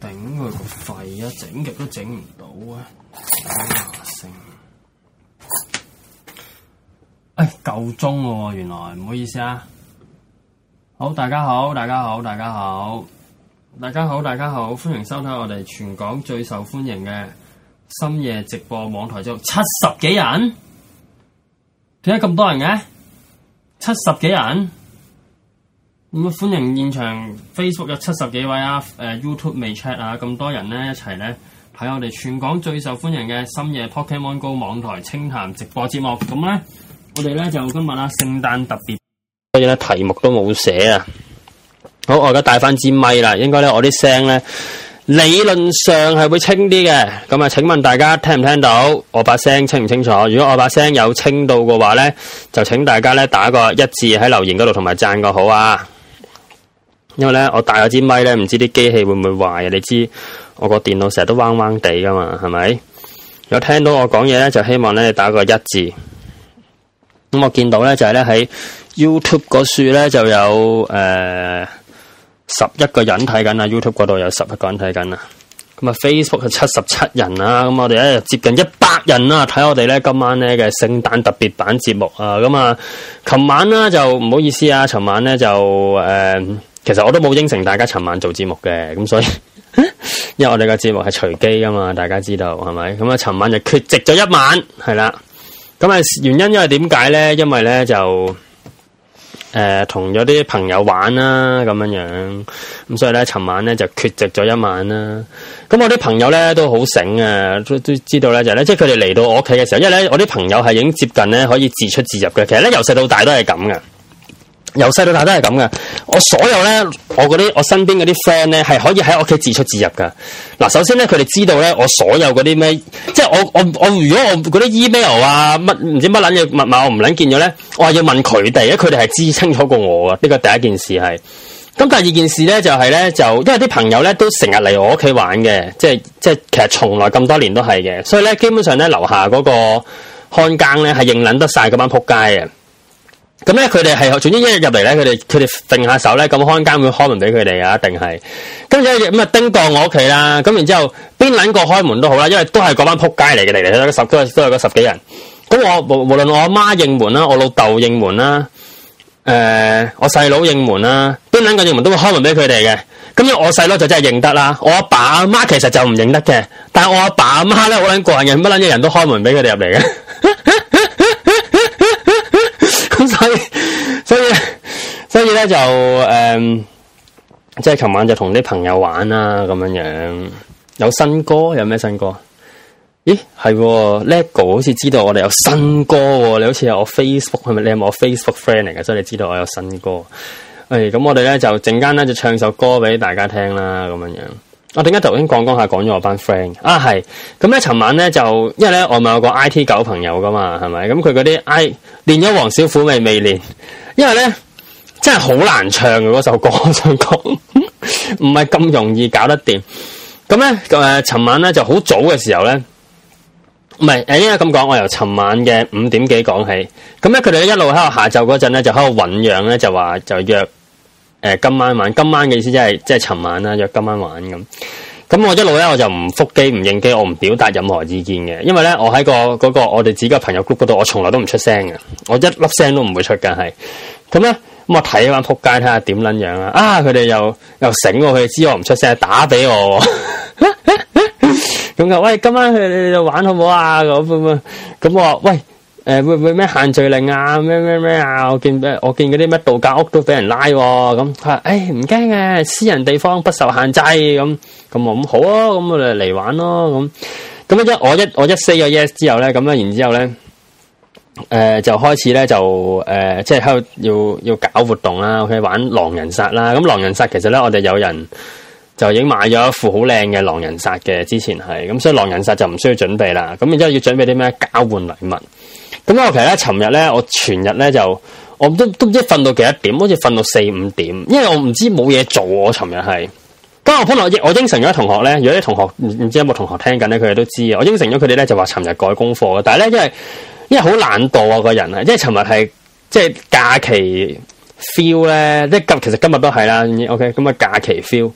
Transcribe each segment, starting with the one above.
頂佢個肺啊！整極都整唔到啊！哎，夠鐘喎！原來唔好意思啊。好，大家好，大家好，大家好，大家好，大家好，歡迎收睇我哋全港最受歡迎嘅深夜直播網台，足七十幾人，點解咁多人嘅？七十幾人。咁啊！歡迎現場 Facebook 有七十幾位啊，誒、呃、YouTube 未 check 啊，咁多人咧一齊咧喺我哋全港最受歡迎嘅深夜 Pokemon Go 網台清談直播節目咁咧，我哋咧就今日啦、啊、聖誕特別，所以咧題目都冇寫啊。好，我而家戴翻支咪啦，應該咧我啲聲咧理論上係會清啲嘅。咁、嗯、啊，請問大家聽唔聽到我把聲清唔清,清楚？如果我把聲有清到嘅話咧，就請大家咧打個一字喺留言嗰度，同埋讚個好啊！因為咧，我帶嗰支咪咧，唔知啲機器會唔會壞啊？你知我個電腦成日都彎彎地噶嘛，係咪？有聽到我講嘢咧，就希望咧你打個一字。咁我見到咧就係咧喺 YouTube 嗰處咧就有誒十一個人睇緊啊，YouTube 嗰度有十一個人睇緊啊。咁啊 Facebook 係七十七人啦，咁我哋咧接近一百人啦，啊，睇我哋咧今晚咧嘅聖誕特別版節目啊。咁啊，琴晚咧就唔好意思啊，琴晚咧就誒。呃其實我都冇應承大家，尋晚做節目嘅，咁所以，因為我哋個節目係隨機噶嘛，大家知道係咪？咁啊，尋晚就缺席咗一晚，係啦。咁啊，原因因為點解咧？因為咧就，誒、呃，同咗啲朋友玩啦，咁樣樣。咁所以咧，尋晚咧就缺席咗一晚啦。咁我啲朋友咧都好醒啊，都知道咧就係咧，即係佢哋嚟到我屋企嘅時候，因為咧我啲朋友係已經接近咧可以自出自入嘅。其實咧由細到大都係咁嘅。由細到大都係咁嘅。我所有咧，我嗰啲我身邊嗰啲 friend 咧，係可以喺屋企自出自入噶。嗱，首先咧，佢哋知道咧，我所有嗰啲咩，即係我我我如果我嗰啲 email 啊，乜唔知乜捻嘢密碼，我唔捻見咗咧，我話要問佢哋，因為佢哋係知清楚過我啊。呢、這個第一件事係。咁第二件事咧就係咧，就，是，呢就因為啲朋友咧都成日嚟我屋企玩嘅，即係即係其實從來咁多年都係嘅，所以咧基本上咧樓下嗰個看更咧係認捻得晒嗰班仆街嘅。咁咧，佢哋係總之一日入嚟咧，佢哋佢哋揈下手咧，咁開間會開門俾佢哋啊，一定係。跟住咁啊，叮過我屋企啦，咁然之後邊捻個開門都好啦，因為都係嗰班扑街嚟嘅嚟嚟，都十都係都係嗰十幾人。咁我無論我阿媽應門啦，我老豆應門啦，誒、呃，我細佬應門啦，邊捻個應門都會開門俾佢哋嘅。咁樣我細佬就真係認得啦，我阿爸阿媽其實就唔認得嘅，但係我阿爸阿媽咧好捻慣嘅，乜捻人都開門俾佢哋入嚟嘅。 咁所以，所以，所以咧就誒、嗯，即係琴晚就同啲朋友玩啦，咁樣樣有新歌，有咩新歌？咦，係，Lego 好似知道我哋有新歌，哦，你好似有我 Facebook 係咪？你有冇我 Facebook friend 嚟嘅，所以你知道我有新歌。誒、哎，咁我哋咧就陣間咧就唱首歌俾大家聽啦，咁樣樣。我點解頭先講講下講咗我班 friend？啊，係咁咧，尋、啊嗯、晚咧就因為咧，我咪有個 I T 狗朋友噶嘛，係咪？咁佢嗰啲 I 練咗黃小琥未未練，因為咧真係好難唱嘅嗰首歌，我想講唔係咁容易搞得掂。咁咧誒，尋晚咧就好早嘅時候咧，唔係誒，應該咁講，我由尋晚嘅五點幾講起。咁、嗯、咧，佢哋一路喺度下晝嗰陣咧，就喺度醞釀咧，就話就約。誒，今晚玩，今晚嘅意思，就是，即係即係尋晚啦，約今晚玩咁。咁我一路咧我就唔覆機唔應機，我唔表達任何意見嘅。因為咧我喺、嗰個、嗰個我哋自己嘅朋友 group 嗰度，我從來都唔出聲嘅，我一粒聲都唔會出噶。係咁咧，咁我睇返撲街，睇下點捻樣啦。啊，佢哋又又醒，佢哋知我唔出聲，打俾我。咁 啊， 喂，今晚去去玩好唔好啊？咁啊，咁我喂。誒、呃，會唔會咩限聚令啊？咩咩咩啊？我見咩？我見嗰啲咩度假屋都俾人拉喎，啊。咁佢話：誒、哎，唔驚嘅，私人地方不受限制。咁咁咁好啊，咁我哋嚟玩咯，啊。咁咁一我一我一 say 個 yes 之後咧，咁咧然後之後咧，誒、呃、就開始咧就誒、呃、即係喺度要要，要搞活動啦。佢玩狼人殺啦。咁狼人殺其實咧，我哋有人就已經買咗一副好靚嘅狼人殺嘅。之前係咁，所以狼人殺就唔需要準備啦。咁然之後要準備啲咩交換禮物？咁我其實咧，尋日咧，我全日咧就，我都都唔知瞓到幾多點，好似瞓到四五點，因為我唔知冇嘢做，我尋日係。咁我本來我應承咗同學咧，如果啲同學唔知有冇同學聽緊咧，佢哋都知啊。我應承咗佢哋咧就話尋日改功課嘅，但係咧因為因為好懶惰啊個人啊，因為尋日係即係假期 feel 咧，即係其實今日都係啦。O K，咁啊假期 feel。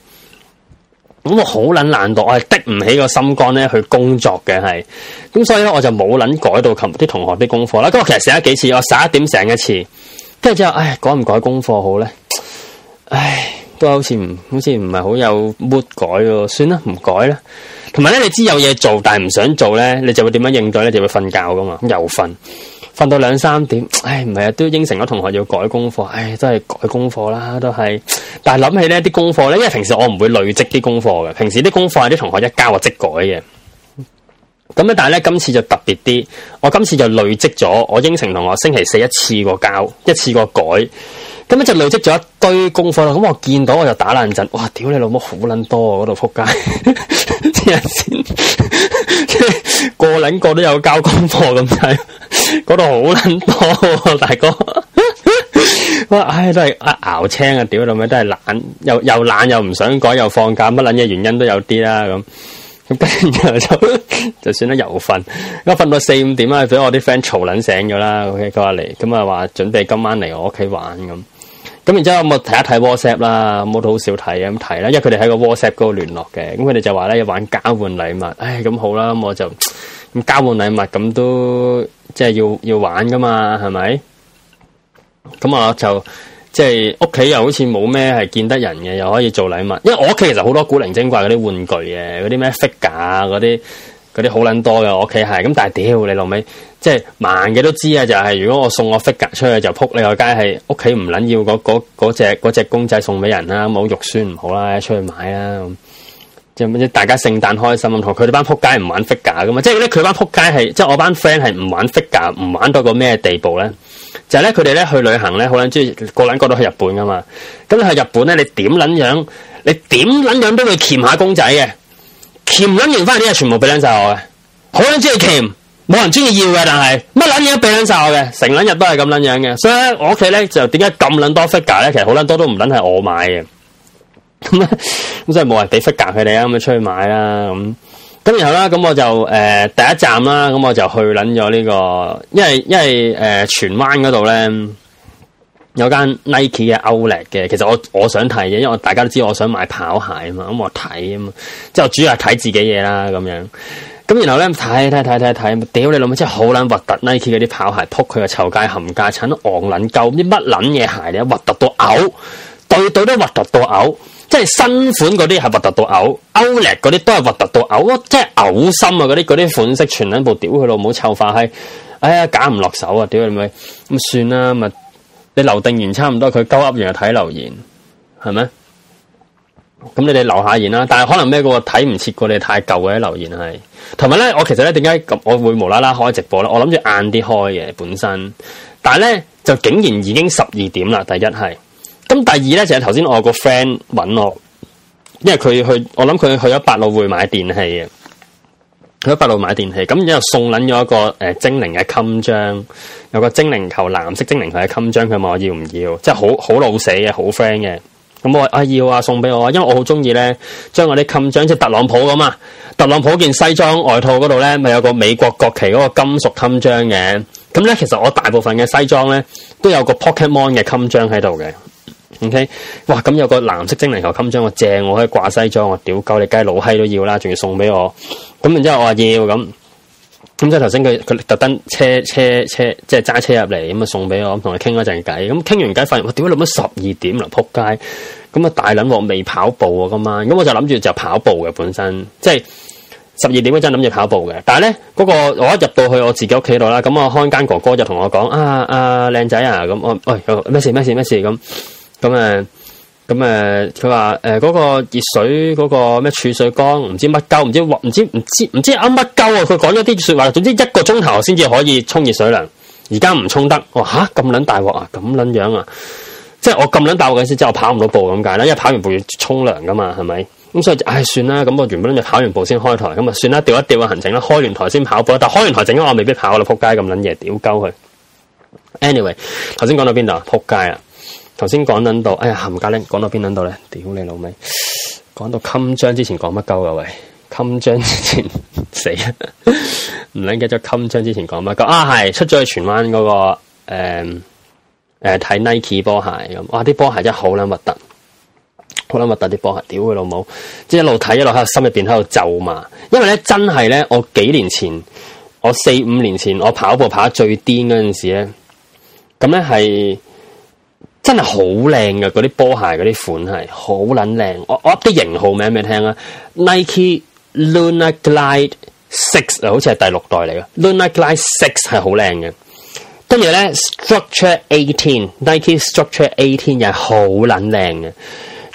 咁我好捻難度，我係滴唔起個心肝咧去工作嘅係，咁所以咧我就冇捻改到琴啲同學啲功課啦。咁我其實寫咗幾次，我十一點醒一次，跟住之後，唉，改唔改功課好咧？唉，都好似唔好似唔係好有 mood 改咯，算啦，唔改啦。同埋咧，你知有嘢做，但係唔想做咧，你就會點樣應對咧？你就會瞓覺噶嘛，又瞓。瞓到兩三點，唉，唔係啊，都應承咗同學要改功課，唉，都係改功課啦，都係。但係諗起咧，啲功課咧，因為平時我唔會累積啲功課嘅，平時啲功課係啲同學一交我即改嘅。咁咧，但係咧，今次就特別啲，我今次就累積咗，我應承同學星期四一次過交，一次過改，咁咧就累積咗一堆功課啦。咁我見到我就打冷震，哇！屌你老母，好撚多啊！嗰度撲街。啲人先，即係個零個都有交功課咁滯，嗰度好撚多，大哥，哇，唉，都係啊熬青啊，屌你媽，都係懶，又又懶又唔想講，又放假，乜撚嘢原因都有啲啦，咁咁跟住就就算啦，又瞓，而家瞓到四五點啊，俾我啲 friend 嘈撚醒咗啦，ok 佢話嚟，咁啊話準備今晚嚟我屋企玩咁。咁然之後我睇一睇 WhatsApp 啦，我都好少睇咁睇啦，因為佢哋喺個 WhatsApp 度聯絡嘅，咁佢哋就話咧要玩交換禮物，唉，咁好啦，咁我就咁交換禮物，咁都即係要要玩噶嘛，係咪？咁我就即係屋企又好似冇咩係見得人嘅，又可以做禮物，因為我屋企其實好多古靈精怪嗰啲玩具嘅，嗰啲咩 figure 啊嗰啲。嗰啲好撚多嘅，我屋企係咁，但係屌你老味，即係盲嘅都知啊！就係如果我送我 figure 出去就扑你個街，係屋企唔撚要嗰嗰嗰隻嗰隻公仔送俾人啦，冇肉酸唔好啦，出去買啦。即係大家聖誕開心，同佢哋班扑街唔玩 figure 噶嘛？即係咧，佢班扑街係即係我班 friend 係唔玩 figure 唔玩到個咩地步咧？就係咧，佢哋咧去旅行咧，好捻中意個捻過到去日本噶嘛？咁你去日本咧，你點捻樣？你點捻樣都會鉗下公仔嘅？鉗捻完翻嚟啲嘢全部俾捻晒我嘅，好捻之係鉗，冇人中意要嘅，但係乜捻嘢都俾捻晒我嘅，成捻日都係咁捻樣嘅。所以我屋企咧就點解咁捻多 figure 咧？其實好捻多都唔捻係我買嘅，咁啊咁真係冇人俾 figure 佢哋啊，咁出去買啦咁。咁然後啦，咁我就誒、呃、第一站啦，咁我就去捻咗呢個，因為因為誒荃灣嗰度咧。呃有間 Nike 嘅、歐力嘅，其實我我想睇嘅，因為我大家都知我想買跑鞋啊嘛，咁我睇啊嘛，即係我主要係睇自己嘢啦咁樣。咁然後咧睇睇睇睇睇，屌你老母真係好捻核突！Nike 嗰啲跑鞋，撲佢個臭街冚家鏟，蠢昂捻鳩，啲乜捻嘢鞋咧，核突到嘔，對對都核突到嘔，即係新款嗰啲係核突到嘔，歐力嗰啲都係核突到嘔，即係嘔心啊！嗰啲啲款式全捻部屌佢老母臭化閪，哎呀揀唔落手啊！屌你咪咁算啦咪。你留定完差唔多，佢鳩噏完又睇留言，係咩？咁你哋留下留言啦，但係可能咩嘅，睇唔切過你，你太舊嘅留言啦，係。同埋咧，我其實咧點解咁？我會無啦啦開直播咧，我諗住晏啲開嘅本身，但係咧就竟然已經十二點啦。第一係，咁第二咧就係頭先我有個 friend 搵我，因為佢去，我諗佢去咗百老匯買電器嘅。佢喺百老買電器，咁然後又送捻咗一個誒、呃、精靈嘅襟章，有個精靈球、藍色精靈球嘅襟章，佢問我要唔要？即係好好老死嘅，好 friend 嘅。咁我話啊要啊，送俾我啊，因為我好中意咧，將我啲襟章即係特朗普咁啊，特朗普件西裝外套嗰度咧，咪有個美國國旗嗰個金屬襟章嘅。咁咧其實我大部分嘅西裝咧都有個 Pokemon 嘅襟章喺度嘅。OK，哇！咁有個藍色精靈球襟章，我正，我可以掛西裝。我屌，夠你街老閪都要啦，仲要送俾我。咁然之後我話要咁，咁即係頭先佢佢特登車車車，即係揸車入嚟，咁啊送俾我，同佢傾咗陣偈。咁傾完偈發現，我屌你老母十二點啦，撲街！咁啊大撚我未跑步啊，今晚。咁我就諗住就跑步嘅本身，即係十二點嗰陣諗住跑步嘅。但係咧嗰個我一入到去我自己屋企度啦，咁我看間哥哥就同我講啊啊，靚仔啊，咁我喂，咩事咩事咩事咁。嗯咁、嗯、誒、咁、嗯、誒，佢話誒嗰個熱水嗰、那個咩儲水缸，唔知乜鳩，唔知唔知唔知唔知啱乜鳩啊！佢講咗啲說話，總之一個鐘頭先至可以沖熱水涼，而家唔沖得，哇、哦，吓咁捻大鑊啊！咁捻、啊、樣啊！即係我咁捻大鑊嘅意思，即係我跑唔到步咁解啦。因為跑完步要沖涼噶嘛，係咪？咁所以唉、哎、算啦，咁我原本諗住跑完步先開台，咁啊算啦，調一調個行程啦，開完台先跑步。但係開完台陣間我未必跑啦，撲街咁捻嘢，屌鳩佢。Anyway，頭先講到邊度啊？撲街啊！頭先講到，哎呀冚家拎，講到邊捻到咧？屌你老味，講到襟章之前講乜鳩啊？喂，襟章之前死啊！唔 捻記得襟章之前講乜鳩啊？係出咗去荃灣嗰、那個誒誒睇 Nike 波鞋咁，哇！啲波鞋真係好捻核突，好捻核突啲波鞋，屌佢老母！即係一路睇一路喺心入邊喺度咒嘛！因為咧真係咧，我幾年前，我四五年前，我跑步跑得最癲嗰陣時咧，咁咧係。真係好靚嘅，嗰啲波鞋嗰啲款係好撚靚。我我噏啲型號名俾你聽啦，Nike Lunar Glide Six，好似係第六代嚟嘅，Lunar Glide Six 係好靚嘅。跟住咧，Structure Eighteen，Nike Structure Eighteen 又係好撚靚嘅。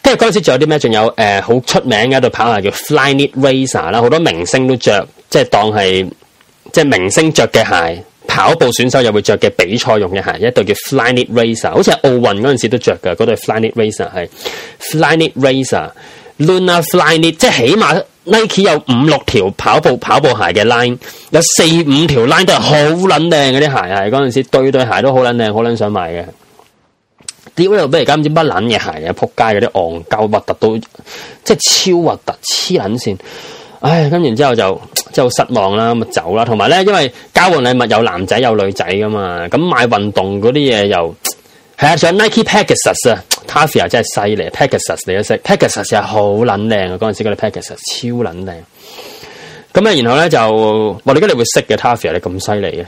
跟住嗰陣時仲有啲咩？仲有誒，好出名嘅喺度跑鞋叫 Flyknit Racer 啦，好多明星都着，即係當係即係明星着嘅鞋。跑步選手又會着嘅比賽用嘅鞋，一對叫 Flyknit Racer，好似喺奧運嗰陣時都着嘅嗰對 Flyknit Racer，係 Flyknit Racer，Luna Flyknit，即係起碼 Nike 有五六條跑步跑步鞋嘅 line，有四五條 line 都係好撚靚嗰啲鞋，係嗰陣時對對鞋都好撚靚，好撚想買嘅。屌！又不如而家唔知乜撚嘅鞋啊，仆街嗰啲憨鳩核突到，即係超核突黐撚線。唉，咁然之後就即係好失望啦，咁咪走啦。同埋咧，因為交換禮物有男仔有女仔噶嘛，咁買運動嗰啲嘢又係啊、嗯，上 Nike Pegasus 啊 Tafia 真係犀利 Pegasus 你都識 Pegasus 係好捻靚啊！嗰陣時嗰啲 Pegasus 超捻靚。咁啊，然後咧就我哋今日會識嘅 Tafia 你咁犀利啊。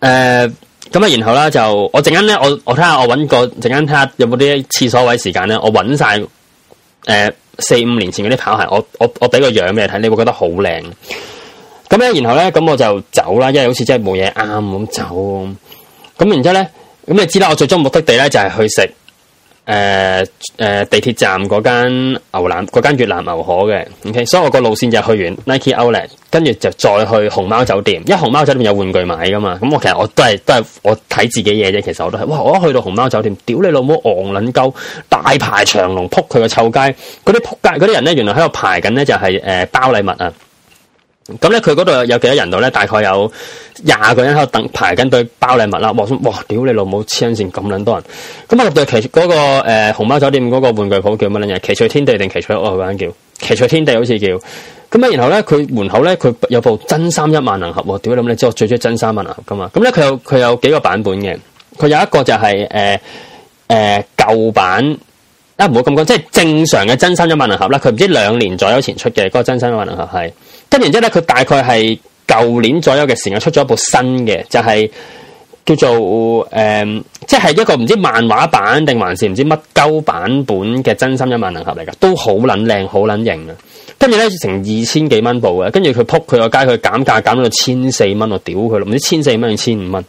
誒，咁啊，然後咧就我陣間咧，我呢我睇下我搵個陣間睇下有冇啲廁所位時間咧，我搵晒誒。呃四五年前嗰啲跑鞋，我我我俾個樣俾你睇，你會覺得好靚。咁咧，然後咧，咁我就走啦，因為好似真係冇嘢啱咁走、啊。咁，咁然之後咧，咁你知啦，我最終目的地咧就係、是、去食。誒、呃、誒、呃，地鐵站嗰間牛腩，嗰間越南牛河嘅，OK，所以我個路線就去完 Nike Outlet，跟住就再去熊貓酒店，因為熊貓酒店有玩具買噶嘛，咁我其實我都係都係我睇自己嘢啫，其實我都係，哇！我一去到熊貓酒店，屌你老母，昂撚鳩，大排長龍扑佢個臭街，嗰啲扑街嗰啲人咧，原來喺度排緊咧就係、是、誒、呃、包禮物啊！咁咧，佢嗰度有幾多人度咧？大概有廿個人喺度等排緊隊包禮物啦。哇我！哇！屌你老母黐線，咁卵多人。咁啊入到奇趣嗰個誒熊貓酒店嗰個玩具鋪叫乜卵嘢？奇趣天地定奇趣屋嚟緊叫？奇趣天地好似叫。咁啊然後咧，佢門口咧，佢有部真三一萬能盒。哇！屌你老母，你知我最鍾意真三一萬能盒㗎嘛。咁咧佢有佢有幾個版本嘅。佢有一個就係誒誒舊版，啊唔好咁講，即係、就是、正常嘅真三一萬能盒啦。佢唔知兩年左右前出嘅嗰、那個真三一萬能盒係。跟然之後咧，佢大概係舊年左右嘅時候出咗一部新嘅，就係、是、叫做誒、嗯，即係一個唔知漫畫版定還是唔知乜鳩版本嘅《真心一萬能盒》嚟噶，都好撚靚，好撚型啊！跟住咧，成二千幾蚊部嘅，跟住佢撲佢個街，佢減價減到千四蚊，我屌佢咯，唔知千四蚊定千五蚊，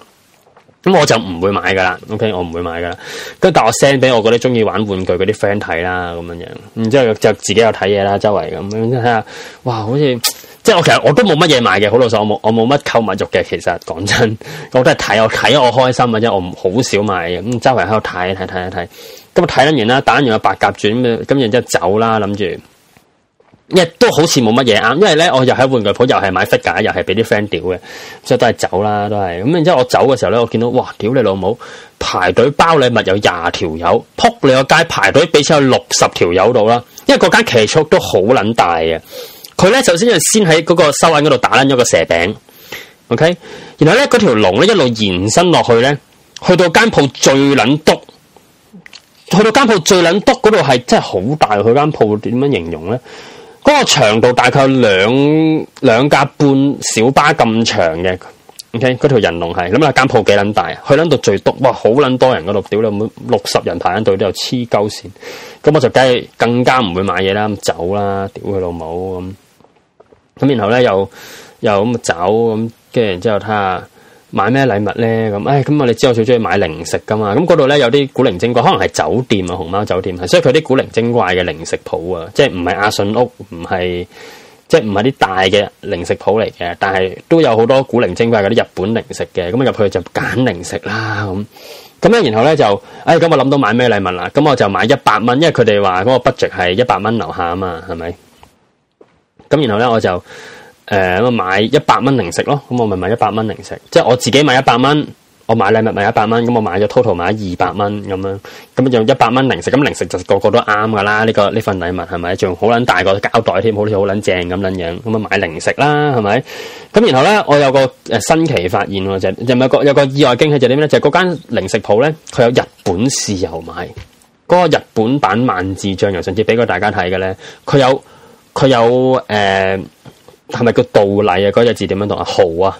咁我就唔會買噶啦。OK，我唔會買噶啦。跟住 send 個聲俾我嗰啲中意玩玩具嗰啲 friend 睇啦，咁樣樣。然之後就自己又睇嘢啦，周圍咁樣睇下，哇，好似～即係我其實我都冇乜嘢買嘅，好老實我冇，我冇我冇乜購物欲嘅。其實講真，我都係睇，我睇我開心嘅啫，我唔好少買嘅。咁周圍喺度睇睇睇睇，咁啊睇啦完啦，打完個白鴿轉咁，咁然之後走啦，諗住，亦都好似冇乜嘢啱。因為咧，我又喺玩具鋪，又係買 figure 又係俾啲 friend 屌嘅，即係都係走啦，都係咁。然之後我走嘅時候咧，我見到哇，屌你老母排隊包禮物有廿條友，撲你個街排隊俾咗六十條友度啦，因為嗰間奇速都好撚大嘅。佢咧首先就先喺嗰個收銀嗰度打捻咗個蛇餅，OK，然後咧嗰條龍咧一路延伸落去咧，去到間鋪最捻督，去到間鋪最捻督嗰度係真係好大。佢間鋪點樣形容咧？嗰個長度大概兩兩架半小巴咁長嘅，OK，嗰條人龍係諗下間鋪幾捻大啊？去捻到最督，哇，好捻多人嗰度，屌你老母六十人排緊隊都有黐鳩線，咁我就梗係更加唔會買嘢啦，咁走啦，屌佢老母咁。咁然後咧又又咁走咁，跟住然之後睇下買咩禮物咧咁，哎咁我你知我最中意買零食噶嘛，咁嗰度咧有啲古靈精怪，可能係酒店啊，熊貓酒店係，所以佢啲古靈精怪嘅零食鋪啊，即係唔係阿信屋，唔係即係唔係啲大嘅零食鋪嚟嘅，但係都有好多古靈精怪嗰啲日本零食嘅，咁入去就揀零食啦咁，咁樣然後咧就，哎咁我諗到買咩禮物啦，咁我就買一百蚊，因為佢哋話嗰個 budget 係一百蚊樓下啊嘛，係咪？咁然後咧，我就誒咁、呃、買一百蚊零食咯。咁我咪買一百蚊零食，即係我自己買一百蚊，我買禮物買一百蚊。咁我買咗 total 買二百蚊咁樣。咁樣用一百蚊零食，咁零食就個個都啱噶啦。呢、這個呢份禮物係咪仲好撚大個膠袋添，好似好撚正咁撚樣。咁啊買零食啦，係咪？咁然後咧，我有個誒新奇發現喎，就就是、咪個有個意外驚喜就係點咧？就係嗰間零食鋪咧，佢有日本豉油賣，嗰、那個日本版萬字醬油，上次俾過大家睇嘅咧，佢有。佢有誒係咪叫杜麗啊？嗰隻字點樣同啊？豪啊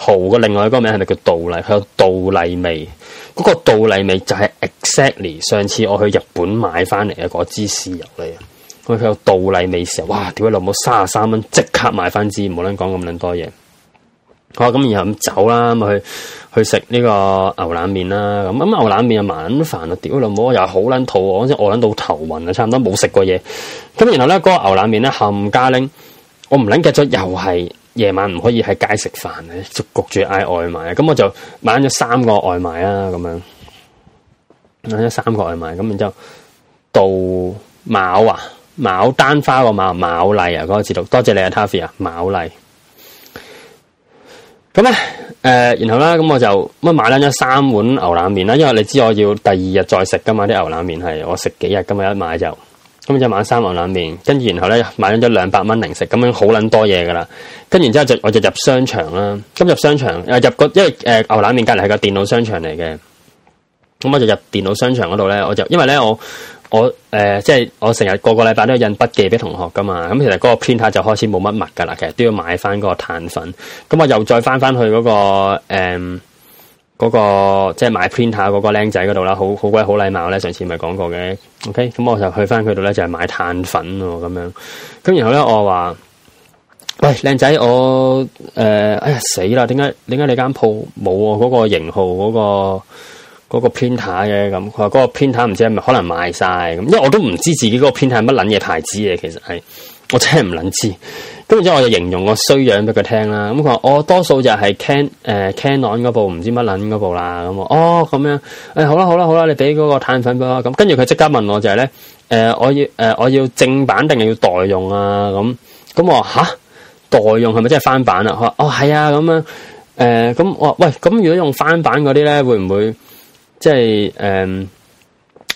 豪嘅另外一個名係咪叫杜麗？佢有杜麗味，嗰個杜麗味就係 exactly。上次我去日本買翻嚟嘅嗰支豉油嚟，咁佢有杜麗味時嘩，哇！屌你老母三十三蚊，即刻買翻支，冇撚講咁撚多嘢。哦，咁然後咁走啦，咁去去食呢個牛腩麵啦。咁、嗯、咁牛腩麵啊，晚飯啊，屌老母又好撚肚餓，我先餓撚到頭暈啊，差唔多冇食過嘢。咁然後咧，嗰、那個牛腩麵咧冚家拎，我唔撚計咗，又係夜晚唔可以喺街食飯嘅，就焗住嗌外賣。咁、嗯、我就買咗三個外賣啊，咁樣買咗三個外賣。咁然之後，然後到牡、啊、丹花個牡丹麗啊，嗰、那個節目，多謝你啊 Taffy 牡丹麗。咁咧，誒、呃，然後啦，咁我就乜買咗三碗牛腩麵啦，因為你知我要第二日再食噶嘛，啲牛腩麵係我食幾日今日一買就，咁就買三碗牛腩麵，跟住然後咧買咗兩百蚊零食，咁樣好捻多嘢噶啦，跟住然之後我就我就入商場啦，咁入商場誒入個因為誒、呃、牛腩麵隔籬係個電腦商場嚟嘅，咁我就入電腦商場嗰度咧，我就因為咧我。我誒、呃、即係我成日個個禮拜都印筆記俾同學噶嘛，咁其實嗰個 printer 就開始冇乜墨噶啦，其實都要買翻嗰個碳粉。咁我又再翻翻去嗰、那個誒、呃、那個即係買 printer 嗰個靚仔嗰度啦，好好鬼好禮貌咧。上次咪講過嘅，OK，咁我就去翻佢度咧就係、是、買碳粉喎咁樣。咁然後咧我話：喂，靚仔，我誒、呃、哎呀死啦！點解點解你間鋪冇嗰個型號嗰、那個？嗰、那個 printer 嘅咁，佢話嗰個 printer 唔知係咪可能賣晒，咁，因為我都唔知自己嗰個 printer 係乜撚嘢牌子嘅，其實係我真係唔撚知。跟住之後我就形容個衰樣俾佢聽啦。咁佢話：我多數就係 can 誒、呃、Canon 嗰部，唔知乜撚嗰部啦。咁我：哦，咁樣誒、哎、好啦好啦好啦，你俾嗰個碳粉俾我咁。跟住佢即刻問我就係咧誒，我要誒、呃、我要正版定係要代用啊？咁咁我話吓，代用係咪即係翻版啊？佢話：哦，係啊咁樣誒咁、呃、我喂咁如果用翻版嗰啲咧，會唔會？即係。呃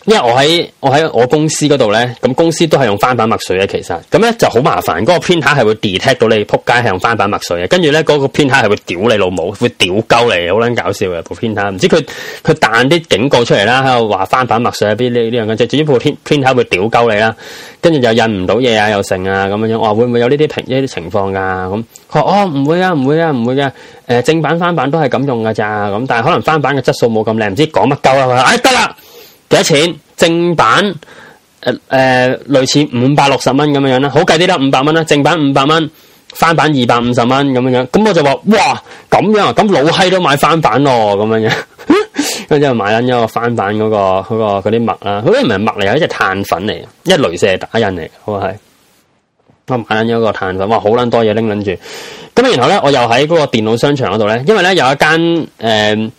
因為我喺我喺我公司嗰度咧，咁公司都係用翻版墨水嘅。其實咁咧就好麻煩，嗰、那個偏卡係會 detect 到你，仆街係用翻版墨水嘅。跟住咧，嗰、那個偏卡係會屌你老母，會屌鳩你，好撚搞笑嘅部偏卡。唔、那個、知佢佢彈啲警告出嚟啦，喺度話翻版墨水啊，啲呢呢樣嘅，即係部偏偏卡會屌鳩你啦。跟住又印唔到嘢啊，又成啊咁樣。我話、哦、會唔會有呢啲平呢啲情況㗎？咁佢話，哦唔會啊，唔會啊，唔會嘅。誒正版翻版都係咁用㗎咋咁，但係可能翻版嘅質素冇咁靚，唔知講乜鳩啦。佢話唉得啦。哎幾多錢？正版誒誒、呃呃，類似五百六十蚊咁樣樣啦，好計啲啦，五百蚊啦，正版五百蚊，翻版二百五十蚊咁樣樣。咁我就話：哇，咁樣啊，咁老閪都買翻版咯，咁樣樣。咁 之後買緊一個翻版嗰、嗰個嗰、嗰個嗰啲墨啦，佢啲唔係墨嚟，係一隻碳粉嚟，一鐳射打印嚟，好係。我買緊一個碳粉，哇，好撚多嘢拎緊住。咁然後咧，我又喺嗰個電腦商場嗰度咧，因為咧有一間誒。呃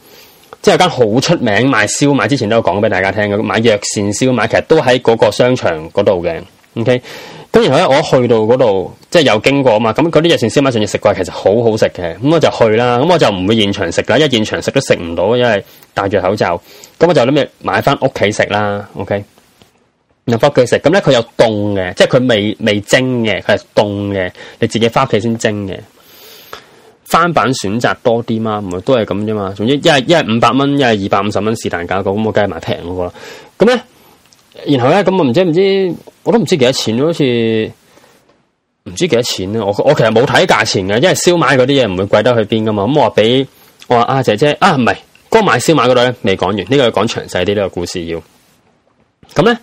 即係有間好出名賣燒賣，之前都有講俾大家聽嘅。賣藥膳燒賣其實都喺嗰個商場嗰度嘅。OK，咁然後咧，我去到嗰度，即係有經過啊嘛。咁嗰啲藥膳燒賣上次食過，其實好好食嘅。咁我就去啦。咁我就唔會現場食啦，因為現場食都食唔到，因為戴住口罩。咁我就諗住買翻屋企食啦。OK，又翻屋企食。咁咧佢有凍嘅，即係佢未未蒸嘅，佢係凍嘅，你自己翻屋企先蒸嘅。翻版選擇多啲嘛，唔係都係咁啫嘛。總之一係一係五百蚊，一係二百五十蚊是但價、嗯、個，咁我梗係買平嗰個啦。咁咧，然後咧，咁我唔知唔知，唔知，我都唔知幾多錢，好似唔知幾多錢啦、啊。我我其實冇睇價錢嘅，因為燒賣嗰啲嘢唔會貴得去邊噶嘛。咁、嗯、我話俾我話啊姐姐啊，唔係，哥買燒賣嗰度咧，未講完，呢個要講詳細啲呢個故事要。咁咧，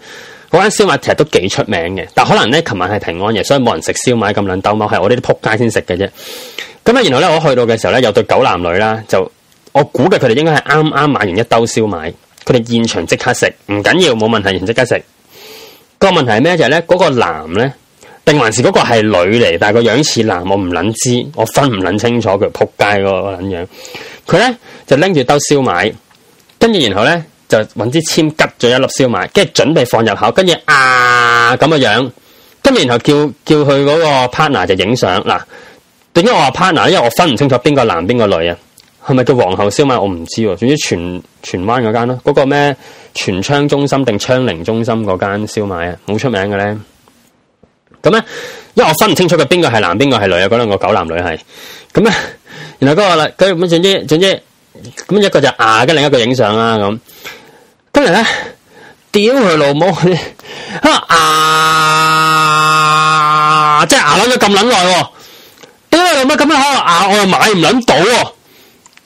嗰間燒賣其實都幾出名嘅，但可能咧，琴晚係平安夜，所以冇人食燒賣咁兩兜貓，係我呢啲撲街先食嘅啫。咁啊，然後咧，我去到嘅時候咧，有一對狗男女啦，就我估計佢哋應該係啱啱買完一兜燒賣，佢哋現場即刻食，唔緊要，冇問題，即刻食。個問題係咩就係咧，嗰個男咧，定還是嗰個係女嚟？但係個樣似男，我唔捻知，我分唔捻清楚佢撲街個個樣。佢咧就拎住兜燒賣，跟住然後咧就揾支簽吉咗一粒燒賣，跟住準備放入口，跟住啊咁嘅樣，跟住然後叫叫佢嗰個 partner 就影相嗱。點解我話 partner？因為我分唔清楚邊個男邊個女啊？係咪叫皇后燒賣？我唔知，總之荃荃灣嗰間咯，嗰個咩荃昌中心定昌寧中心嗰間燒賣啊，好出名嘅咧。咁咧，因為我分唔清楚佢邊個係男邊個係女啊？嗰兩個狗男女係咁啊！然後嗰個啦，佢總之總之，咁一個就牙、啊、跟另一個影相啦咁。跟住咧，屌佢老母！啊，啊即牙即係牙捻咗咁捻耐。屌你老母，咁樣可能啊？我又買唔捻到，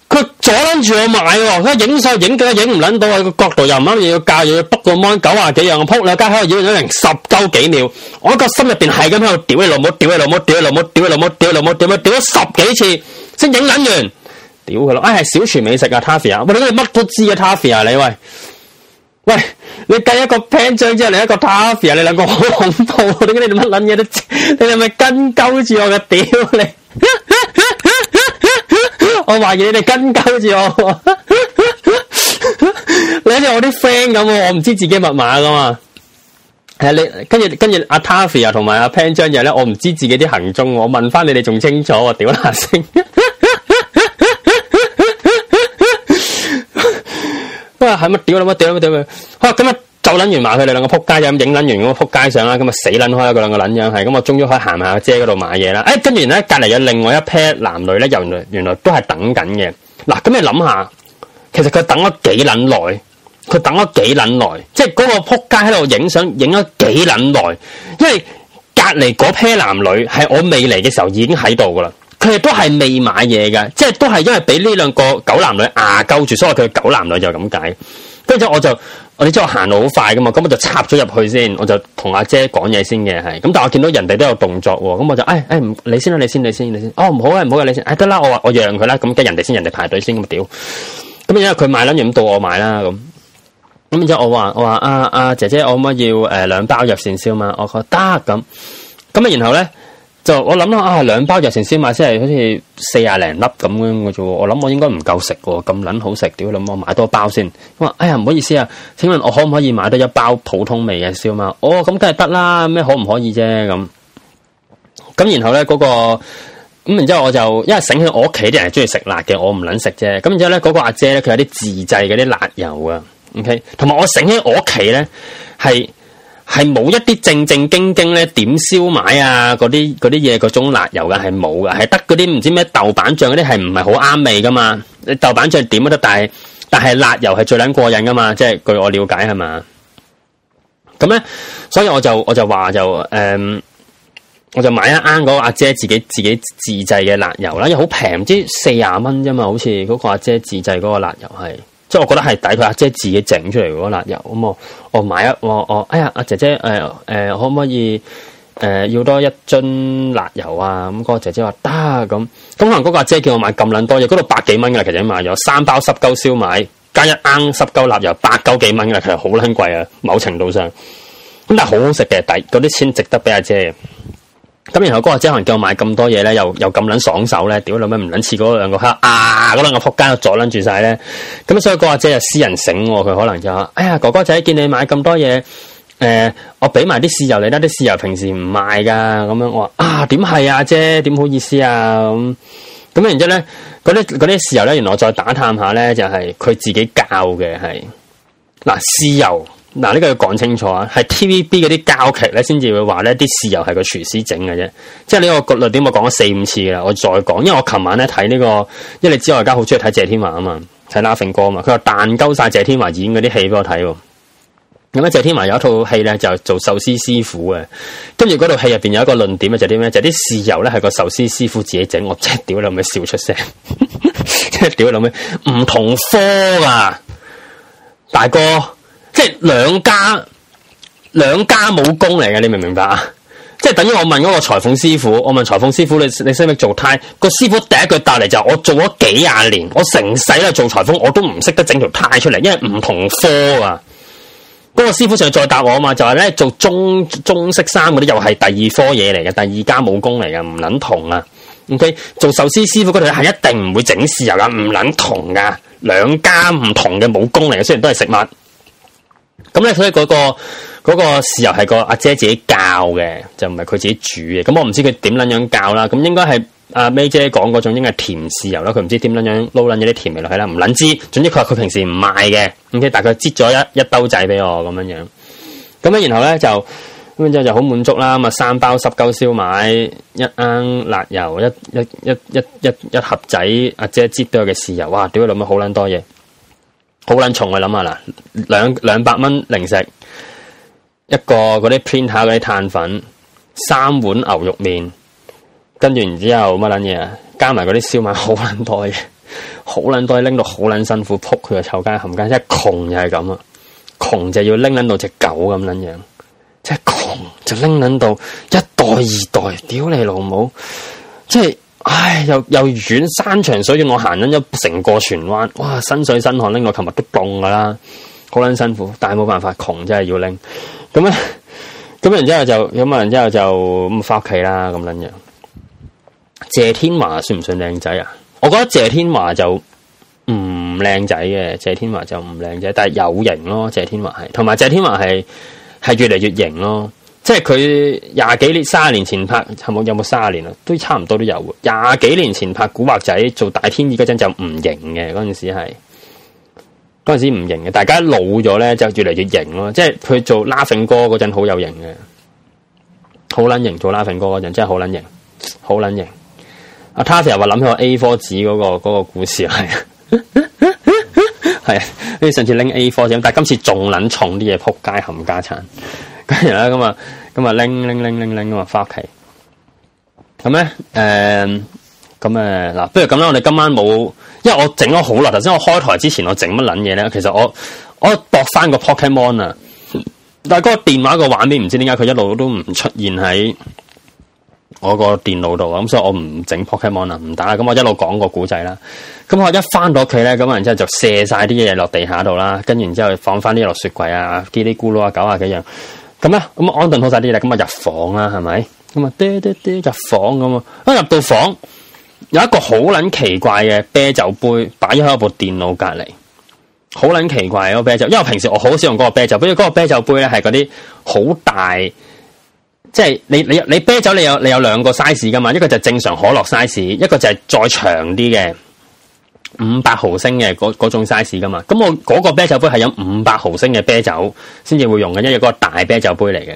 佢阻捻住我買，佢影相影嘅，影唔捻到，個角度又唔啱，又要教，又要卜個 mon 九啊幾樣扑，你家喺度影咗成十周幾秒，我個心入邊係咁喺度屌你老母，屌你老母，屌你老母，屌你老母，屌你老母，屌咗十幾次先影捻完，屌佢咯，唉，小廚美食啊，Taffy 啊，我哋乜都知啊，Taffy 啊，你喂。喂，你計一個 pen 張之後你一個 Taffy 啊，你兩個好恐怖，點解你做乜捻嘢都知？你係咪跟鳩住我嘅？屌你！我懷疑你哋跟鳩住我，你似我啲 friend 咁，我唔知自己密碼噶嘛。係你跟住跟住阿 Taffy 啊同埋阿 pen 張又咧，我唔知自己啲行蹤，我問翻你哋仲清楚啊？屌你聲！係乜屌啦！乜屌乜屌佢！哇，今、啊、日就捻完埋佢哋兩個仆街咁影捻完個仆街相啦，咁啊死捻開嗰兩個捻樣係，咁我終於可以行下姐嗰度買嘢啦！誒、欸，跟住咧隔籬有另外一 pair 男女咧，由原來都係等緊嘅。嗱、啊，咁你諗下，其實佢等咗幾捻耐，佢等咗幾捻耐，即係嗰個仆街喺度影相影咗幾捻耐，因為隔籬嗰 pair 男女係我未嚟嘅時候已經喺度噶啦。佢哋都係未買嘢嘅，即係都係因為俾呢兩個狗男女牙勾住，所以佢狗男女就咁解。跟住我就，我你知我行路好快噶嘛，咁我就插咗入去先，我就同阿姐講嘢先嘅係。咁但係我見到人哋都有動作，咁我就，哎哎唔，你先啦，你先，你先，你先，哦唔好呀，唔好呀，你先，哎得啦，我話我讓佢啦，咁跟人哋先，人哋排隊先咁啊屌！咁因為佢買諗住咁到我買啦咁，咁然之後我話我話阿阿姐姐，我乜要誒兩包藥膳燒嘛，我覺得咁咁啊，然後咧。就我諗下，啊兩包藥成燒賣先係好似四廿零粒咁樣嘅啫，我諗我應該唔夠食喎，咁捻好食，屌諗我買多一包先。咁話哎呀唔好意思啊，請問我可唔可以買多一包普通味嘅燒賣？哦，咁梗係得啦，咩可唔可以啫咁？咁然後咧嗰個咁然之後，我就因為醒起我屋企啲人係中意食辣嘅，我唔捻食啫。咁然之後咧嗰個阿姐咧，佢有啲自製嗰啲辣油啊。OK，同埋我醒起我屋企咧係。係冇一啲正正經經咧點燒賣啊，嗰啲嗰啲嘢，嗰種辣油嘅，係冇嘅，係得嗰啲，唔知咩豆瓣醬嗰啲，係唔係好啱味噶嘛，你豆瓣醬點都得，但係但係辣油係最捻過癮噶嘛，即係據我了解係嘛，咁咧，所以我就我就話就誒，我就買一罌嗰個阿姐自己自己自製嘅辣油啦，又好平，唔知四廿蚊啫嘛，好似嗰個阿姐自製嗰個辣油係。即係我覺得係抵，佢阿姐自己整出嚟嗰個辣油咁啊！我買一，我我哎呀，阿姐姐，誒、哎、誒、呃，可唔可以誒、呃、要多一樽辣油啊？咁、那個姐姐話得咁。同行嗰個阿姐，姐叫我買咁撚多嘢，嗰度百幾蚊噶，其實啲賣有三包濕鳩燒賣加一盎濕鳩辣油，百九幾蚊噶，其實好撚貴啊！某程度上，咁但係好好食嘅，抵嗰啲錢，值得俾阿姐，姐。咁然後嗰個阿姐可能叫我買咁多嘢咧，又又咁捻爽手咧，屌你媽唔捻似嗰兩個蝦，啊嗰兩個仆街又阻捻住晒咧，咁所以嗰個阿姐就私人醒，佢可能就話，哎呀哥哥仔見你買咁多嘢，誒我俾埋啲豉油你啦，啲豉油平時唔賣噶，咁樣我話啊點係啊姐，點好意思啊咁，咁啊然之後咧嗰啲嗰啲豉油咧，原來我再打探下咧，就係佢自己教嘅係嗱豉油。嗱，呢個要講清楚啊，係 TVB 嗰啲膠劇咧，先至會話咧啲豉油係個廚師整嘅啫。即係呢個個論點，我講咗四五次啦。我再講，因為我琴晚咧睇呢、這個，因為你知我而家好中意睇謝天華啊嘛，睇 Laughing 哥嘛。佢話彈鳩晒謝天華演嗰啲戲俾我睇。咁咧，謝天華有一套戲咧，就做壽司師傅啊。跟住嗰套戲入邊有一個論點咧，就啲咩？就啲豉油咧係個壽司師傅自己整。我真係屌啦，咪笑出聲。呵呵真係屌老味，唔同科啊，大哥。即係兩家兩家武功嚟嘅，你明唔明白啊？ 即係等於我問嗰個裁縫師傅，我問裁縫師傅，你你識唔識做呔？嗰個師傅第一句答嚟就係、是、我做咗幾廿年，我成世咧做裁縫，我都唔識得整條呔出嚟，因為唔同科啊。嗰、嗰個師傅上再答我啊嘛，就係、是、咧做中中式衫嗰啲，又係第二科嘢嚟嘅，第二家武功嚟嘅，唔捻同啊。O、okay? K，做壽司師傅嗰度係一定唔會整豉油噶，唔捻同噶、啊，兩家唔同嘅武功嚟嘅，雖然都係食物。咁、嗯、咧，所以嗰個、嗰個豉油係個阿姐自己教嘅，就唔係佢自己煮嘅。咁我唔知佢點捻樣教啦。咁應該係阿 May 姐講嗰種，應該係甜豉油啦。佢唔知點捻樣撈捻咗啲甜味落去啦。唔捻知，總之佢話佢平時唔賣嘅。咁但係佢擠咗一一兜仔俾我咁樣樣。咁咧，然後咧就咁之後就好滿足啦。咁啊，三包濕溝燒賣，一罌辣油，一一一一一一盒仔，阿姐擠咗嘅豉油，哇！屌，佢諗好捻多嘢。好撚重嘅諗下啦，兩兩百蚊零食，一個嗰啲 printer 嗰啲碳粉，三碗牛肉麵，跟住然之後乜撚嘢啊？加埋嗰啲燒賣，好撚多嘢，好撚多嘢拎到好撚辛苦，扑佢個臭街冚街一窮就係咁啊，窮就要拎捻到隻狗咁捻樣，即係窮就拎捻到，到一袋二袋，屌你老母，即係。唉，又又遠山長水遠，我行緊咗成個荃灣，哇，身水身汗拎我，琴日都凍噶啦，好捻辛苦，但係冇辦法，窮真係要拎。咁咧，咁然之後就，咁啊，然之後就咁翻屋企啦，咁捻樣。謝天華算唔算靚仔啊？我覺得謝天華就唔靚仔嘅，謝天華就唔靚仔，但係有型咯，謝天華係，同埋謝天華係係越嚟越型咯。即係佢廿幾年、卅年前拍有冇有冇卅年啊？都差唔多都有。廿幾年前拍古惑仔做大天二嗰陣就唔型嘅，嗰陣時係嗰陣時唔型嘅。大家老咗咧就越嚟越型咯。即係佢做 Laughing 哥嗰陣好有型嘅，好撚型。做 Laughing 哥嗰陣真係好撚型，好撚型。阿 Taser 話諗起 A 科子嗰、那個嗰、那個故事係，係你 上次拎 A 科紙，但係今次仲撚重啲嘢，撲街冚家鏟。跟住咧咁啊，咁啊拎拎拎拎拎咁啊翻屋企。咁咧誒，咁誒嗱，不如咁啦，我哋今晚冇，因為我整咗好耐。頭先我開台之前，我整乜撚嘢咧？其實我我度翻個 Pokemon 啊，但係嗰個電話個畫面唔知點解佢一路都唔出現喺我個電腦度啊。咁所以我唔整 Pokemon 啊，唔打。咁我一路講個古仔啦。咁我一翻到屋企咧，咁啊然之後就卸晒啲嘢落地下度啦。跟住然之後放翻啲落雪櫃啊，嘰哩咕嚕啊，九啊幾樣。咁咧，咁啊安頓好晒啲嘢，咁啊入房啦，係咪？咁啊，跌跌跌入房咁啊，一入到房，有一個好捻奇怪嘅啤酒杯擺咗喺我部電腦隔籬，好捻奇怪嗰啤酒，因為平時我好少用嗰個啤酒，跟住嗰個啤酒杯咧係嗰啲好大，即係你你你啤酒你有你有兩個 size 噶嘛，一個就正常可樂 size，一個就係再長啲嘅。五百毫升嘅嗰種種 size 噶嘛，咁我嗰個啤酒杯係飲五百毫升嘅啤酒先至會用嘅，因為嗰個大啤酒杯嚟嘅。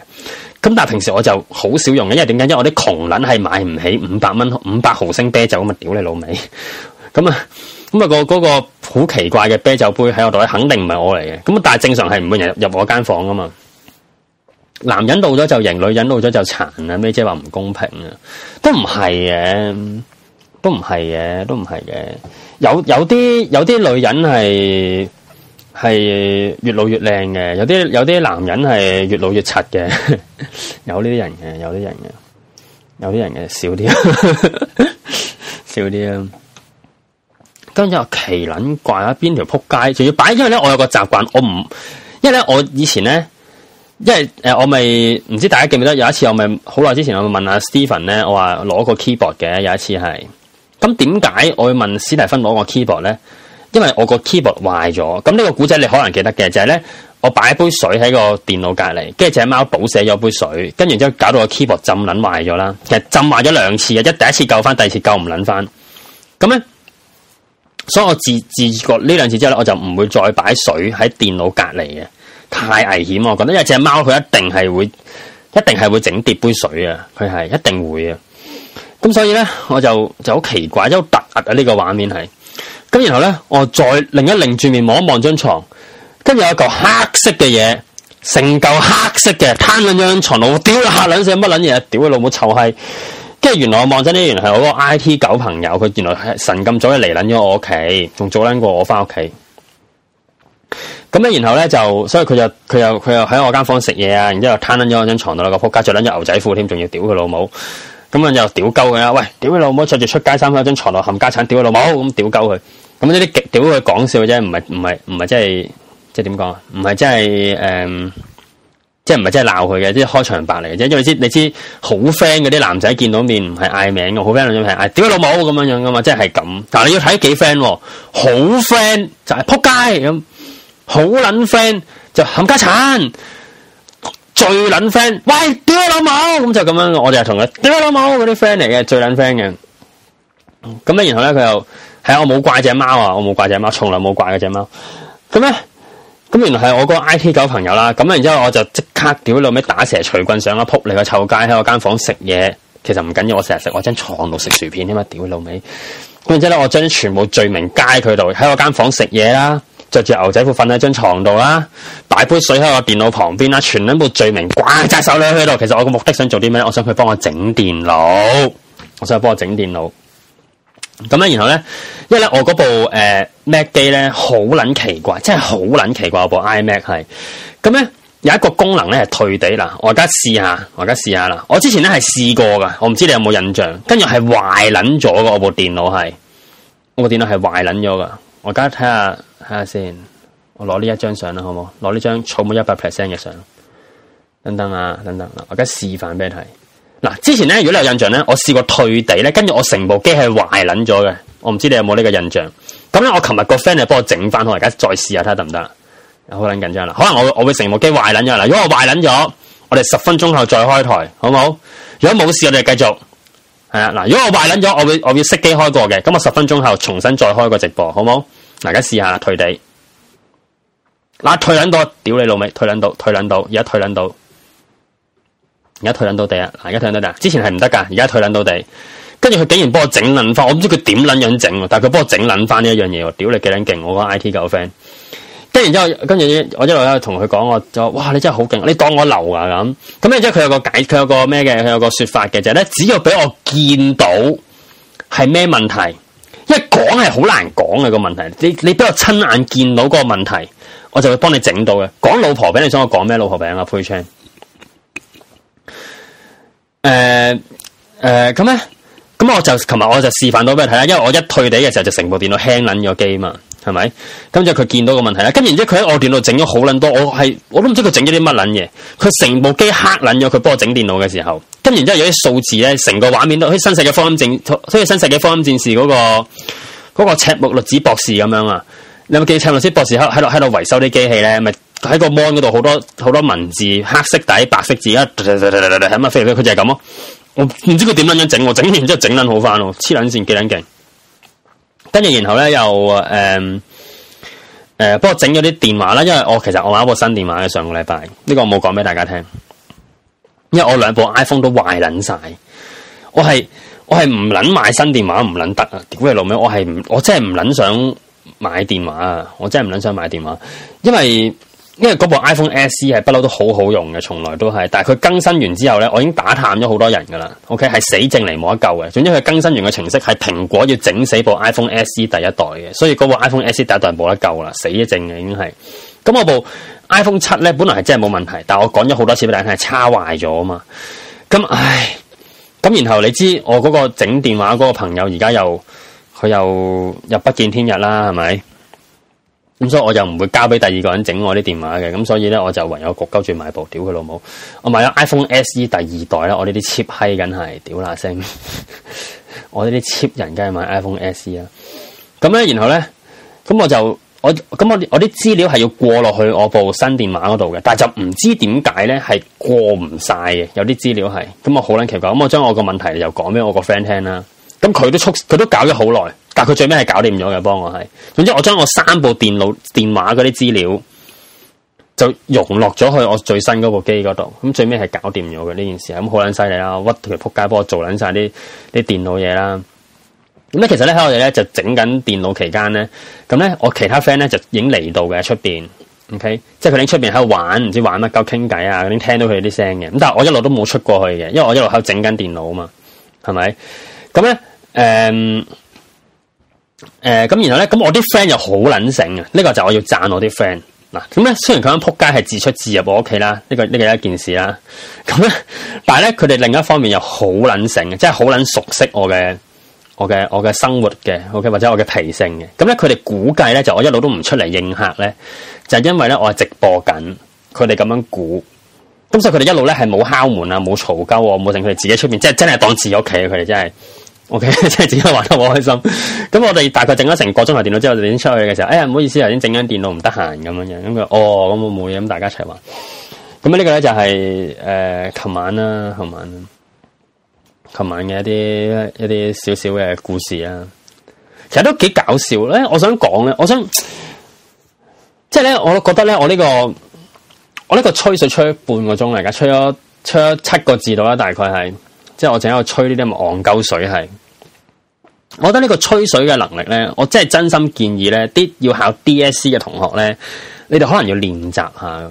咁但係平時我就好少用嘅，因為點解？因為我啲窮撚係買唔起五百蚊五百毫升啤酒咁啊！屌你老味，咁啊咁啊個嗰、嗰個好奇怪嘅啤酒杯喺我度，肯定唔係我嚟嘅。咁但係正常係唔會入入我間房噶嘛。男人到咗就型，女人到咗就殘啊！咩即係話唔公平啊？都唔係嘅，都唔係嘅，都唔係嘅。有有啲有啲女人係係越老越靚嘅，有啲有啲男人係越老越柒嘅， 有呢啲人嘅，有啲人嘅，有啲人嘅少啲，少啲啦。跟住 我奇撚怪啊，邊條扑街？仲要擺，因為咧我有個習慣，我唔，因為咧我以前咧，因為誒、呃、我咪唔知大家記唔記得？有一次我咪好耐之前我問問、啊，我問阿 Stephen 咧，我話攞個 keyboard 嘅有一次係。咁點解我去問史蒂芬攞個 keyboard 咧？因為我個 keyboard 壞咗。咁呢個古仔你可能記得嘅就係、是、咧，我擺杯水喺個電腦隔籬，跟住隻貓倒瀉咗杯水，跟住之後搞到個 keyboard 浸捻壞咗啦。其實浸壞咗兩次啊，一第一次救翻，第二次救唔捻翻。咁咧，所以我自自覺呢兩次之後咧，我就唔會再擺水喺電腦隔籬嘅，太危險我覺得，因為隻貓佢一定係會，一定係會整跌杯水啊，佢係一定會啊。咁所以咧，我就就好奇怪，好突兀啊！呢個畫面係，咁然後咧，我再擰一擰住面，望一望張床，跟住有一嚿黑色嘅嘢，成嚿黑色嘅，攤喺張床度，屌下吓卵死乜卵嘢，屌佢老母臭閪！跟住原來我望真啲，原來係我個 I T 狗朋友，佢原來係神咁早一嚟捻咗我屋企，仲早捻過我翻屋企。咁咧，然後咧就，所以佢就佢又佢又喺我間房食嘢啊，然之後攤捻咗張床度啦，個仆街着捻隻牛仔褲添，仲要屌佢老母。咁啊又屌鳩佢啦！喂，屌佢老母，着住出街衫，開張床落冚家鏟，屌佢老母咁屌鳩佢！咁呢啲極屌佢講笑嘅啫，唔係唔係唔係即係即係點講？唔係即係誒，即係唔係即係鬧佢嘅，即係開場白嚟嘅啫。因為之你知，你知好 friend 嗰啲男仔見到面唔係嗌名嘅，好 friend 嗰種係嗌，屌佢老母咁樣樣噶嘛，即係咁。嗱你要睇幾 friend，好 friend 就係撲街咁，好撚 friend 就冚家鏟。最撚 friend，喂，屌老母，咁就咁樣，我哋就係同佢屌老母嗰啲 friend 嚟嘅，最撚 friend 嘅。咁咧，然後咧，佢又係我冇怪隻貓啊，我冇怪隻貓，從來冇怪嗰隻貓。咁咧，咁原來係我嗰個 IT 狗朋友啦。咁然之後我就即刻屌老尾，打蛇隨棍上，一扑你個臭街，喺我間房食嘢。其實唔緊要，我成日食我張床度食薯片啊嘛，屌老尾。咁然之後咧，我將全部罪名加喺佢度，喺我間房食嘢啦。着住牛仔褲瞓喺張床度啦，擺杯水喺我電腦旁邊啦，傳緊部罪名，掛揸手你去度。其實我個目的想做啲咩？我想佢幫我整電腦，我想佢幫我整電腦。咁咧，然後咧，因為咧我嗰部誒、呃、Mac 機咧好撚奇怪，真係好撚奇怪。我部 iMac 係，咁咧有一個功能咧係退地啦。我而家試下，我而家試下啦。我之前咧係試過噶，我唔知你有冇印象。跟住係壞撚咗噶，我部電腦係，我部電腦係壞撚咗噶。我而家睇下睇下先，我攞呢一張相啦，好唔好？攞呢張草莓一百 percent 嘅相。等等啊，等等。我而家示範俾你睇。嗱，之前咧，如果你有印象咧，我試過退地咧，跟住我成部機係壞捻咗嘅。我唔知你有冇呢個印象。咁咧，我琴日個 friend 就幫我整翻，我而家再試下睇下得唔得。好捻緊張啦，可能我我會成部機壞捻咗。嗱，如果我壞捻咗，我哋十分鐘後再開台，好唔好？如果冇事，我哋繼續。係啊，嗱，如果我壞捻咗，我會我會熄機開過嘅。咁我十分鐘後重新再開個直播，好唔好？大家試下退地。嗱，退兩度，屌你老味，退兩度，退兩度，而家退兩度，而家退兩度地啊！而家退兩度地，之前係唔得噶，而家退兩度地，跟住佢竟然幫我整捻翻，我唔知佢點捻樣整，但係佢幫我整捻翻呢一樣嘢，屌你幾捻勁！我個 I T 舊 friend，跟住之後，跟住我一路喺度同佢講，我就哇，你真係好勁，你當我流啊咁，咁然之後佢有個解，佢有個咩嘅，佢有個說法嘅，就係咧，只要俾我見到係咩問題。因為講係好難講嘅、嗰個問題，你你俾我親眼見到嗰個問題，我就會幫你整到嘅。講老婆餅你想我講咩老婆餅啊？Pushing，誒誒咁咧，咁、呃呃、我就琴日我就示範到俾你睇啦，因為我一退地嘅時候就成部電腦 hang 撚咗機嘛。係咪？咁即佢見到個問題啦。咁然之後佢喺我電腦整咗好卵多，我係我都唔知佢整咗啲乜卵嘢。佢成部機黑卵咗，佢幫我整電腦嘅時候，跟然之後有啲數字咧，成個畫面都好似《新世紀福音戰》好似新世紀福音戰士》嗰個嗰個赤木律子博士咁樣啊。你有冇見赤木律子博士喺度喺度維修啲機器咧？咪喺個 mon 嗰度好多好多文字，黑色底白色字，一嚟嚟飛佢就係咁咯。我唔知佢點卵樣整，我整完之後整卵好翻咯，黐卵線幾卵勁！跟住然後咧，又誒誒，不過整咗啲電話啦，因為我其實我買一部新電話喺上個禮拜，呢個我冇講俾大家聽，因為我兩部 iPhone 都壞捻晒，我係我係唔捻買新電話唔捻得啊！屌你老味，我係我真係唔捻想買電話啊！我真係唔捻想買電話，因為。因為嗰部 iPhone SE 係不嬲都好好用嘅，從來都係。但係佢更新完之後咧，我已經打探咗好多人噶啦，OK 係死症嚟，冇得救嘅。總之佢更新完嘅程式係蘋果要整死部 iPhone SE 第一代嘅，所以嗰部 iPhone SE 第一代冇得救啦，死一症嘅已經係。咁我部 iPhone 七咧本來係真係冇問題，但我講咗好多次俾大家聽係叉壞咗啊嘛。咁、嗯、唉，咁然後你知我嗰個整電話嗰個朋友而家又佢又又不見天日啦，係咪？咁所以我就唔會交俾第二個人整我啲電話嘅，咁所以咧我就唯有焗鳩住買部屌佢老母，我買咗 iPhone SE 第二代啦，我呢啲 cheap 閪梗係屌啦聲，我呢啲 cheap 人梗係買 iPhone SE 啦。咁咧然後咧，咁我就我咁我我啲資料係要過落去我部新電話嗰度嘅，但係就唔知點解咧係過唔晒嘅，有啲資料係，咁我好捻奇怪，咁我將我個問題又講俾我個 friend 聽啦，咁佢都促佢都搞咗好耐。但佢最尾係搞掂咗嘅，幫我係。總之我將我三部電腦、電話嗰啲資料就融落咗去我最新嗰部機嗰度。咁最尾係搞掂咗嘅呢件事。咁好撚犀利啦，屈佢扑街幫我做捻晒啲啲電腦嘢啦。咁咧其實咧喺我哋咧就整緊電腦期間咧，咁咧我其他 friend 咧就影嚟到嘅出邊，OK，即係佢喺出邊喺度玩，唔知玩乜鳩傾偈啊，咁聽到佢啲聲嘅。咁但係我一路都冇出過去嘅，因為我一路喺度整緊電腦啊嘛，係咪？咁咧，誒、嗯。誒、呃，咁然後咧，咁我啲 friend 又好捻醒嘅，呢、這個就我要讚我啲 friend 嗱。咁咧，雖然佢咁扑街係自出自入我屋企啦，呢、這個呢、這個一件事啦。咁咧，但係咧，佢哋另一方面又好捻醒，即係好捻熟悉我嘅，我嘅，我嘅生活嘅，ok，或者我嘅脾性嘅。咁咧，佢哋估計咧，就我一路都唔出嚟應客咧，就係、因為咧我係直播緊，佢哋咁樣估。咁所以佢哋一路咧係冇敲門啊，冇嘈交，冇成佢哋自己出面，即係真係當自己屋企，佢哋真係。O K，即係自己玩得好開心。 咁我哋大概整咗成個鐘頭電腦之後，就已經出去嘅時候，哎呀唔好意思已經整緊電腦唔得閒咁樣樣。咁佢哦，咁會唔會咁大家一齊玩。咁呢個咧就係、是、誒，琴晚啦，琴晚，琴晚嘅一啲一啲少少嘅故事啊。其實都幾搞笑咧。我想講咧，我想即係咧，就是、我覺得咧、這個，我呢個我呢個吹水吹半個鐘嚟噶，吹咗吹咗七個字度啦，大概係。即係我淨係喺度吹呢啲咁戇鳩水係，我覺得呢個吹水嘅能力咧，我真係真心建議咧啲要考 DSE 嘅同學咧，你哋可能要練習下，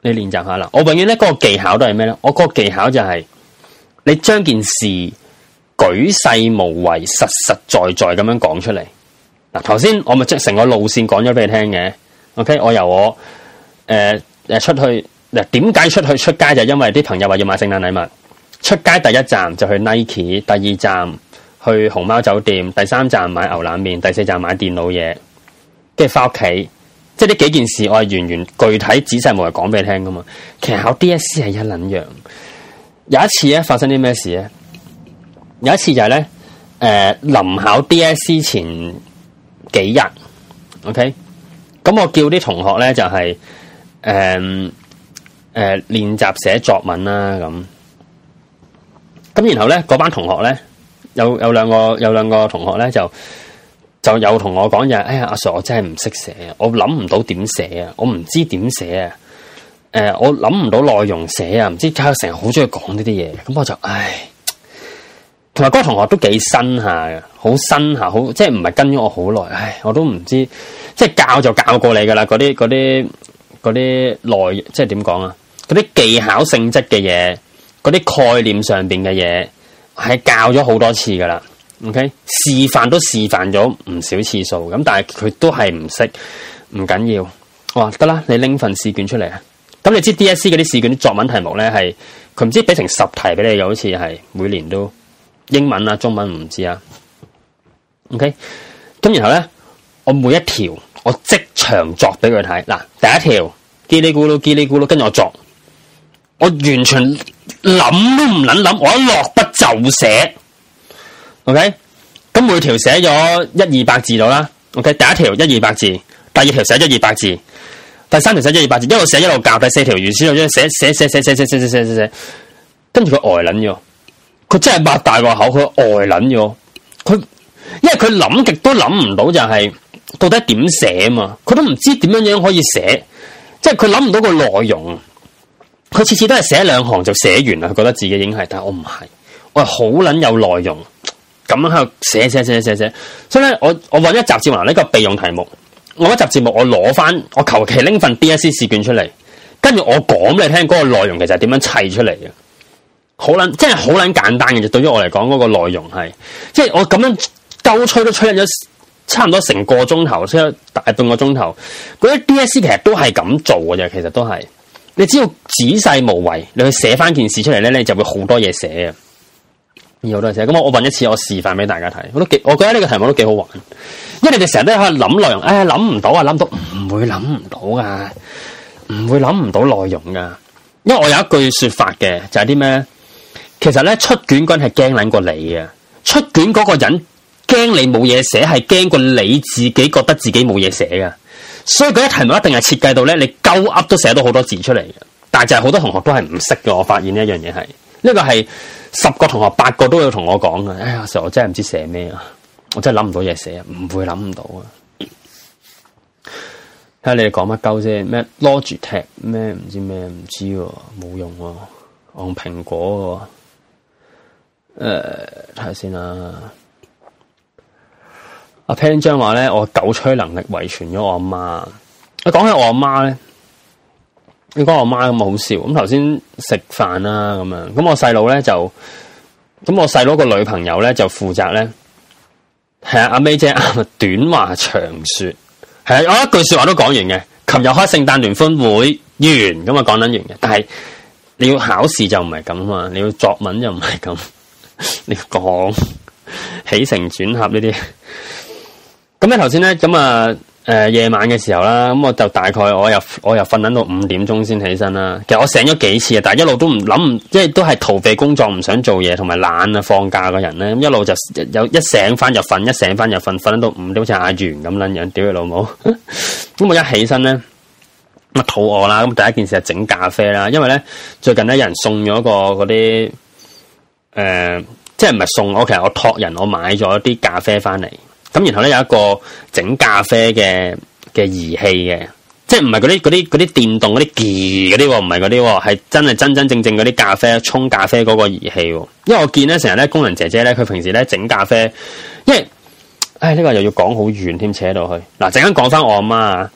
你練習下啦。我永遠咧嗰、那個技巧都係咩咧？我個技巧就係、是、你將件事巨細無遺實實在在咁樣講出嚟。嗱，頭先我咪即係成個路線講咗俾你聽嘅，OK？我由我誒誒、呃、出去嗱，點、呃、解出去出街就是因為啲朋友話要買聖誕禮物。出街第一站就去 Nike，第二站去熊貓酒店，第三站買牛腩麵，第四站買電腦嘢，跟住翻屋企，即係呢幾件事，我係完完具體仔細冇人講俾你聽噶嘛。其實考 D S C 係一撚樣，有一次咧發生啲咩事咧？有一次就係咧，誒、呃，臨考 D S C 前幾日，OK，咁我叫啲同學咧就係誒誒練習寫作文啦咁。咁然後咧，嗰班同學咧，有有兩個有兩個同學咧，就就有同我講嘅，哎呀，阿 Sir，我真係唔識寫，我諗唔到點寫啊，我唔知點寫啊，誒，我諗唔到內容寫啊，唔知佢成日好中意講呢啲嘢，咁我就，唉，同埋嗰個同學都幾新下嘅，好新下，好即係唔係跟咗我好耐，唉，我都唔知，即係教就教過你噶啦，嗰啲嗰啲嗰啲內，即係點講啊，嗰啲技巧性質嘅嘢。嗰啲概念上面嘅嘢，係教咗好多次噶啦，OK？示範都示範咗唔少次數，咁但係佢都係唔識，唔緊要。我話得啦，你拎份試卷出嚟啊。咁你知 DSE 嗰啲試卷啲作文題目咧係，佢唔知俾成十題俾你，又好似係每年都英文啊、中文唔知啊，OK？咁然後咧，我每一條我即場作俾佢睇。嗱，第一條嘰里咕嚕、嘰里咕嚕，跟住我作。我完全諗都唔諗諗，我一落筆就寫，OK？咁每條寫咗一二百字到啦，OK？第一條一二百字，第二條寫一二百字，第三條寫一二百字，一路寫一路教。第四條原先又將寫寫寫寫寫寫寫寫寫寫，跟住佢呆捻咗，佢真係擘大個口，佢呆捻咗，佢因為佢諗極都諗唔到就係到底點寫嘛，佢都唔知點樣樣可以寫，即係佢諗唔到個內容。佢次次都係寫兩行就寫完啦，佢覺得自己已經係，但係我唔係，我係好捻有內容，咁樣喺度寫寫寫寫寫，所以咧我我搵一集節目呢個備用題目，我一集節目我攞翻，我求其拎份 D S C 試卷出嚟，跟住我講俾你聽嗰個內容其實係點樣砌出嚟嘅，好捻，真係好捻簡單嘅，就對於我嚟講嗰個內容係，即係我咁樣鳩吹都吹咗差唔多成個鐘頭，即係大半個鐘頭，嗰啲 D S C 其實都係咁做嘅啫，其實都係。你只要仔細無遺，你去寫翻件事出嚟咧，你就會好多嘢寫啊，好多嘢寫。咁我我搵一次，我示範俾大家睇。我都幾，我覺得呢個題目都幾好玩。因為你哋成日都喺度諗內容，誒諗唔到啊，諗到唔會諗唔到噶，唔會諗唔到內容噶。因為我有一句說法嘅，就係啲咩？其實咧，出卷君係驚撚過你嘅，出卷嗰個人驚你冇嘢寫，係驚過你自己覺得自己冇嘢寫噶。所以嗰一題目一定係設計到咧，你鳩噏都寫到好多字出嚟嘅。但係就係好多同學都係唔識嘅。我發現呢一樣嘢係，呢個係十個同學八個都有同我講嘅。哎呀，成日我真係唔知寫咩啊，我真係諗唔到嘢寫，唔會諗唔到看看 Logitech、呃、看看啊。睇下你哋講乜鳩啫？咩 Logic t a 題？咩唔知咩唔知？冇用喎，用蘋果喎。誒，睇下先啦。阿 Pan 張話咧，我狗吹能力遺傳咗我阿媽。佢講起我阿媽咧，應該我阿媽咁好笑。咁頭先食飯啦，咁樣咁我細佬咧就，咁我細佬個女朋友咧就負責咧，係啊阿 May 姐，短話長說，係啊我一句說話都講完嘅。琴日開聖誕聯歡會完，咁啊講緊完嘅。但係你要考試就唔係咁啊嘛，你要作文就唔係咁。你要講起承轉合呢啲。咁咧，頭先咧，咁啊，誒，夜晚嘅時候啦，咁我就大概我又我又瞓緊到五點鐘先起身啦。其實我醒咗幾次啊，但係一路都唔諗唔，即係都係逃避工作，唔想做嘢，同埋懶啊放假嘅人咧，咁一路就有一醒翻就瞓，一醒翻就瞓，瞓到五點好似阿元咁樣，樣，屌你老母！咁 我一起身咧，咪肚餓啦。咁第一件事係整咖啡啦，因為咧最近咧有人送咗個嗰啲誒，即係唔係送我，其實我託人我買咗啲咖啡翻嚟。咁然後咧有一個整咖啡嘅嘅儀器嘅，即係唔係嗰啲嗰啲嗰啲電動嗰啲機嗰啲，唔係嗰啲，係真係真真正正嗰啲咖啡沖咖啡嗰個儀器。因為我見咧成日咧工人姐姐咧，佢平時咧整咖啡，因為誒呢、哎，這個又要講好遠添，扯到去。嗱，陣間講翻我阿媽啊，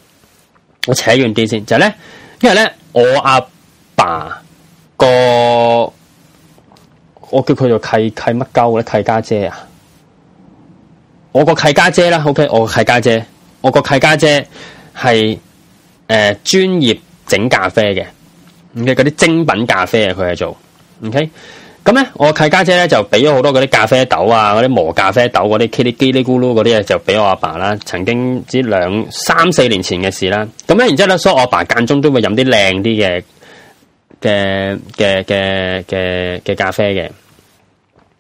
我扯遠啲先，就係、是、咧，因為咧我阿爸、爸個，我叫佢做契契乜鳩咧契家姐啊。我個契家姐啦，OK，我契家姐，我個契家姐係誒專業整咖啡嘅，嘅嗰啲精品咖啡啊，佢係做，OK，咁咧我契家姐咧就俾咗好多嗰啲咖啡豆啊，嗰啲磨咖啡豆嗰啲，嘰哩嘰哩咕嚕嗰啲咧就俾我阿爸啦。曾經只兩三四年前嘅事啦，咁咧然之後咧，所以我阿爸間中都會飲啲靚啲嘅嘅嘅嘅嘅咖啡嘅。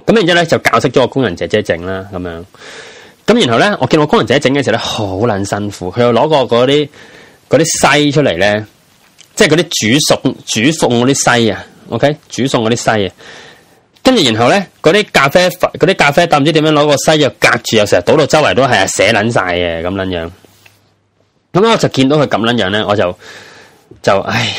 咁然之後咧就教識咗個工人姐姐整啦，咁樣。咁然後咧，我見我工人仔整嘅時候咧，好撚辛苦。佢又攞個嗰啲嗰啲西出嚟咧，即係嗰啲煮熟煮餸嗰啲西啊。OK，煮餸嗰啲西啊。跟住然後咧，嗰啲咖啡嗰啲咖啡豆唔知點樣攞個西又隔住又成日倒到周圍都係啊，寫撚晒嘅咁撚樣。咁咧我就見到佢咁撚樣咧，我就就唉，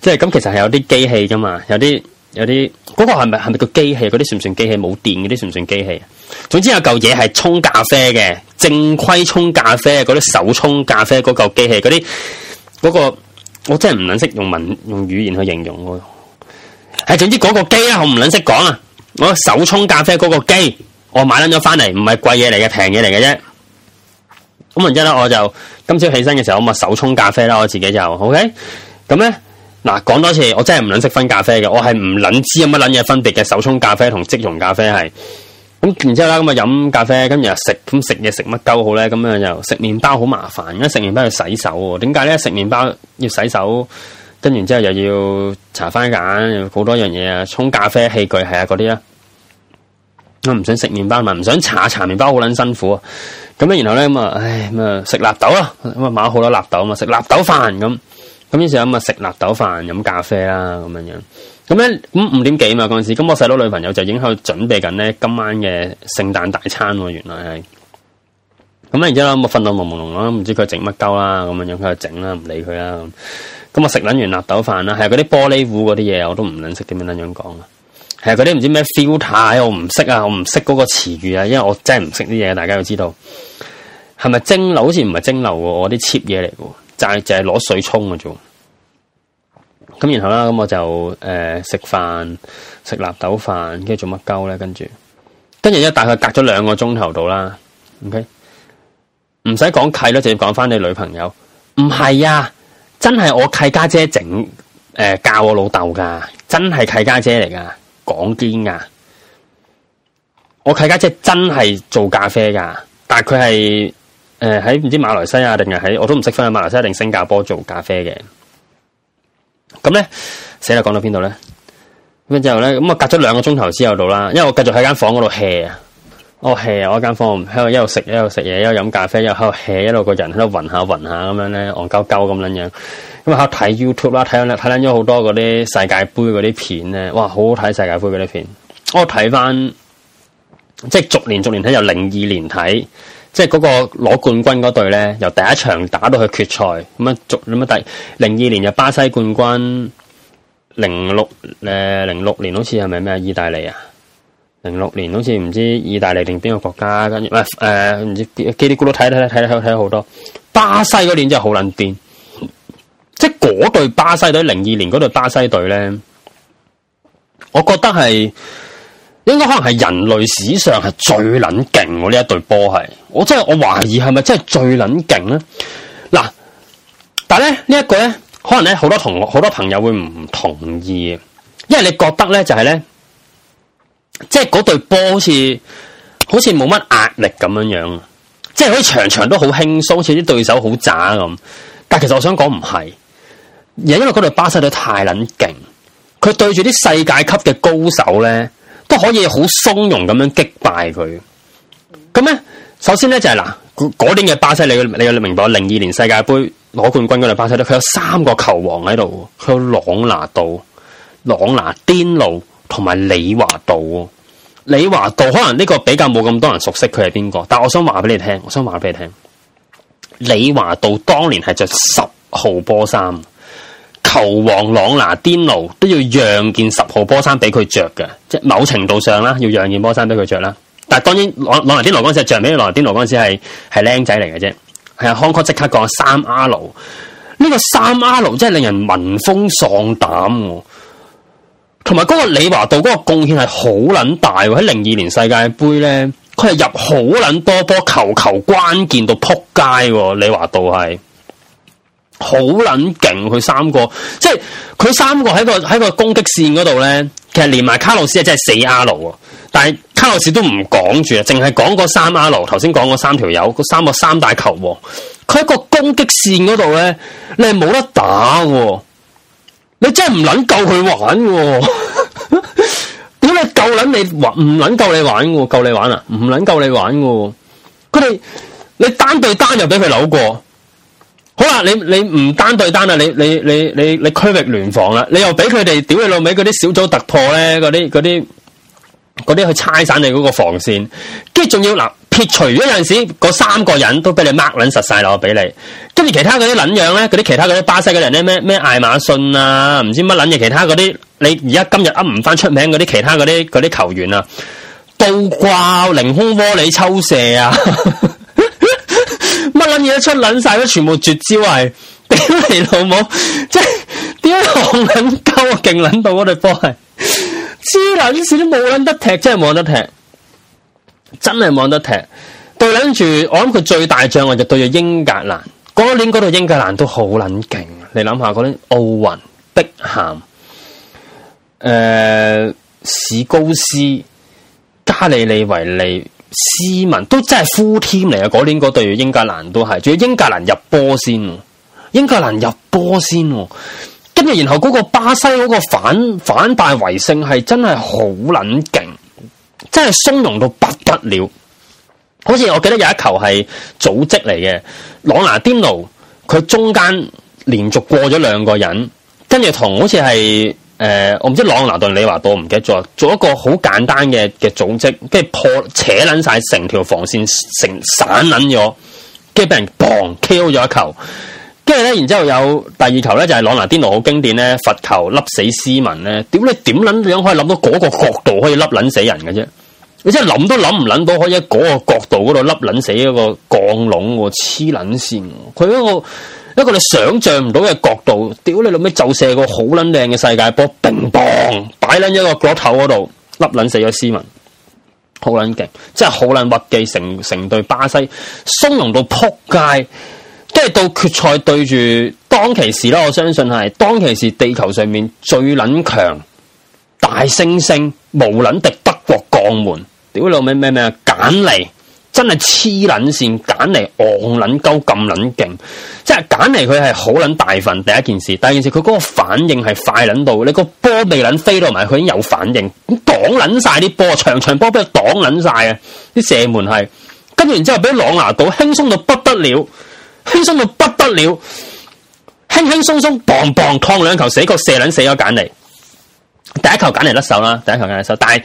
即係咁其實係有啲機器噶嘛，有啲。有啲嗰個係咪係咪個機器？嗰啲算唔算機器？冇電嗰啲算唔算機器？總之有嚿嘢係沖咖啡嘅，正規沖咖啡嗰啲手沖咖啡嗰嚿機器嗰啲，嗰個我真係唔捻識用文用語言去形容喎。係總之嗰個機啊，我唔捻識講啊。我手沖咖啡嗰個機，我買捻咗翻嚟，唔係貴嘢嚟嘅，平嘢嚟嘅啫。咁然之後咧，我就今朝起身嘅時候，我咪手沖咖啡啦。我自己就 OK 咁咧。嗱，講多次，我真係唔捻識分咖啡嘅，我係唔捻知有乜捻嘢分別嘅手沖咖啡同即溶咖啡係。咁然之後啦，咁啊飲咖啡，跟住又食咁食嘢食乜鳩好咧？咁啊又食麵包好麻煩，因為食麵包要洗手，點解咧？食麵包要洗手，跟住之後又要搽番鹼，好多樣嘢啊！沖咖啡器具係啊，嗰啲啊，我唔想食麵包咪唔想搽搽麵包好捻辛苦。咁然後咧咁啊，唉咁啊食納豆啦，咁啊買好多納豆啊嘛，食納豆飯咁。咁於是咁啊，食辣豆飯飲咖啡啦，咁樣樣。咁咧咁五點幾嘛嗰陣時，咁我細佬女朋友就已經喺度準備緊咧今晚嘅聖誕大餐喎，原來係。咁咧然之後咁瞓到朦朦朧朧啦，唔知佢整乜鳩啦，咁樣樣佢就整啦，唔理佢啦咁。咁啊食撚完辣豆飯啦，係嗰啲玻璃壺嗰啲嘢我都唔撚識點樣撚樣講啊，係嗰啲唔知咩 filter，我唔識啊，我唔識嗰個詞語啊，因為我真係唔識啲嘢，大家要知道。係咪蒸，蒸流？好似唔係蒸流喎，我啲 cheap 嘢嚟嘅。就係攞水沖嘅啫，咁然後啦，咁我就誒食、呃、飯食納豆飯，跟住做乜鳩咧？跟住跟住咧大概隔咗兩個鐘頭到啦，OK，唔使講契啦，直接講翻你女朋友，唔係啊，真係我契家姐整誒、呃、教我老豆噶，真係契家姐嚟噶，講堅噶，我契家姐真係做咖啡噶，但係佢係。誒、呃，喺唔知馬來西亞定係喺，我都唔識分啊！馬來西亞定新加坡做咖啡嘅，咁咧，死啦講到邊度咧？咁之後咧，咁啊隔咗兩個鐘頭之後到啦，因為我繼續喺間房嗰度 hea 啊，我 hea 啊，我間房喺度一路食一路食嘢，一路飲咖啡，一路 hea，一路個人喺度暈下暈下咁樣咧，戇鳩鳩咁樣樣，咁啊睇 YouTube 啦，睇睇睇咗好多嗰啲世界杯嗰啲片咧，哇，好好睇世界杯嗰啲片，我睇翻，即係逐年逐年睇，由零二年睇。即係嗰個攞冠軍嗰隊咧，由第一場打到去決賽咁啊，咁啊，第零二年就巴西冠軍，零六誒零六年好似係咪咩意大利啊？零六年好似唔知意大利定邊個國家跟住，唔誒唔知嘰哩咕嚕睇睇睇睇睇好多。巴西嗰年真係好撚癲，即係嗰隊巴西隊零二年嗰隊巴西隊咧，我覺得係。應該可能係人類史上係最冷勁喎，呢一對波係，我真係我懷疑係咪真係最冷勁咧？嗱，但係咧呢這一個咧，可能咧好多同學好多朋友會唔同意，因為你覺得咧就係、是、咧，即係嗰波好似好似冇乜壓力咁樣樣，即係佢場場都好輕鬆，似啲對手好渣咁。但其實我想講唔係，而因為嗰隊巴西隊太冷勁，佢對住啲世界級嘅高手咧。都可以好鬆容咁樣擊敗佢。咁、嗯、咧，首先咧就係、是、嗱，嗰年嘅巴西，你嘅你，你明白零二年世界杯攞冠軍嗰年巴西咧，佢有三個球王喺度，佢有朗拿度、朗拿顛路同埋李華度。李華度可能呢個比較冇咁多人熟悉佢係邊個，但係我想話俾你聽，我想話俾你聽，李華度當年係着十號波衫。球王朗拿甸奴都要讓件十號波衫俾佢着嘅，即係某程度上啦，要讓件波衫俾佢着啦。但係當然，朗朗拿甸奴嗰陣時着俾朗拿甸奴嗰陣時係係靚仔嚟嘅啫。係啊，康哥即刻講三 R，呢個三 R 真係令人聞風喪膽。同埋嗰個李華道嗰個貢獻係好捻大，喺零二年世界杯咧，佢係入好捻多波球球關鍵到扑街。李華道係。好捻勁，佢三個，即係佢三個喺個喺個攻擊線嗰度咧，其實連埋卡路斯真係四阿羅喎。但係卡路斯都唔講住，淨係講個三阿羅，頭先講嗰三條友，三個三大球喎。佢喺個攻擊線嗰度咧，你係冇得打，你真係唔捻夠佢玩，點你夠捻你玩？唔捻夠你玩喎！夠你玩啊？唔捻夠你玩喎！佢哋你單對單又俾佢扭過。好啦、啊，你你唔單對單啊，你你你你你區域聯防啦，你又俾佢哋屌你老味嗰啲小組突破咧，嗰啲嗰啲嗰啲去拆散你嗰個防線，跟住仲要嗱撇除有陣時嗰三個人都俾你掹捻實晒落俾你，跟住其他嗰啲捻樣咧，嗰啲其他嗰啲巴西嘅人咧，咩咩艾馬遜啊，唔知乜捻嘢，其他嗰啲，你而家今日噏唔翻出名嗰啲其他嗰啲嗰啲球員啊，倒掛凌空窩利抽射啊！ 捻嘢一出捻晒都全部絕招係屌你老母，即係點樣我捻夠勁捻到對波係？黐捻線都冇捻得踢，真係冇得踢，真係冇得踢。對捻住，我諗佢最大障礙就對住英格蘭。嗰年嗰度英格蘭都好捻勁，你諗下嗰啲奧運、碧咸、誒、呃、史高斯、加里利維利。斯文都真係呼天嚟啊！嗰年嗰隊英格蘭都係，仲要英格蘭入波先，英格蘭入波先，跟住然後嗰個巴西嗰個反反敗為勝係真係好撚勁，真係松容到不得了。好似我記得有一球係組織嚟嘅，朗拿甸奴佢中間連續過咗兩個人，跟住同好似係。誒、呃，我唔知朗拿頓你話到唔記得咗，做一個好簡單嘅嘅組織，跟住破扯捻晒成條防線，成散捻咗，跟住俾人砰 KO 咗一球。跟住咧，然之後有第二球咧，就係、是、朗拿甸奴好經典咧，罰球笠死斯文咧。點你點捻樣可以諗到嗰個角度可以笠捻死人嘅啫？你真係諗都諗唔諗到，想想到可以喺嗰個角度嗰度笠捻死一個鋼籠喎，黐捻線，佢個。一個你想象唔到嘅角度，屌你老味就射個好撚靚嘅世界波叮叮、乒乓，擺捻一個角頭嗰度，甩捻死咗斯文，好撚勁，真係好撚滑技，成成對巴西松融到扑街，即係到決賽對住當其時啦，我相信係當其時地球上面最撚強大猩猩，冇撚敵德國鋼門，屌你老味咩咩簡尼。真係黐卵線，簡嚟昂卵鳩咁卵勁，即係簡嚟佢係好卵大份。第一件事，第二件事佢嗰個反應係快卵到，你個波未卵飛落埋，佢已經有反應，擋卵晒啲波，場場波俾佢擋卵晒啊！啲射門係，跟住然之後俾朗拿度輕鬆到不得了，輕鬆到不得了，輕輕鬆鬆，磅磅，抗兩球死個射卵死咗簡嚟，第一球簡嚟甩手啦，第一球簡嚟甩手，但係。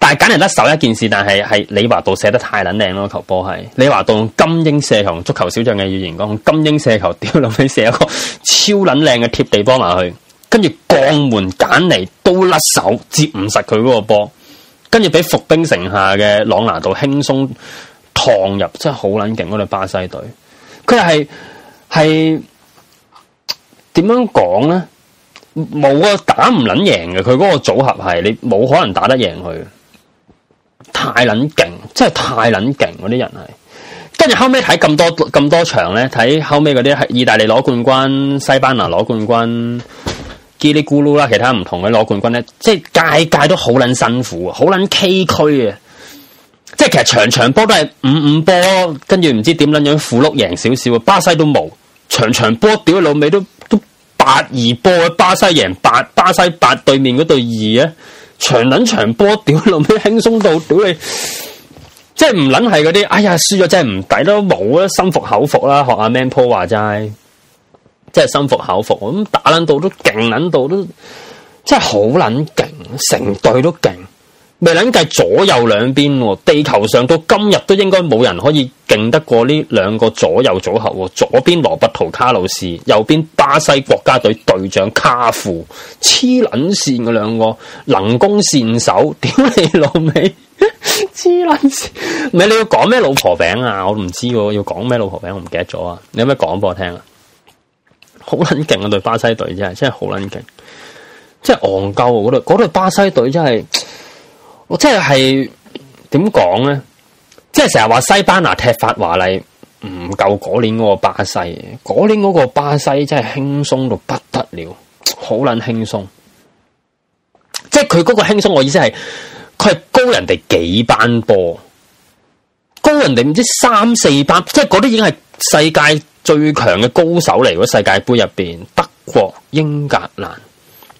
但係簡嚟甩手一件事，但係係李華度寫得太撚靚咯！球波係李華度用金鷹射球足球小將嘅語言講，用金鷹射球屌，落去射一個超撚靚嘅貼地波埋去，跟住降門簡嚟都甩手接唔實佢嗰個波，跟住俾伏兵城下嘅朗拿度輕鬆趟入，真係好撚勁嗰隊巴西隊，佢係係點樣講咧？冇個、啊、打唔撚贏嘅，佢嗰個組合係你冇可能打得贏佢。太捻勁，真係太捻勁嗰啲人係，跟住後尾睇咁多咁多場咧，睇後尾嗰啲係意大利攞冠軍，西班牙攞冠軍，嘰里咕嚕啦，其他唔同嘅攞冠軍咧，即係屆屆都好捻辛苦，好捻崎嶇嘅，即係其實場場波都係五五波，跟住唔知點捻樣符碌贏少少，巴西都冇，場場波屌老味都都八二波，巴西贏八，巴西八對面嗰對二啊！長捻長波，屌諗起輕鬆到，屌你！即係唔捻係嗰啲，哎呀，輸咗真係唔抵咯，冇啊，心服口服啦，學阿 Man Po 話齋，即係心服口服，咁打捻到都勁捻到都，真係好捻勁，成隊都勁。未捻計左右兩邊、哦，地球上到今日都應該冇人可以勁得過呢兩個左右組合、哦。左邊羅伯圖卡路士，右邊巴西國家隊隊長卡夫，黐捻綫嘅兩個能攻善守屌你老味，黐捻綫。唔係你要講咩老婆餅啊。我唔知、啊、要講咩老婆餅，我唔記得咗啊。你有咩講俾我聽啊？好捻勁啊！對巴西隊真係真係好捻勁，真係憨鳩嗰隊嗰隊巴西隊真係。我真係點講咧？即係成日話西班牙踢法華麗唔夠嗰年嗰個巴西，嗰年嗰個巴西真係輕鬆到不得了，好捻輕鬆。即係佢嗰個輕鬆，我意思係佢係高人哋幾班波，高人哋唔知三四班，即係嗰啲已經係世界最強嘅高手嚟。世界杯入邊，德國、英格蘭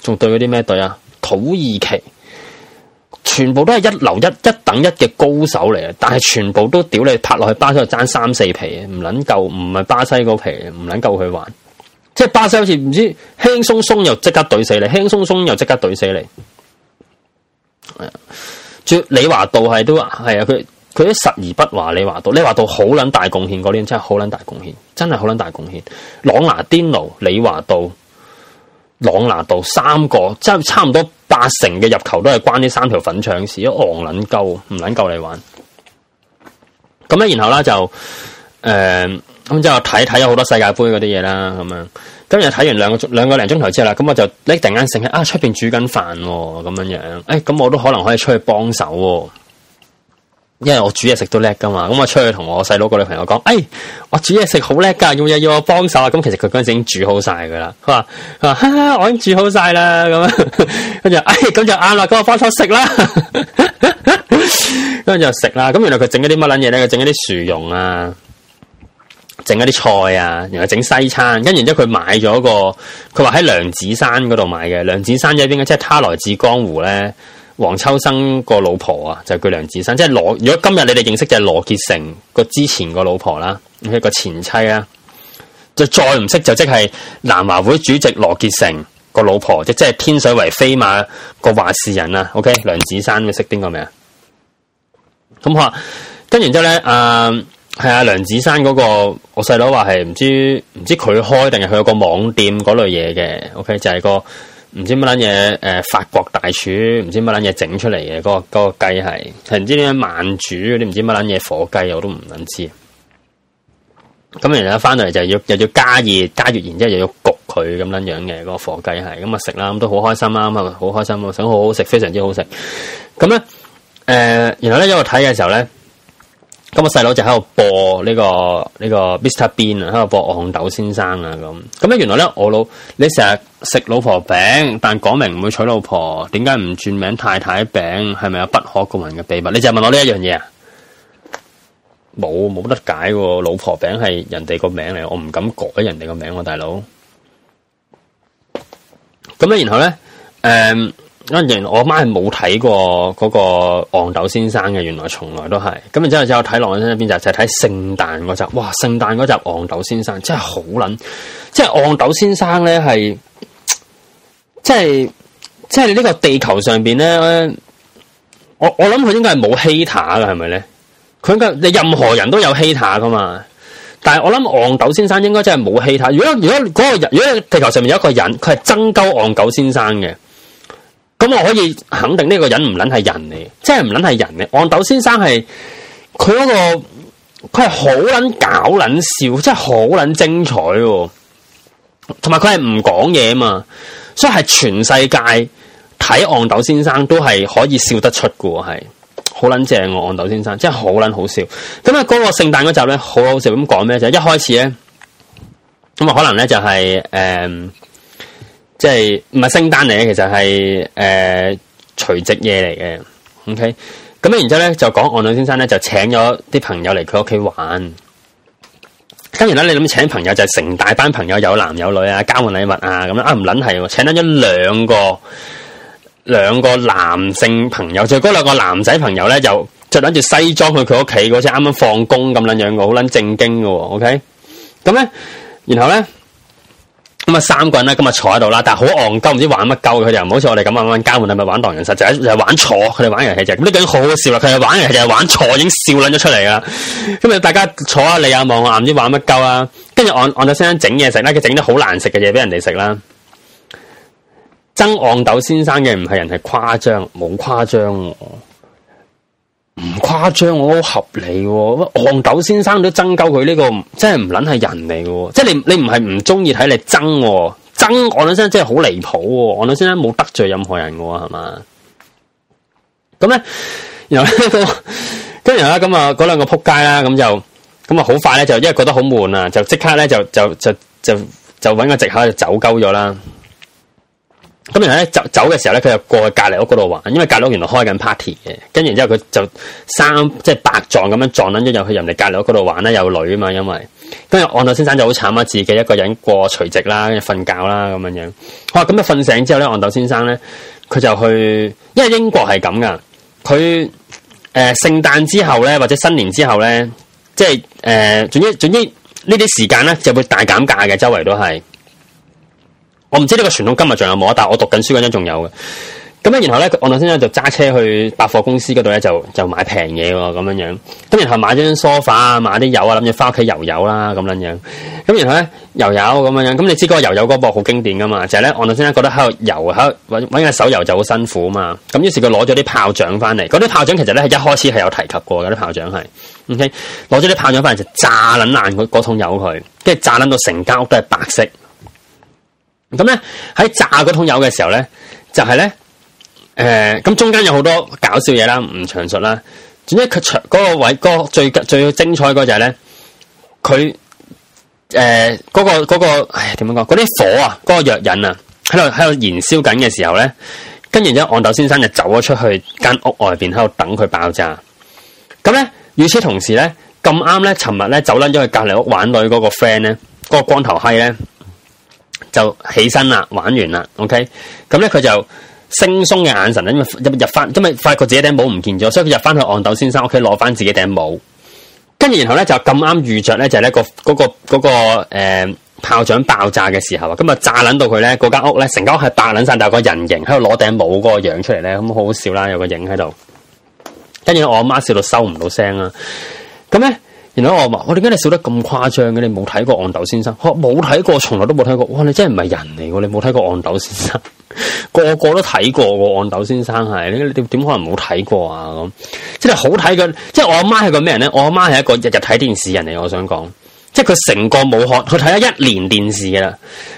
仲對嗰啲咩隊啊？土耳其。全部都係一流一一等一嘅高手嚟啊！但係全部都屌你拍落去巴西爭三四皮，唔捻夠，唔係巴西嗰皮，唔捻夠佢玩。即係巴西好似唔知輕鬆鬆又即刻懟死你，輕鬆鬆又即刻懟死你。啊！李華度係都係啊，佢佢都實而不華，李華度，李華度好捻大貢獻嗰年真係好捻大貢獻，真係好捻大貢獻。朗拿甸奴、李華度、朗拿度三個，真係差唔多。八成嘅入球都係關呢三條粉腸事，我昂撚夠，唔撚夠你玩。咁咧，然後咧就誒，咁之後睇睇咗好多世界杯嗰啲嘢啦，咁樣今日睇完兩個兩個零鐘頭之後啦，咁我就咧突然間醒起啊，出邊煮緊飯咁樣樣，誒、哎，咁我都可能可以出去幫手、哦。因為我煮嘢食都叻噶嘛，咁我出去同我細佬個女朋友講，哎，我煮嘢食好叻噶，要唔要我幫手啊？咁其實佢嗰陣時已經煮好晒噶啦，佢話：，哈，哈我已經煮好晒啦，咁，跟住，哎，咁就啱啦，咁我幫手食啦，跟 住就食啦。咁原來佢整啲乜撚嘢咧？佢整一啲薯蓉啊，整一啲菜啊，原來整西餐。跟住然之後佢買咗個，佢話喺梁子山嗰度買嘅。梁子山喺邊啊？即係他來自江湖咧。黃秋生個老婆啊，就係佢梁子珊。即係羅。如果今日你哋認識就係羅傑成個之前個老婆啦，一個前妻啊，就再唔識就即係南華會主席羅傑成個老婆，就即係即係天水圍飛馬個話事人啊。OK，梁子珊你認識邊個未啊？咁話跟完之後咧，誒係啊，梁子珊嗰個我細佬話係唔知唔知佢開定係佢有個網店嗰類嘢嘅。OK 就係個。唔知乜捻嘢，誒，法國大廚唔知乜捻嘢整出嚟嘅嗰個嗰個雞係，係唔知點樣慢煮嗰啲唔知乜捻嘢火雞，我都唔捻知。咁然後咧，翻到嚟就要又要加熱加熱，然之後又要焗佢咁樣樣嘅嗰個火雞係，咁啊食啦，咁都好開心啦，咁啊好開心，開心想好好食，非常之好食。咁咧誒，然後咧我睇嘅時候咧。咁我細佬就喺度播呢個呢個 Mr Bean 啊，喺度播戇豆先生啊咁。咁咧原來咧我老你成日食老婆餅，但講明唔會娶老婆，點解唔轉名太太餅？係咪有不可告人嘅秘密？你就問我呢一樣嘢啊？冇冇得解喎，老婆餅係人哋個名嚟，我唔敢改人哋個名喎，大佬。咁咧然後咧誒。原來我媽係冇睇過嗰個憨豆先生嘅，原來從來都係咁。然之後之後睇落咧，邊集就係睇聖誕嗰集。哇，聖誕嗰集憨豆先生真係好捻！即係憨豆先生咧，係即係即係呢個地球上邊咧。我我諗佢應該係冇希塔噶，係咪咧？佢應該任何人都有希塔噶嘛？但係我諗憨豆先生應該真係冇希塔。如果如果嗰個人，如果地球上面有一個人，佢係爭鳩憨豆先生嘅。咁我可以肯定呢個人唔捻係人嚟，即係唔捻係人嚟。憨豆先生係佢嗰個，佢係好捻搞捻笑，即係好捻精彩。同埋佢係唔講嘢嘛，所以係全世界睇憨豆先生都係可以笑得出嘅。係好捻正嘅，憨豆先生，真係好捻好笑。咁啊，嗰個聖誕嗰集咧，好好笑咁講咩？就係一開始咧，咁啊，可能咧就係、是、誒。嗯即係唔係聖誕嚟嘅，其實係誒除夕夜嚟嘅。OK，咁咧然之後咧就講，戇豆先生咧就請咗啲朋友嚟佢屋企玩。咁然之後，你諗請朋友就成大班朋友，有男有女啊，交換禮物啊咁啦。啊唔撚係，請咗兩個兩個男性朋友，就嗰兩個男仔朋友咧，就著攬住西裝去佢屋企嗰次，啱啱放工咁撚樣嘅，好撚正經嘅。OK，咁咧，然後咧。咁啊，三個人咧，今日坐喺度啦，但係好戇鳩，唔知玩乜鳩佢哋，唔好似我哋咁玩玩交換，係咪玩狼人殺，就係就係玩坐，佢哋玩遊戲就咁呢種好好笑啊，佢哋玩遊戲就係玩坐，已經笑捻咗出嚟啦。咁啊，大家坐下，你啊望啊，唔知道玩乜鳩啦。跟住按按到先生整嘢食啦，佢整得好難食嘅嘢俾人哋食啦。曾憨豆先生嘅唔係人係誇張，冇誇張。唔誇張，我好合理。戇豆先生都憎鳩佢呢個，真係唔捻係人嚟嘅。即係你，你唔係唔中意睇你憎憎戇豆先生，真係好離譜。戇豆先生冇得罪任何人嘅係嘛？咁咧，由呢，然後呢， 然後呢個跟住咧，咁啊嗰兩個仆街啦，咁就咁啊，好快咧就，因為覺得好悶啊，就即刻咧就就就就就揾個借口就走鳩咗啦。咁然後呢，咧，走走嘅時候咧，佢就過去隔籬屋嗰度玩，因為隔籬屋原來開緊 party 嘅。跟然之後佢就三即係、就是、白撞咁樣撞捻咗入去人哋隔籬屋嗰度玩啦，有女啊嘛，因為跟住戇豆先生就好慘啊，自己一個人過除夕啦，跟住瞓覺啦咁樣樣。好，咁啊瞓醒之後咧，戇豆先生咧，佢就去，因為英國係咁噶，佢誒聖誕之後咧，或者新年之後咧，即係誒、呃、總之總之呢啲時間咧就會大減價嘅，周圍都係。我唔知呢個傳統今日仲有冇？但係我讀緊書嗰陣仲有嘅。咁樣然後咧，我老先生就揸車去百貨公司嗰度咧，就就買平嘢喎，咁樣樣。咁然後買張梳化，f 啊，買啲油啊，諗住翻屋企油油啦，咁樣樣。咁然後咧，油油咁樣樣。咁你知嗰個油油嗰部好經典噶嘛？就係、是、咧，我老先生覺得喺度油，喺度搵下手油就好辛苦啊嘛。咁於是佢攞咗啲炮仗翻嚟，嗰啲炮仗其實咧係一開始係有提及過嘅，啲炮仗係。O K，攞咗啲炮仗翻嚟就炸捻爛嗰桶油佢，跟住炸捻到成間屋都係白色。咁咧喺炸嗰桶油嘅時候咧，就係咧，誒，咁中間有好多搞笑嘢啦，唔詳述啦。總之佢嗰個位，嗰個最最精彩嗰就係咧，佢誒嗰個嗰個點樣講？嗰啲火啊，嗰個藥引啊，喺度喺度燃燒緊嘅時候咧，跟住咧，憨豆先生就走咗出去間屋外邊喺度等佢爆炸。咁咧，與此同時咧，咁啱咧，尋日咧走甩咗去隔籬屋玩女嗰個 friend 咧，嗰個光頭閪咧。就起身啦，玩完啦，OK，咁咧佢就惺忪嘅眼神，入入翻，因為發覺自己頂帽唔見咗，所以佢入翻去憨豆先生屋企攞翻自己頂帽，跟住然後咧就咁啱遇着咧就係、是、呢、那個嗰、那個嗰、那個誒、欸、炮仗爆炸嘅時候啊，咁啊炸捻到佢咧，嗰、那、間、個、屋咧成間屋係爆捻晒，但個人形喺度攞頂帽嗰個樣出嚟咧，咁好好笑啦，有個影喺度，跟住我阿媽笑到收唔到聲啦、啊，咁咧。然後我話：我點解你笑得咁誇張嘅？你冇睇過《憨豆先生》？冇睇過，從來都冇睇過。哇！你真係唔係人嚟，你冇睇過《憨豆先生？》 個個都睇過《憨豆先生》，係你點可能冇睇過啊？咁即係好睇嘅。即係我阿媽係個咩人咧？我阿媽係一個日日睇電視人嚟。我想講，即係佢成個武漢，佢睇咗一年電視啦。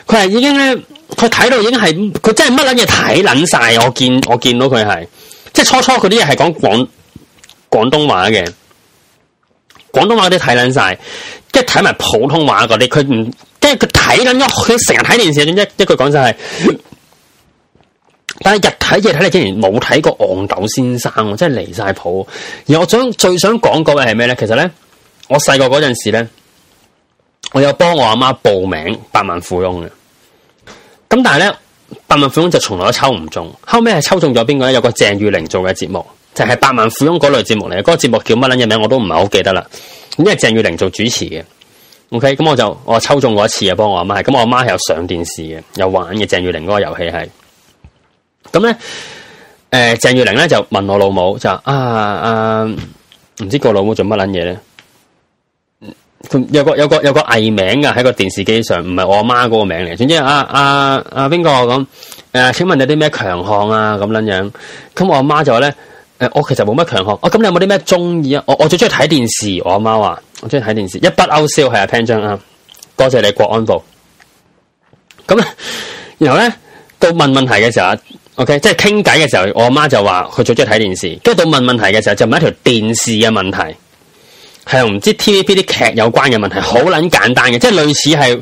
佢係已經咧，佢睇到已經係，佢真係乜捻嘢睇捻晒。我見我見到佢係，即係初初佢啲嘢係講廣廣東話嘅。廣東話嗰啲睇捻晒，即係睇埋普通話嗰啲，佢唔，跟住佢睇緊咗，佢成日睇電視一，一一句講就係，但係日睇夜睇你竟然冇睇過《憨豆先生》喎，真係離晒譜。而我想最想講嗰個係咩咧？其實咧，我細個嗰陣時咧，我有幫我阿媽報名百萬富翁嘅，咁但係咧，百萬富翁就從來都抽唔中。後尾係抽中咗邊個咧？有個鄭裕玲做嘅節目。就係、是、百萬富翁嗰類節目嚟嘅，嗰、那個節目叫乜捻嘢名我都唔係好記得啦。咁因為鄭裕玲做主持嘅，OK，咁我就我抽中過一次啊，幫我阿媽。咁我阿媽係有上電視嘅，有玩嘅鄭裕玲嗰個遊戲係。咁咧，誒、呃，鄭裕玲咧就問我老母就啊啊，唔、啊、知個老母做乜捻嘢咧？有個有個有個藝名噶喺個電視機上，唔係我阿媽嗰個名嚟。總之啊啊啊，邊個咁誒？請問有啲咩強項啊？咁捻樣咁我阿媽就話咧。哎、我其實冇乜強項，咁你有冇啲咩中意啊？我我最中意睇電視，我阿媽話我中意睇電視，一筆勾銷係阿 Pen 張啊，多謝你國安部。咁、啊、然後咧到問問題嘅時候 o、okay, k 即係傾偈嘅時候，我阿媽就話佢最中意睇電視。跟住到問問題嘅時候，就問一條電視嘅問題，係唔知 TVB 啲劇有關嘅問題，好撚簡單嘅，即係類似係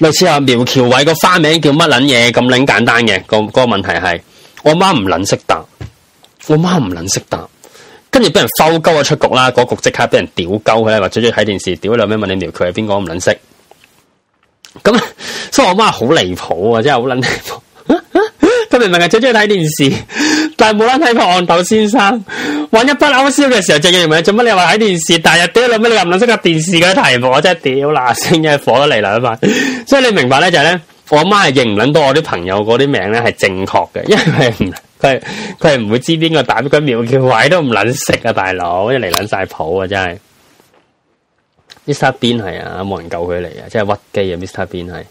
類似阿苗僑偉個花名叫乜撚嘢咁撚簡單嘅個、那個問題係，我阿媽唔撚識答。我媽唔能識答，跟住俾人收 o u 啊出局啦，嗰局即刻俾人屌鳩佢啦，話最中意睇電視屌兩咩問你苗條係邊個唔捻識，咁所以我媽好離譜啊，真係好捻離譜，佢明明係最中意睇電視，但係冇捻睇個憨豆先生，玩一筆歐消嘅時候，仲要問做乜你話睇電視，但係屌你老你你唔捻識入電視嘅題目，我真係屌啦，先嘅火得嚟啦嘛，所以你明白就是呢就係咧。我阿媽係認唔捻到我啲朋友嗰啲名咧係正確嘅，因為佢佢係唔會知邊個打佢個叫位都唔捻識啊大佬，一嚟捻晒譜啊真係。Mr. Bean 係啊，冇人救佢嚟啊，真係屈機啊 Mr. Bean 係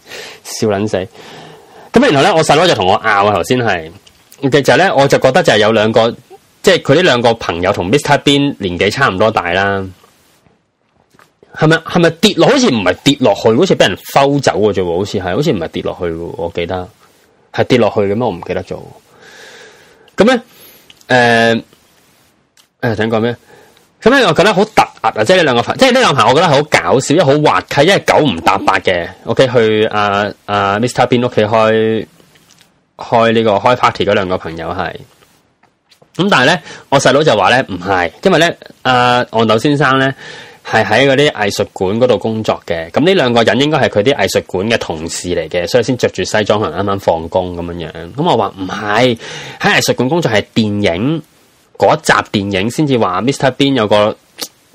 笑捻死。咁然後咧，我細佬就同我拗啊頭先係，其實咧我就覺得就係有兩個，即係佢呢兩個朋友同 Mr. Bean 年紀差唔多大啦。係咪係咪跌落？好似唔係跌落去，好似俾人浮走嘅啫喎，好似係，好似唔係跌落去。我記得係跌落去嘅咩？我唔記得咗。咁咧，誒、呃、誒，想講咩？咁咧，我覺得好突兀啊！即係呢兩,兩個朋，即係呢兩排，我覺得係好搞笑，因為好滑稽，因為九唔搭八嘅。OK，去阿、啊、阿、啊、Mr. Bean 屋企開開呢、這個開 party 嗰兩個朋友係咁，那但係咧，我細佬就話咧唔係，因為咧，阿、啊、憨豆先生咧。係喺嗰啲藝術館嗰度工作嘅，咁呢兩個人應該係佢啲藝術館嘅同事嚟嘅，所以先着住西裝可能啱啱放工咁樣樣。咁我話唔係喺藝術館工作係電影嗰集電影先至話，Mr. Bean 有個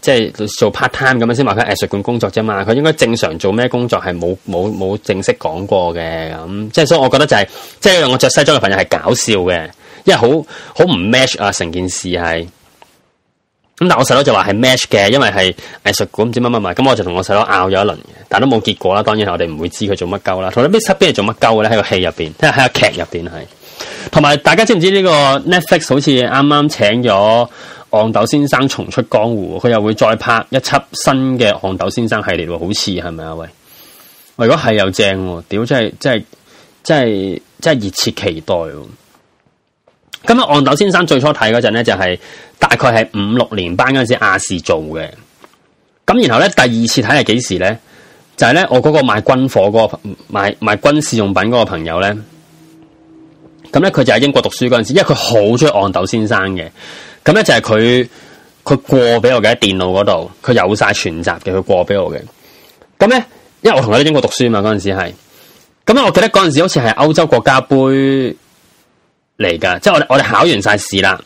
即係、就是、做 part time 咁樣先話佢藝術館工作啫嘛。佢應該正常做咩工作係冇冇冇正式講過嘅咁，即係所以我覺得就係即係我着西裝嘅朋友係搞笑嘅，因為好好唔 match 啊成件事係。咁但我細佬就話係 match 嘅，因為係藝術館唔知乜乜埋，咁我就同我細佬拗咗一輪嘅，但係都冇結果啦。當然我哋唔會知佢做乜鳩啦。同埋呢出邊係做乜鳩嘅咧？喺個戲入邊，即係喺個劇入邊係。同埋大家知唔知呢個 Netflix 好似啱啱請咗憨豆先生重出江湖，佢又會再拍一輯新嘅憨豆先生系列喎？好似係咪啊？喂，喂，如果係又正，屌真係真係真係真係熱切期待。咁、嗯、咧，憨豆先生最初睇嗰陣咧，就係、是、大概係五六年班嗰陣時亞視做嘅。咁然後咧，第二次睇係幾時咧？就係、是、咧，我嗰個賣軍火嗰、那個賣賣軍事用品嗰個朋友咧，咁咧佢就喺英國讀書嗰陣時，因為佢好中意憨豆先生嘅。咁咧就係佢佢過俾我嘅，喺電腦嗰度佢有晒全集嘅，佢過俾我嘅。咁咧，因為我同佢喺英國讀書嘛，嗰陣時係。咁咧，我記得嗰陣時好似係歐洲國家杯嚟噶，即係我我哋考完晒試啦，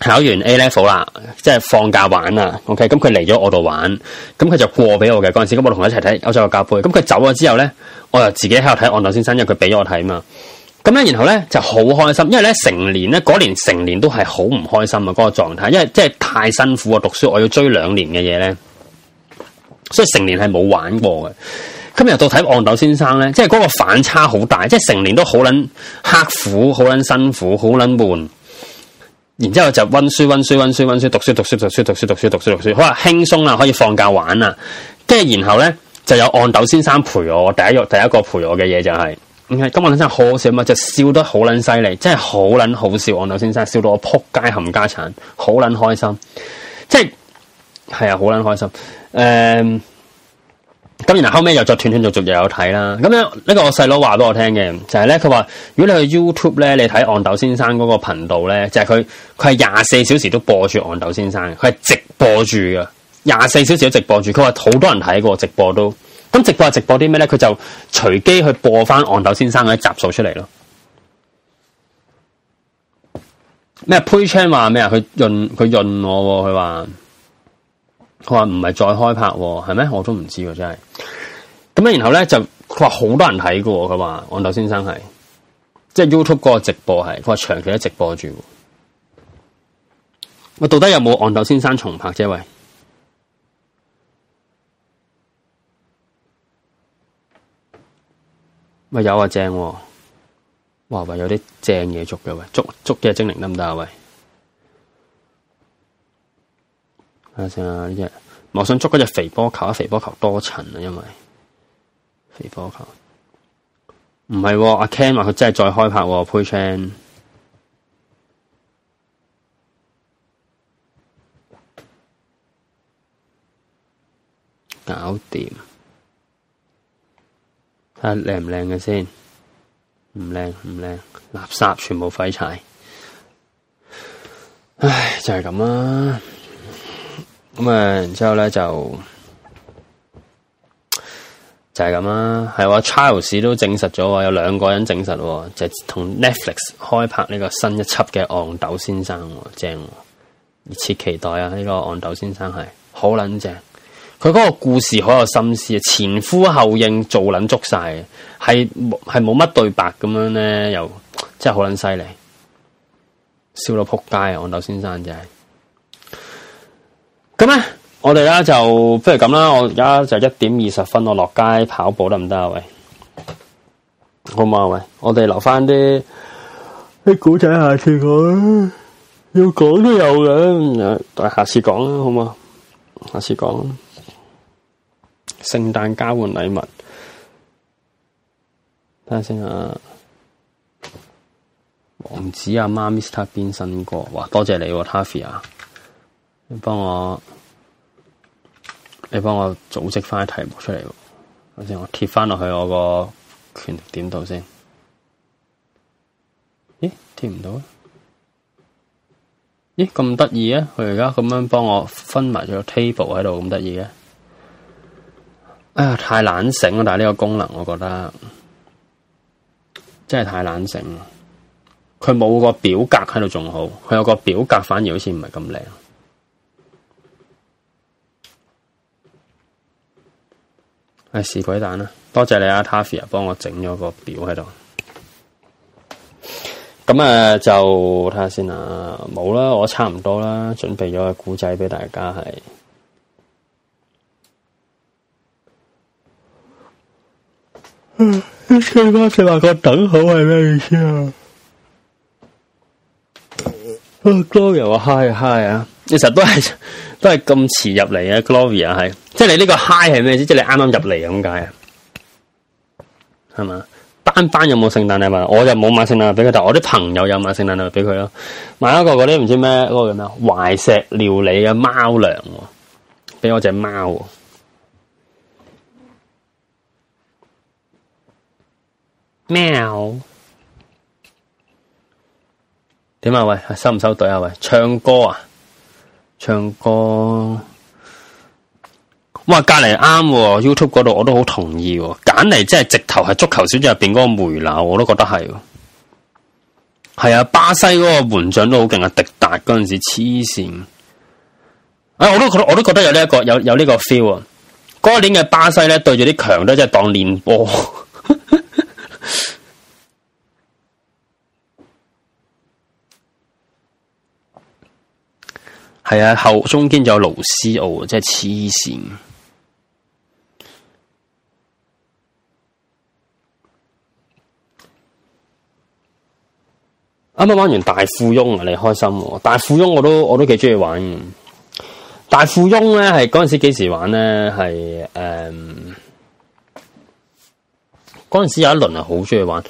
考完 A level 啦，即係放假玩啊。OK，咁佢嚟咗我度玩，咁、嗯、佢就過俾我嘅嗰陣時，咁我同佢一齊睇《歐洲杯》嗯。咁佢走咗之後咧，我又自己喺度睇《憨豆先生》，因為佢俾我睇嘛。咁咧，然後咧就好開心，因為咧成年咧嗰年成年都係好唔開心啊，嗰、那個狀態，因為即係太辛苦啊，讀書我要追兩年嘅嘢咧，所以成年係冇玩過嘅。今日到睇《憨豆先生》咧，即係嗰個反差好大，即係成年都好捻刻苦，好捻辛苦，好捻悶。然之後就溫書溫書溫書溫書，讀書讀書讀書讀書讀書讀書讀書，好啊輕鬆啊，可以放假玩啊。跟住然後咧，就有《憨豆先生》陪我。第一個第一個陪我嘅嘢就係、是，咁《憨豆先生》好笑嘛、啊，就笑得好捻犀利，真係好捻好笑。《憨豆先生笑》笑到我撲街冚家產，好捻開心，即係係啊，好捻開心。誒、呃。咁然後後尾又再斷斷續續又有睇啦。咁樣呢個我細佬話俾我聽嘅，就係咧佢話，如果你去 YouTube 咧，你睇憨豆先生嗰個頻道咧，就係佢佢係廿四小時都播住憨豆先生，佢係直播住嘅，廿四小時都直播住。佢話好多人睇過直播都。咁直播直播啲咩咧？佢就隨機去播翻憨豆先生啲集數出嚟咯。咩？Paychain 話咩啊？佢潤佢潤我，佢話。佢話唔係再開拍係咩？我都唔知真係。咁然後咧就佢話好多人睇喎。佢話憨豆先生係，即係 YouTube 嗰個直播係，佢話長期一直播住。喂，到底有冇憨豆先生重拍啫？喂，咪有啊？正啊，哇，喂，有啲正嘢捉嘅喂，捉嘅精靈得唔得啊喂。睇下先啊，呢隻我想捉嗰隻肥波球啊，肥波球多層啊，因為肥波球唔係阿 Ken 話佢真係再開拍，Pushin 搞掂，睇下靚唔靚嘅先，唔靚唔靚，垃圾全部廢柴，唉，就係咁啦。咁、嗯就是、啊，然之後咧就就係咁啦，係我 Charles 都證實咗，有兩個人證實，就同、是、Netflix 開拍呢個新一輯嘅《憨豆先生》，正，熱切期待啊！呢、這個《憨豆先生》係好撚正，佢嗰個故事好有心思，前呼後應做，做撚足晒，係係冇乜對白咁樣咧，又真係好撚犀利，笑到仆街，《憨豆先生》真係。咁咧，我哋咧就不如咁啦。我而家就一點二十分，我落街跑步得唔得啊？喂，好唔好啊？喂，我哋留翻啲啲古仔，下次講，要講都有嘅，但係下次講啦，好唔好？下次講，聖誕交換禮物，睇下先啊。王子阿媽，Mr Bean，新歌，哇，多謝你 Tavia 啊你幫我，你幫我組織翻題目出嚟。首先我貼翻落去我個權力點度先。咦？貼唔到啊？咦？咁得意啊？佢而家咁樣幫我分埋咗個 table 喺度，咁得意嘅？哎呀，太懶醒啦！但係呢個功能，我覺得真係太懶醒啦。佢冇個表格喺度仲好，佢有個表格反而好似唔係咁靚。係、哎、屎鬼蛋啊，多謝你啊 Taffy 啊，幫我整咗個表喺度。咁啊、呃，就睇下先啊。冇啦，我差唔多啦。準備咗個古仔畀大家係。一四八四萬個等號係咩意思啊？多油啊嗨嗨啊！其實都係都係咁遲入嚟嘅 Gloria 係，即係你呢個 high 係咩意思？即係你啱啱入嚟咁解啊？係嘛？班班有冇聖誕禮物？我就冇買聖誕禮物俾佢，但係我啲朋友有買聖誕禮物俾佢咯。買一個嗰啲唔知咩嗰、嗰個叫咩啊？懷石料理嘅貓糧，俾我隻貓。喵！點啊？喂，收唔收隊啊？喂，唱歌啊！唱歌，哇，隔籬啱 YouTube 嗰度，我都好同意，揀嚟即係直頭係足球小將入邊嗰個梅拿，我都覺得係，係啊，巴西嗰個門將都好勁啊，迪達嗰陣時黐線，哎，我都覺得，我都覺得有呢一個有有呢個 feel 啊，嗰年嘅巴西咧對住啲強都真係當練波。 係啊，後中間就有盧斯奧，即係黐線。啱啱玩完大富翁啊，你開心，哦？大富翁我都我都幾中意玩。大富翁咧，係嗰陣時幾時玩咧？係誒，嗰、嗯、陣時有一輪係好中意玩。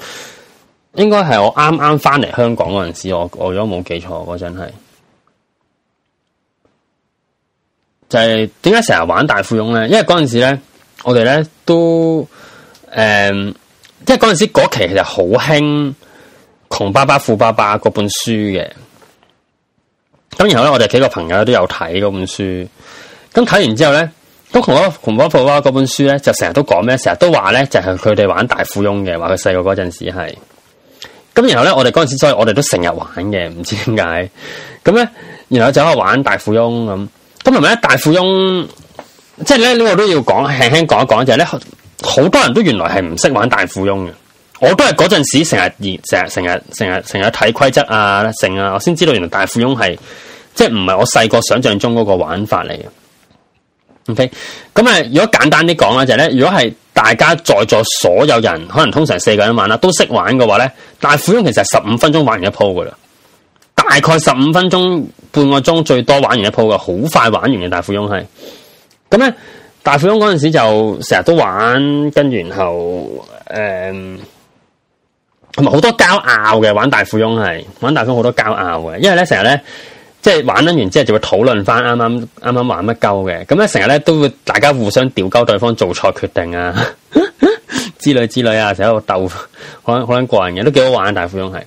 應該係我啱啱翻嚟香港嗰陣時，我我如果冇記錯嗰陣係。就係點解成日玩大富翁咧？因為嗰陣時咧，我哋咧都誒，即係嗰陣時嗰期其實好興《窮爸爸富爸爸》嗰本書嘅。咁然後咧，我哋幾個朋友都有睇嗰本書。咁睇完之後咧，都窮《窮爸爸富爸爸》嗰本書咧，就成日都講咩？成日都話咧，就係佢哋玩大富翁嘅，話佢細個嗰陣時係。咁然後咧，我哋嗰陣時，所以我哋都成日玩嘅，唔知點解。咁咧，然後就喺度玩大富翁咁。咁同埋咧，大富翁即係咧呢、呢個都要講，輕輕講一講就係、係、咧，好多人都原來係唔識玩大富翁嘅。我都係嗰陣時成日、成日、成日、成日、成日睇規則啊、成啊，我先知道原來大富翁係即係唔係我細個想象中嗰個玩法嚟嘅。OK，咁啊，如果簡單啲講啦，就係、係、咧，如果係大家在座所有人，可能通常四個人玩啦，都識玩嘅話咧，大富翁其實係十五分鐘玩完一鋪噶啦。大概十五分鐘、半個鐘最多玩完一鋪嘅，好快玩完嘅大富翁係。咁咧，大富翁嗰陣時就成日都玩，跟然後誒，同埋好多交拗嘅玩大富翁係，玩大富翁好多交拗嘅，因為咧成日咧即係玩得完之後就會討論翻啱啱啱啱玩乜鳩嘅，咁咧成日咧都會大家互相屌鳩對方做錯決定啊 之類之類啊，成日喺度鬥好捻好捻過癮嘅，都幾好玩嘅大富翁係。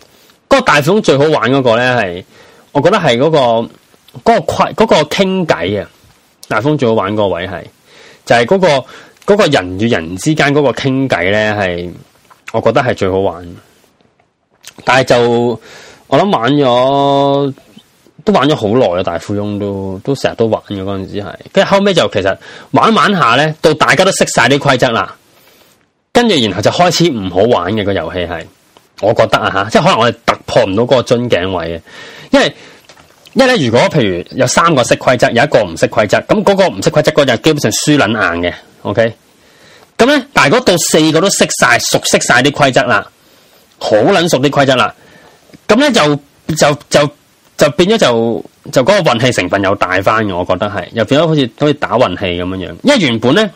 不、嗰個大富翁最好玩嗰個咧，係我覺得係嗰、嗰個嗰、嗰個規、嗰個傾偈啊！大富翁最好玩嗰個位係，就係、是、嗰、嗰個、嗰個人與人之間嗰個傾偈咧，係我覺得係最好玩。但係就我諗玩咗都玩咗好耐啦，大富翁都都成日都，都玩嘅嗰陣時係，跟住後尾就其實玩一玩下咧，到大家都識晒啲規則啦，跟住然後就開始唔好玩嘅、嗰個遊戲係。我覺得啊吓，即係可能我哋突破唔到嗰個樽頸位嘅，因為因為咧，如果譬如有三個識規則，有一個唔識規則，咁嗰個唔識規則嗰就基本上輸捻硬嘅，OK。咁咧，但係到四個都識晒，熟悉晒啲規則啦，好捻熟啲規則啦。咁咧就就就就變咗就就嗰個運氣成分又大翻嘅，我覺得係又變咗好似好似打運氣咁樣樣，因為原本咧。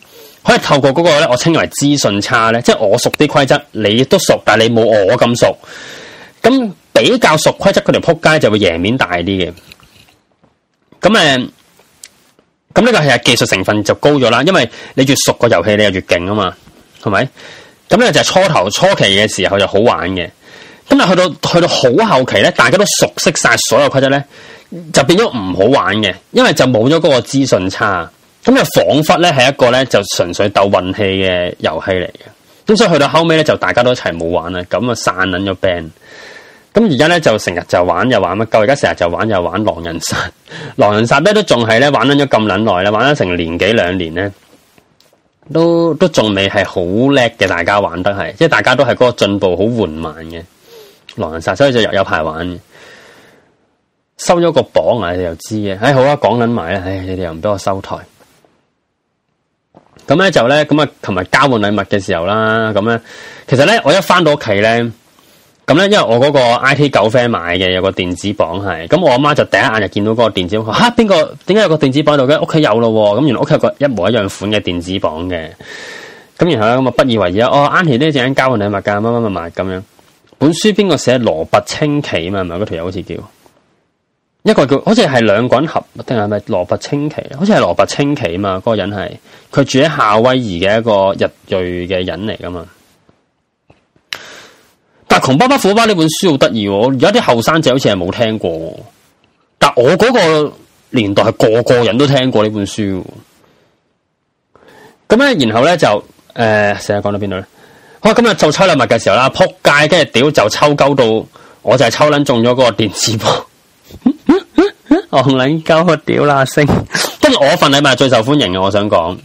可以透過嗰、那個咧，我稱為資訊差咧，即係我熟啲規則，你亦都熟，但係你冇我咁熟，咁比較熟嘅規則嗰條撲街就會贏面大啲嘅。咁誒，咁、呃、呢個係技術成分就高咗啦，因為你越熟個遊戲，你就越勁啊嘛，係咪？咁咧就係初頭初期嘅時候就好玩嘅，咁啊去到去到好後期咧，大家都熟悉晒所有規則咧，就變咗唔好玩嘅，因為就冇咗嗰個資訊差。咁又仿佛咧，係一個咧就純粹鬥運氣嘅遊戲嚟嘅。咁所以去到後尾咧，就大家都一齊冇玩啦。咁啊散捻咗 band。咁而家咧就成日就玩又玩乜鳩，而家成日就玩又玩狼人殺。狼人殺咧都仲係咧玩捻咗咁捻耐啦，玩咗成年幾兩年咧，都都仲未係好叻嘅。大家玩得係，即係大家都係嗰個進步好緩慢嘅。狼人殺所以就有有排玩。收咗個榜啊，你哋又知嘅。唉、哎，好啊，講捻埋啦。唉、哎，你哋又唔俾我收台。咁咧就咧咁啊，琴日交換禮物嘅時候啦，咁咧其實咧我一翻到屋企咧，咁咧因為我嗰個 I T 狗 friend 買嘅有個電子磅係，咁我阿媽就第一眼就見到嗰個電子磅，吓邊個？點解有個電子磅喺度嘅？屋企有咯，咁原來屋企有個一模一樣款嘅電子磅嘅。咁然後咧咁啊不以為意家哦 Annie 呢一陣間交換禮物噶，乜乜乜乜咁樣。本書邊個寫羅拔清奇啊嘛？唔係嗰條友好似叫。一個叫好似係兩滾合定係咪蘿蔔青奇？好似係蘿蔔青奇啊嘛！嗰、嗰個人係佢住喺夏威夷嘅一個日裔嘅人嚟噶嘛？但《窮爸爸富爸爸》呢本書，哦、好得意，而家啲後生仔好似係冇聽過。但我嗰個年代係個個人都聽過呢本書。咁咧，然後咧就誒，成日講到邊度咧？我今日做抽禮物嘅時候啦，扑街跟住屌就抽鳩到，我就係抽捻中咗嗰個電子播。我同你交我屌啦星，不過我份禮物係最受歡迎嘅，我想講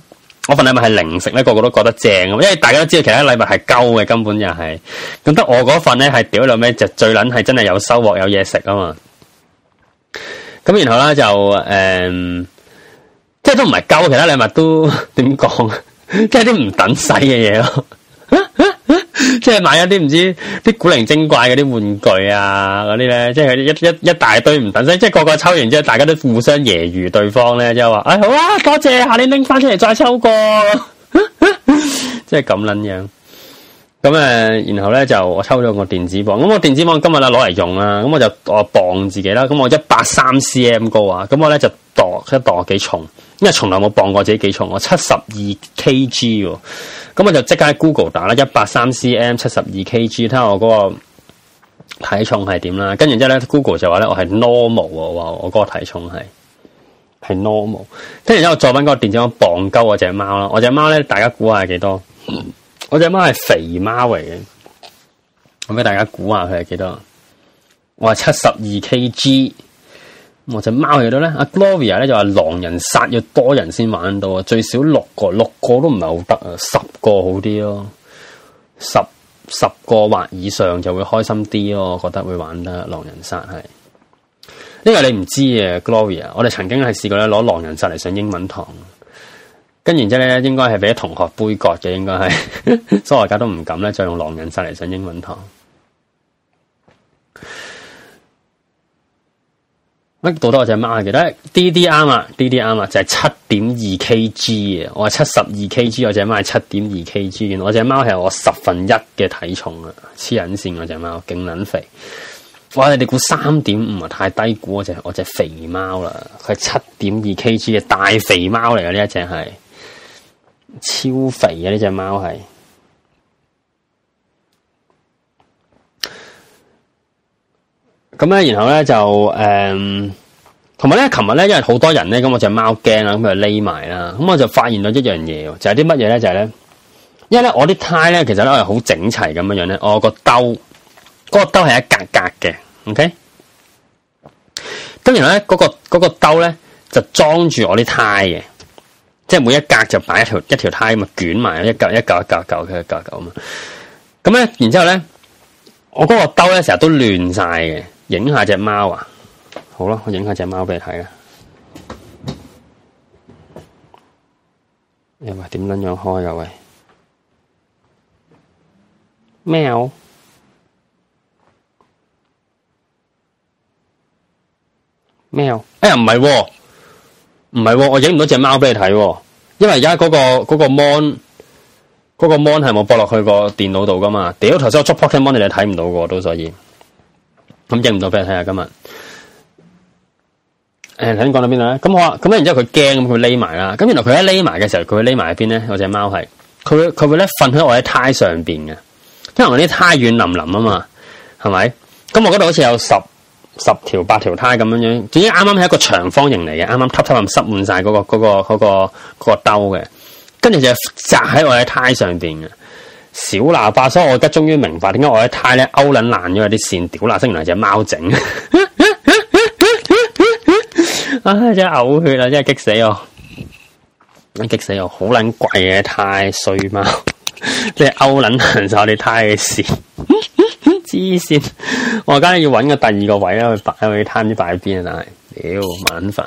我份禮物係零食咧，個個都覺得正啊，因為大家都知道其他禮物係鳩嘅，根本就係咁得我嗰份咧係屌啦咩，就最捻係真係有收穫有嘢食啊嘛！咁然後咧就誒，即係都唔係鳩其他禮物都點講，即係啲唔等使嘅嘢咯。即 係買一啲唔知啲古靈精怪嗰啲玩具啊，嗰啲咧，即係一一一大堆唔等聲，即係個個抽完之後，大家都互相揶揄對方咧，即係話，哎好啊，多謝，下年拎翻出嚟再抽過， 即係咁捻樣。咁、嗯、誒，然後咧，就我抽咗個電子磅，咁我電子磅今日啦攞嚟用啦，咁我就我就磅自己啦，咁我一百三 cm 高啊，咁我咧就度一度幾重，因為從來冇磅過自己幾重，我七十二 kg 喎，咁我就即刻喺 Google 打啦，一百三 cm 七十二 kg，睇下我嗰個體重係點啦，跟住之後咧 Google 就話咧我係 normal 喎。我嗰個體重係係 normal，跟住之後再揾個電子磅磅鳩我隻貓啦，我隻貓咧大家估下係幾多？嗯我隻貓係肥貓嚟嘅，我俾大家估下佢係幾多？我話七十二 K G。我隻貓係幾多咧？阿 Gloria 咧就話狼人殺要多人先玩到啊，最少六個，六個都唔係好得啊，十個好啲咯。十十個或以上就會開心啲咯，我覺得會玩得狼人殺係。呢個你唔知嘅 Gloria，我哋曾經係試過咧攞狼人殺嚟上英文堂。跟然之後咧，應該係俾啲同學杯葛嘅，應該係， 所以我而家都唔敢咧再用狼人殺嚟上英文堂。乜到多隻貓記得 D D 啱嘛？D D 啱嘛？就係七點二 K G 啊！我係七十二 K G，我隻貓係七點二 K G。我隻貓係我十分一嘅體重啊！黐卵線，我隻貓勁卵肥。哇！你哋估三點五啊？太低估我隻我隻肥貓啦！佢係七點二 K G 嘅大肥貓嚟嘅呢一隻係。超肥嘅呢隻貓係咁咧，然後咧就誒，同埋咧，琴日咧因為好多人咧，咁我隻貓驚啦，咁佢就匿埋啦。咁我就發現到一樣嘢，就係啲乜嘢咧？就係咧，因為咧我啲胎咧，其實咧係好整齊咁樣樣咧。我個兜，嗰個兜係一格格嘅，OK。跟住咧，嗰個嗰個兜咧就裝住我啲胎嘅。即係每一格就擺一條一條胎咁啊，捲埋一格一舊一舊舊嘅舊舊啊嘛。咁咧，然之後咧，我嗰個兜咧成日都亂晒嘅，影下隻貓啊。好囉，我影下隻貓俾你睇啊。你話？點撚樣開㗎喂？咩有？咩有？誒唔係喎。唔係喎，我影唔到隻貓俾你睇喎。哦，因為而家嗰個、嗰個 mon，嗰、嗰個 mon 係冇駁落去個電腦度噶嘛。屌，頭先我捉 pokemon 你哋睇唔到嘅都，所以，咁影唔到俾你睇下今日。誒、哎，頭先講到邊度咧？咁我咁咧，然之後佢驚咁，佢匿埋啦。咁原來佢一匿埋嘅時候，佢會匿埋喺邊咧？有隻貓係，佢佢會咧瞓喺我喺胎上邊嘅，因為我啲胎軟腍腍啊嘛，係咪？咁我嗰度好似有十。十條八條胎咁樣樣，總之啱啱係一個長方形嚟嘅，啱啱吸吸淋濕滿晒嗰個、嗰個、嗰個、嗰個兜嘅，跟住就扎喺我嘅胎上邊嘅小喇叭。所以我而家終於明白點解我嘅胎咧勾撚爛咗，有啲線屌爛，原來係隻貓整。唉，真係嘔血啊！真係激死我，激死我，好撚貴嘅胎衰貓，即係勾撚爛我啲胎嘅線。黐線，我而家要揾個第二個位啦，去擺去攤啲擺邊啊！但係，屌晚飯，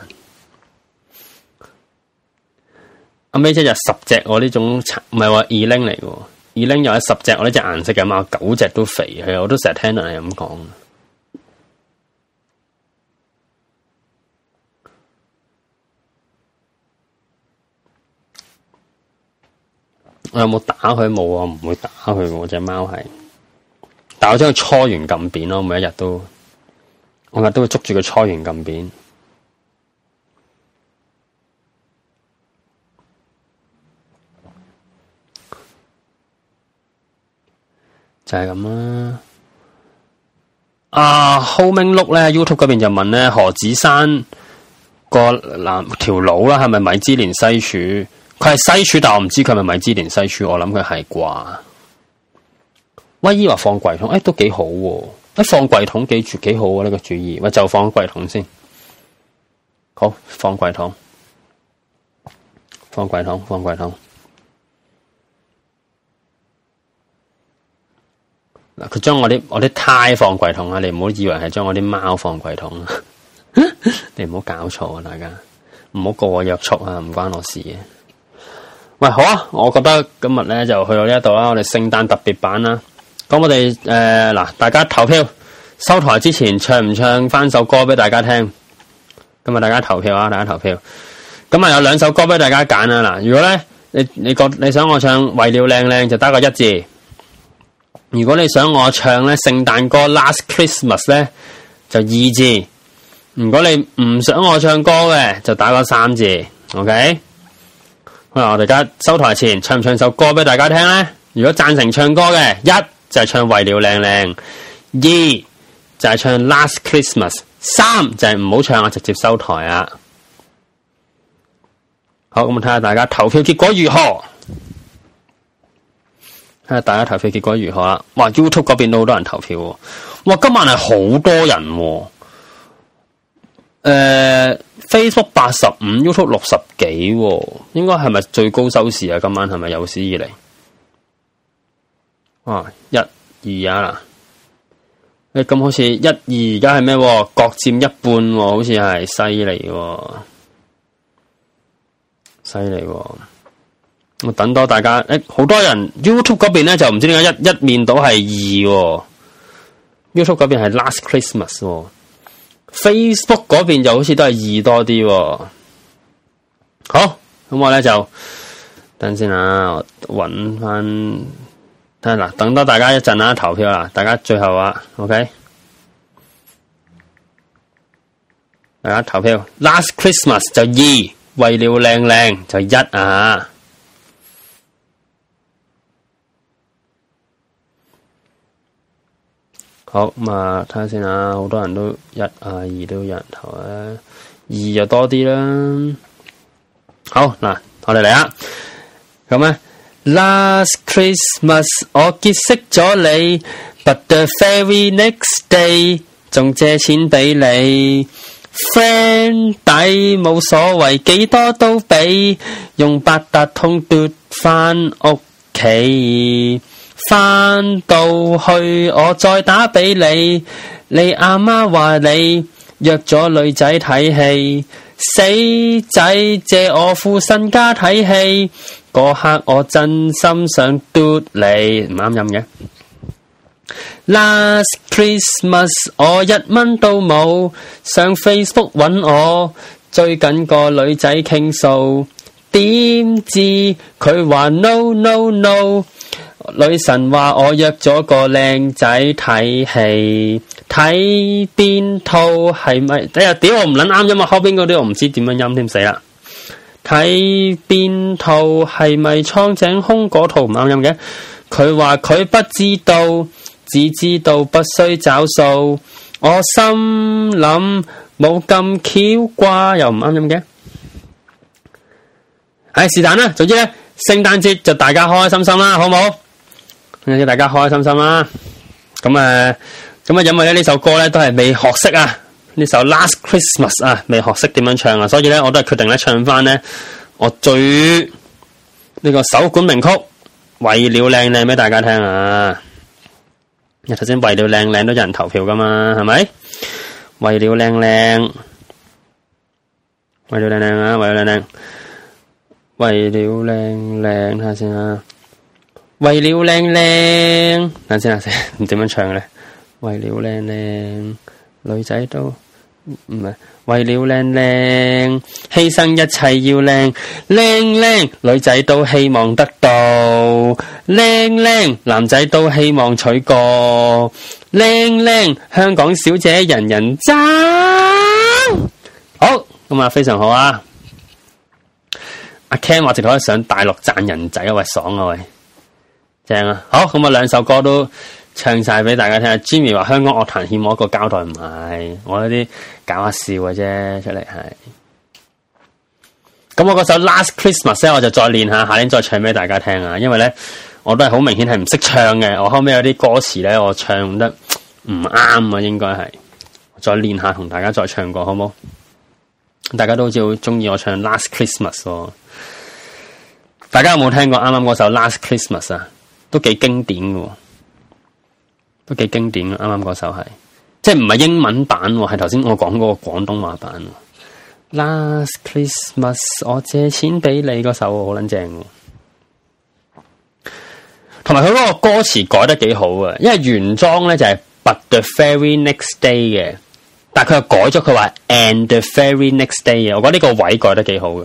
後尾隻就十隻我呢種，唔係話二零嚟喎。二零又有十隻我呢隻顏色嘅貓，九隻都肥，其實我都成日聽到你咁講。我有冇打佢冇啊？唔會打佢我隻貓係。搞我將佢搓圓撳扁咯，每一日都，我咪都會捉住佢搓圓撳扁，啊啊，就係咁啦。啊 Homing Look 咧 YouTube 嗰邊就問咧何子珊個男條佬啦，係咪米芝蓮西廚？佢係西廚，但我唔知佢係咪米芝蓮西廚，我諗佢係啩。我姨話放櫃桶，誒、哎、都幾好喎！一放櫃桶記住幾好啊，呢、這個主意。喂，就放櫃桶先，好，放櫃桶，放櫃桶，放櫃桶。嗱，佢將我啲我啲胎放櫃桶啊！你唔好以為係將我啲貓放櫃桶啊！ 你唔好搞錯啊，大家唔好過我約束啊，唔關我事嘅、啊。喂，好啊，我覺得今日咧就去到呢一度啦，我哋聖誕特別版啦。咁我哋誒嗱，大家投票收台之前唱唔唱翻首歌俾大家聽？咁啊，大家投票啊，大家投票。咁啊，有兩首歌俾大家揀啊。嗱，如果咧你你覺你想我唱為了靚靚就得個一字；如果你想我唱咧聖誕歌 Last Christmas 咧就二字；如果你唔想我唱歌嘅就打個三字。OK，好啦，我哋而家收台前唱唔唱首歌俾大家聽咧？如果贊成唱歌嘅一，就係、是、唱為了靚靚，二就係、是、唱 Last Christmas，三就係唔好唱啊，直接收台啊。好，咁我睇下大家投票結果如何？睇下大家投票結果如何啊？哇，YouTube 嗰邊都好多人投票喎，哇，今晚係好多人、啊。誒、呃、，Facebook 八十五，YouTube 六十幾，應該係咪最高收視啊？今晚係咪有史以嚟？哇、啊！一、二啊！誒、嗯，咁好似一、二而家係咩？各占一半、啊，好似係犀利，犀利、啊啊。我等多大家，誒，好多人 YouTube 嗰邊咧就唔知點解一一面倒係二。YouTube 嗰邊係 Last Christmas，Facebook、啊、嗰邊就好似都係二多啲、啊。好，咁我咧就等先啊，搵翻。睇啦，等到大家一陣啊，投票啦，大家最後啊，OK，大家投票，Last Christmas 就二，為了靚靚就一啊，好咁啊，睇下先啊，好多人都一啊二都有人投啊，二就多啲啦，好嗱，我哋嚟啦，咁咧。Last Christmas 我結識咗你，But the very next day 仲借錢俾你，friend 底冇所謂，幾多都俾，用八達通奪返屋企，返到去我再打畀你，你阿媽話你約咗女仔睇戲，死仔借我副身家睇戲。嗰刻我真心想 d 你唔啱音嘅。Last Christmas 我一蚊都冇，上 Facebook 搵我，最近個女仔傾訴，點知佢話 no no no，女神話我約咗個靚仔睇戲，睇邊套係咪？等、哎、呀，屌我唔捻啱音啊，後邊嗰啲我唔知點樣音添死啦。睇邊套係咪蒼井空嗰套唔啱音嘅？佢話佢不知道，只知道不需找數。我心諗冇咁巧啩，又唔啱音嘅。唉是但啦，總之咧，聖誕節就大家開開心心啦，好唔好？讓大家開開心心啦。咁誒，咁啊，因為咧呢首歌咧都係未學識啊。呢首《Last Christmas》啊，未學識點樣唱啊，所以咧我都係決定咧唱翻咧我最呢個首館名曲《為了靚靚》俾大家聽啊！頭先為了靚靚都有人投票噶嘛，係咪？為了靚靚，為了靚靚啊，為了靚靚，為了靚靚，睇下先啊！為了靚靚，等先，等先，點樣唱咧？為了靚靚，女仔都～唔係為了靚靚犧牲一切，要靚靚靚女仔，都希望得到靚靚，男仔都希望娶過靚靚香港小姐，人人爭。好咁啊，非常好啊。阿 Ken 話直頭想大陸賺人仔啊，喂爽啊，喂正啊，啊好，咁啊兩首歌都。唱晒俾大家聽啊！Jimmy 話香港樂壇欠我一個交代，唔係我一啲搞下笑嘅啫，出嚟係。咁我嗰首 Last Christmas 咧，我就再練下，下年再唱俾大家聽啊！因為咧，我都係好明顯係唔識唱嘅，我後尾有啲歌詞咧，我唱得唔啱啊，應該係再練下同大家再唱過，好唔好？大家都好似好中意我唱 Last Christmas，哦、大家有冇聽過啱啱嗰首 Last Christmas 啊？都幾經典嘅、哦。都幾經典嘅，啱啱嗰首係，即係唔係英文版，係頭先我講嗰個廣東話版。Last Christmas 我借錢俾你嗰首好撚正，同埋佢嗰個歌詞改得幾好啊！因為原裝咧就係 But the very next day 嘅，但係佢又改咗，佢話 And the very next day 嘅。我覺得呢個位改得幾好嘅，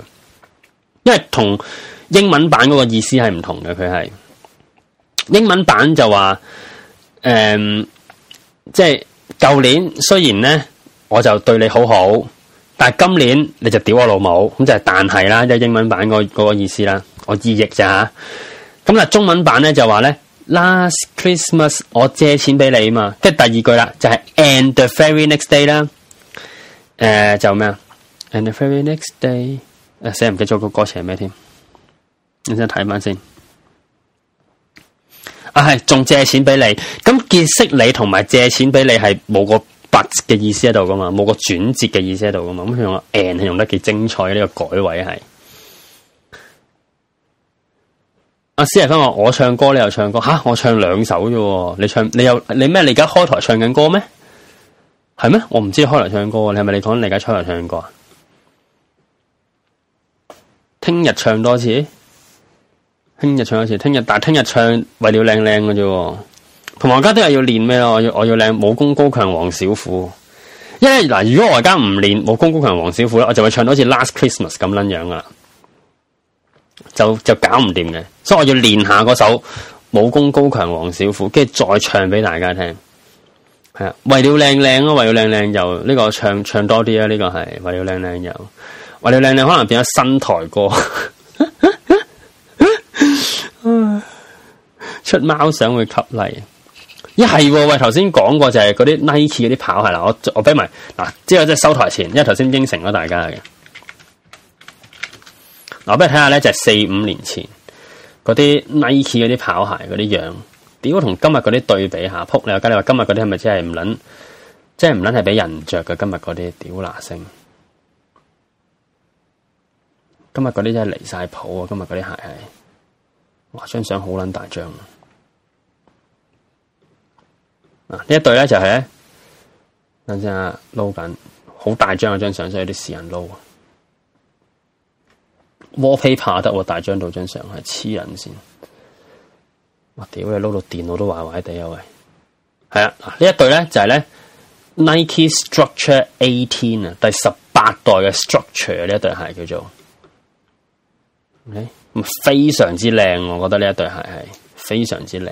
因為同英文版嗰個意思係唔同嘅。佢係英文版就話。誒、um,，即係舊年雖然咧，我就對你好好，但係今年你就屌我老母，咁就係但係啦，即係英文版嗰、那個意思啦，我意譯咋吓？咁中文版咧就話咧，Last Christmas 我借錢俾你啊嘛，即第二句啦，就係、是、And the very next day 啦，誒、呃、就咩啊？And the very next day，寫、啊、唔記得咗個歌詞係咩添？你睇返先。啊，係仲借錢俾你，咁結識你同埋借錢俾你係冇個 but 嘅意思喺度噶嘛，冇個轉折嘅意思喺度噶嘛，咁用個 and 用得幾精彩呢、這個改位係。阿 Stephen 話我，我唱歌你又唱歌，吓、啊、我唱兩首啫，你唱你又你咩？你而家開台唱緊歌咩？係咩？我唔知開台唱歌，你係咪你講你而家出台唱歌啊？聽日唱多次。聽日唱一次，聽日但係聽日唱為了靚靚嘅啫，同我家都係要練咩咯？我要我要練武功高強王小虎，因為嗱，如果我而家唔練武功高強王小虎咧，我就會唱到好似 Last Christmas 咁樣樣噶啦，就就搞唔掂嘅，所以我要練下嗰首武功高強王小虎，跟住再唱俾大家聽。係啊，為了靚靚啊，為了靚靚就呢個唱唱多啲啊，呢個係為了靚靚又，為了靚靚靚、這個啊，這個、可能變咗新台歌。出貓相會吸力，一、啊、係、哦、喂頭先講過就係嗰啲 Nike 嗰啲跑鞋啦，我我俾埋嗱，之後即係收台前，因為頭先應承咗大家嘅。嗱、啊，我俾你睇下咧，就係四五年前嗰啲 Nike 嗰啲跑鞋嗰啲樣，點解同今日嗰啲對比下，扑你我家你話今日嗰啲係咪真係唔捻？即係唔捻係俾人着嘅？今日嗰啲屌嗱聲，今日嗰啲真係離晒譜啊！今日嗰啲鞋係，哇張相好撚大張。嗱呢、就是、等等一對咧就係等陣啊撈緊好大張嗰張相，所以啲市人撈啊 wallpaper 怕得喎，大張到張相係黐人先哇。我屌你撈到電腦都壞壞地啊！喂，係啊，嗱呢一對咧就係、是、咧 Nike Structure Eighteen 啊，第十八代嘅 Structure 呢一對鞋叫做，咁、okay? 非常之靚，我覺得呢一對鞋係非常之靚。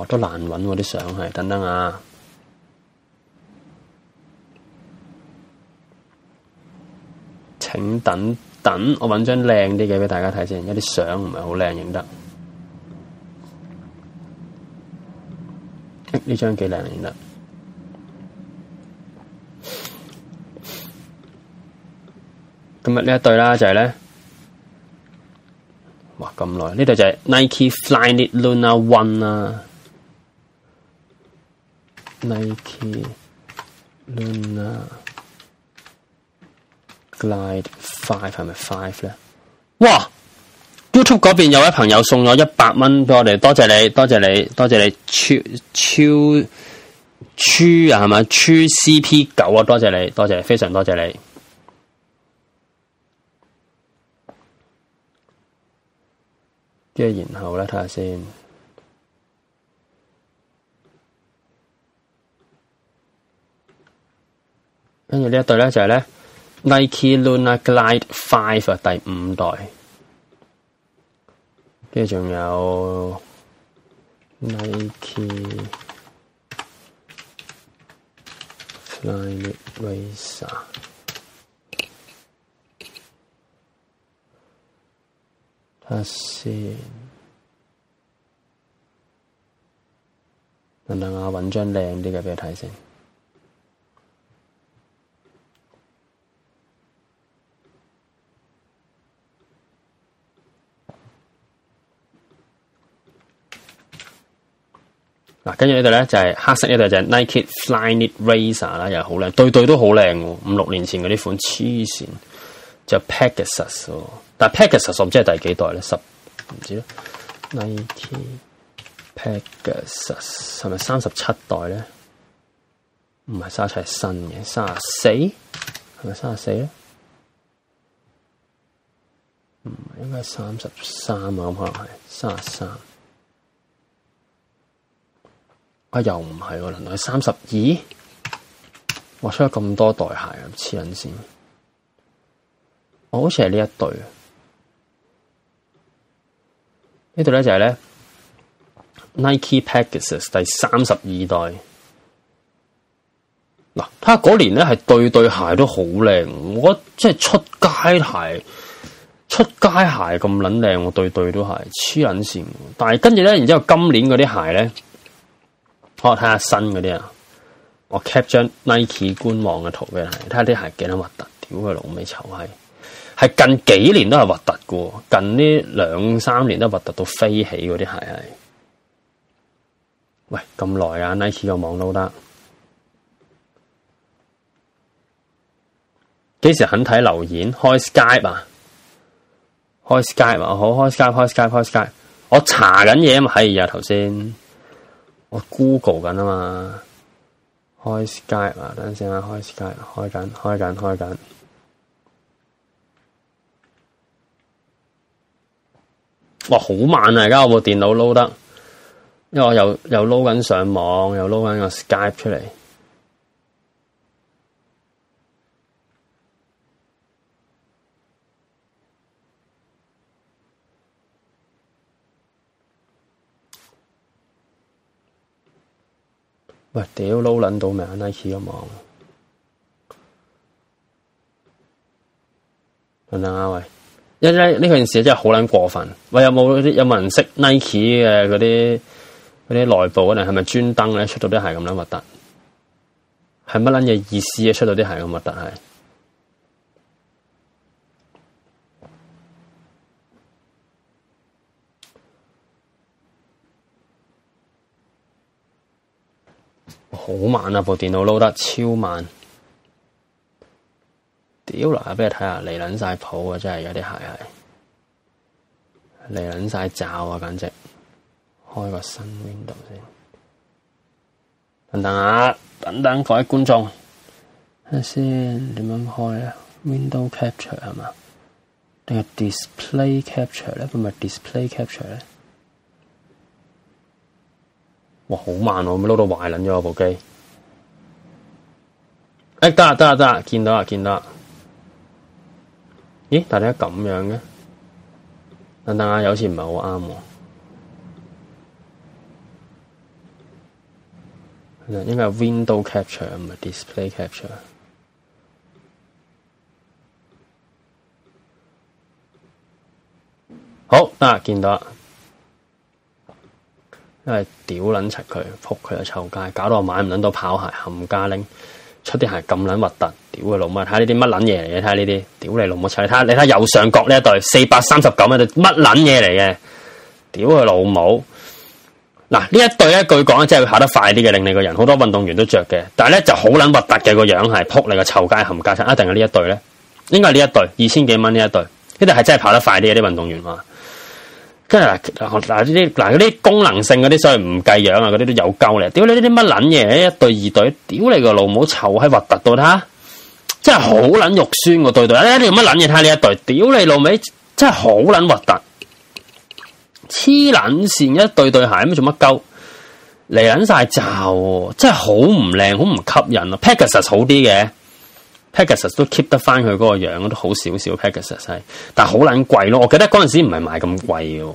我、哦、都難揾我啲相係，等等啊！請等等，等我揾張靚啲嘅俾大家睇先，有啲相唔係好靚，影得。呢張幾靚，影得。咁啊，今日、呢一對啦，就係咧。哇，咁耐，呢對就係 Nike Flyknit Lunar One 啊！Nike Luna Glide Five 係咪 Five 咧？哇！YouTube 嗰邊有一位朋友送咗一百蚊俾我哋，多謝你，多謝你，多謝你，超超超啊係咪？超 CP 九啊，多謝你，多謝你，非常多謝你。跟住然後咧，睇下先。跟住呢一對咧就係咧 Nike Lunar Glide Five 啊，第五代，跟住仲有 Nike Fly Racer，睇先，等等啊，搵張靚啲嘅俾佢睇先。嗱，跟住呢度咧就係、是、黑色呢度就係 Nike Flyknit Racer 啦，又好靚，對對都好靚。五六年前嗰啲款黐線，就 Pegasus 喎。Pegasus，但 Pegasus 唔知係第幾代咧，十唔知咯。Nike Pegasus 係咪三十七代咧？唔係卅七係新嘅，卅四係咪卅四咧？唔係應該係三十三啊，可能係係卅三。啊！又唔係喎，原來三十二，我出咗咁多代鞋黐撚線，我好似係呢一對，呢對咧就係咧 Nike Pegasus 第三十二代。嗱，睇下嗰年咧係對對鞋都好靚，我覺得即係出街鞋，出街鞋咁撚靚，我對對都係黐撚線。但係跟住咧，然之後今年嗰啲鞋咧。我睇下新嗰啲啊，我 keep 張 Nike 官網嘅圖畀你睇，睇下啲鞋幾多核突，屌佢老味臭閪，係近幾年都係核突喎。近呢兩三年都核突到飛起嗰啲鞋係。喂，咁耐啊 Nike 個網都得，幾時肯睇留言？開 Skype 啊，開 Skype 啊，好，開 Skype，開 Skype，開 Skype，, 開 Skype, 開 Skype 我查緊嘢啊嘛，係啊，頭先。我 Google 緊啊嘛，開 Skype 啊，等陣先啊，開 Skype，開緊、開緊、開緊。哇，好慢啊！而家我部電腦撈得，因為我又又 load 緊上網，又 load 緊個 Skype 出嚟。喂，屌撈撚到未？Nike 嘅網，等等啊喂，真真呢件事真係好撚過分。喂，有冇啲有冇人識 Nike 嘅嗰啲嗰啲內部嗰啲係咪專登咧出到啲鞋咁撚核突？係乜撚嘢意思啊？出到啲鞋咁核突係？好慢啊！部電腦撈得超慢，屌啦！俾你睇下，嚟捻晒譜啊！真係有啲鞋係，嚟捻晒罩啊！簡直開個新 window 先，等等啊，等等各位觀眾，睇下先點樣開啊？Window capture 係嘛？定係 display capture 咧？咁咪 display capture 咧？哇，好慢哦，我咪撈到壞卵咗部機。誒，得得得，見到啊，見到,、啊欸看到,看到。咦，大家咁樣嘅？等等啊，有時唔係好啱。應該係 Window Capture 唔係 Display Capture。好，得見到。因為屌捻柒佢，撲佢個臭街，搞到我買唔捻到跑鞋，冚家拎出啲鞋咁捻核突，屌佢老母！睇下呢啲乜捻嘢嚟嘅？睇下呢啲，屌你老母！睇下你睇下右上角呢一對四百三十九蚊一對，乜捻嘢嚟嘅？屌佢老母！嗱呢一對一句講啊，真係跑得快啲嘅，令你個人好多運動員都着嘅，但係咧就好捻核突嘅個樣係撲你個臭街冚家出，一定係呢一對咧，應該係呢一對二千幾蚊呢一對，呢對係真係跑得快啲嘅啲運動員嘛。跟住嗱嗱啲啲嗱啲功能性嗰啲，所以唔計樣啊，嗰啲都有鳩嚟，屌你呢啲乜撚嘢，一對二對，屌你個老母臭閪核突到他，真係好撚肉酸喎對對，誒你做乜撚嘢睇呢一對，屌你老味，真係好撚核突，黐撚線一對對，對鞋咩做乜鳩嚟撚晒罩，真係好唔靚，好唔吸引啊 Pegasus 好啲嘅。Pegasus 都 keep 得翻佢嗰個樣，都好少少。Pegasus 係，但係好撚貴咯。我記得嗰陣時唔係賣咁貴，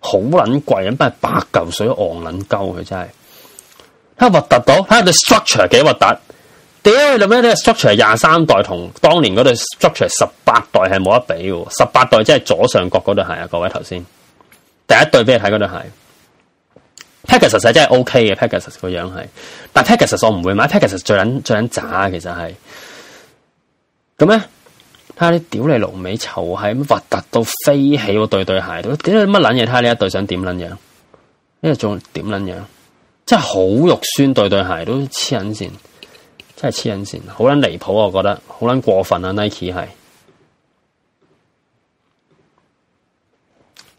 好撚貴啊！不係八嚿水昂撚鳩佢真係。佢核突到，睇下對 structure 幾核突。屌你咩？你 structure 廿三代同當年嗰對 structure 十八代係冇得比嘅。十八代即係左上角嗰對鞋啊！各位頭先，第一對俾你睇嗰對鞋。Pegasus 實真係 OK 嘅，Pegasus 個樣係。但 Pegasus 我唔會買，Pegasus 最撚最撚渣，其實係。咁咧，睇下啲屌你老尾臭閪，核突到飛起喎、啊、對對鞋都，屌你乜捻嘢？睇下呢一對想點捻樣？呢個仲點捻樣？真係好肉酸，對對鞋都黐緊線，真係黐緊線，好捻離譜啊！我覺得，好捻過分啊！Nike 係，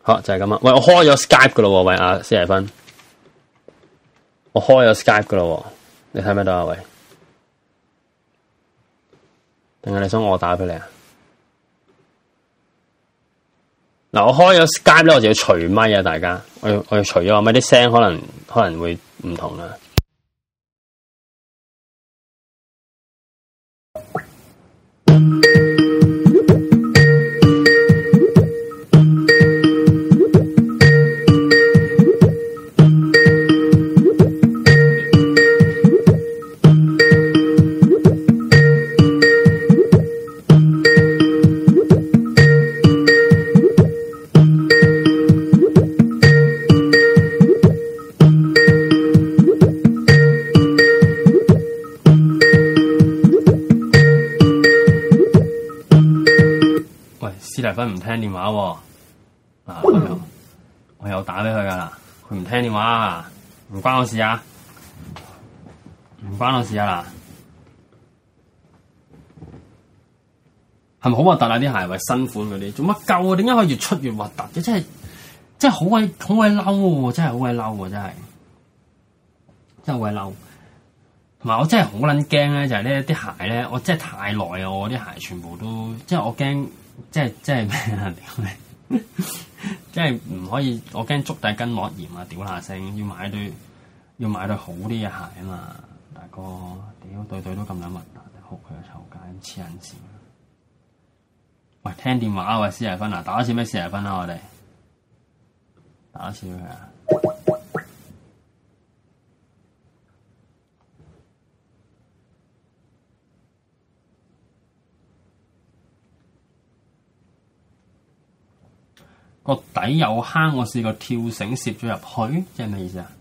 好就係咁啊！喂，我開咗 Skype 噶咯、啊，喂阿、啊、Stephen，我開咗 Skype 噶咯、啊，你睇唔睇到啊？喂？等下你想我打俾你啊？嗱，我開咗 Skype 咧，我就要除咪啊！大家，我要我要除咗我咪，啲聲可能可能會唔同啦。分唔聽電話啊，啊！我又，我又打俾佢噶啦，佢唔聽電話，唔關我事啊，唔關我事啊啦，係咪好核突啊？啲鞋係咪新款嗰啲？做乜舊啊？點解可以越出越核突，啊？真係真係好鬼好鬼嬲，真係好鬼嬲，真係，啊、真係好鬼嬲。同埋，啊、我真係好捻驚咧，就係呢啲鞋咧，我真係太耐啊！我啲鞋全部都即係我驚。即係即係咩啊？屌！即係唔 可以，我驚足底筋膜炎啊！屌下聲，要買對要買對好啲嘅鞋啊嘛！大哥，屌對對都咁有問題，哭佢嘅臭街黐人線。喂，聽電話啊！四廿分啊，打一次咩四廿分啊？我哋打一次啊！個底有坑，我試過跳繩攝咗入去，即係咩意思啊？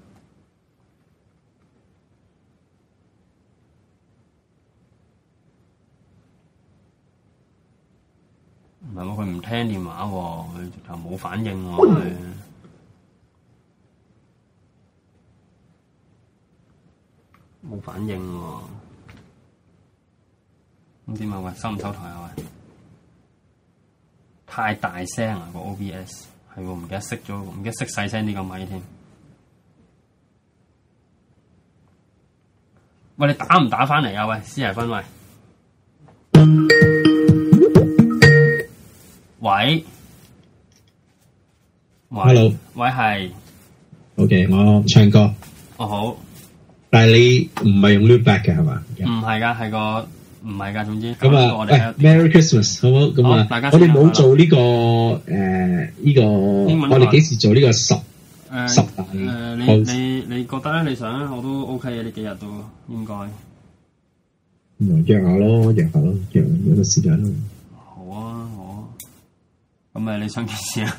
唔係喎，佢 唔樂聽電話喎，佢直頭冇反應，佢冇 反應喎，咁點啊？收唔收台啊？喂太大聲啦個 OBS，係我唔記得熄咗，唔記得熄細聲啲個麥添。喂，你打唔打翻嚟啊？喂，私人分喂，喂，Hello，喂係，OK，我唱歌，哦，好，但係你唔係用 loopback 嘅係嘛？唔係噶，係個。唔係噶，總之，咁啊，喂、哎、Merry Christmas，好唔好？咁啊，大家，我哋冇做呢、這個，誒、嗯，呢、呃這個，我哋幾時做呢個十？誒、呃，十大？誒、呃啊呃，你你你覺得咧？你想我都 OK 嘅，呢幾日都應該。約、嗯、下咯，約下咯，約一個時間咯。好啊，好啊。咁啊，你想幾時啊？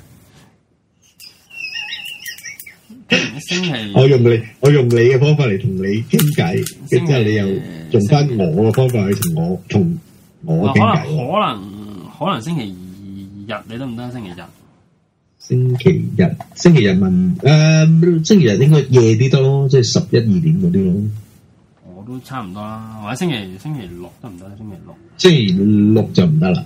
我用你，我用你嘅方法嚟同你傾偈，咁之後你又用翻我嘅方法去同我，同我傾偈。可能可能可能星期二日你得唔得？星期日？星期日？星期日問誒，星期日應該夜啲多咯，即係十一二點嗰啲咯。我都差唔多啦，或者星期星期六得唔得？星期六？星期六就唔得啦，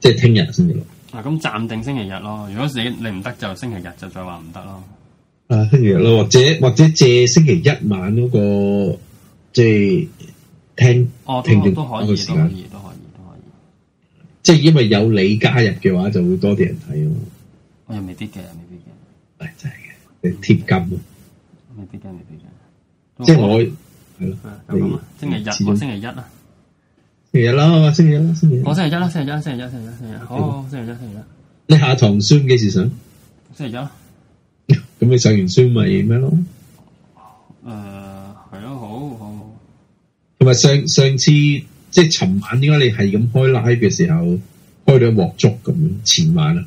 即係聽日星期六。啊，咁暫定星期日咯。如果你你唔得就星期日就再話唔得咯。啊，星期日咯，或者或者借星期一晚嗰個，即係聽，聽我都可以，都可以，都可以，即係因為有你加入嘅話，就會多啲人睇咯。我又未必嘅，又未必嘅，係真係嘅，貼金咯。未必嘅，未必嘅。即係我係咯，咁啊，星期日我星期一啊，星期日啦嘛，星期日，星期我星期一啦，星期一，星期一，星期一，星期一，好，星期一，星期一。你下堂 Zoom 幾時上？星期一。咁 你上完書咪咩咯？誒，係咯，好好。同埋上上次即係尋晚，點解你係咁開 live 嘅時候開到一鑊粥咁？前晚啊，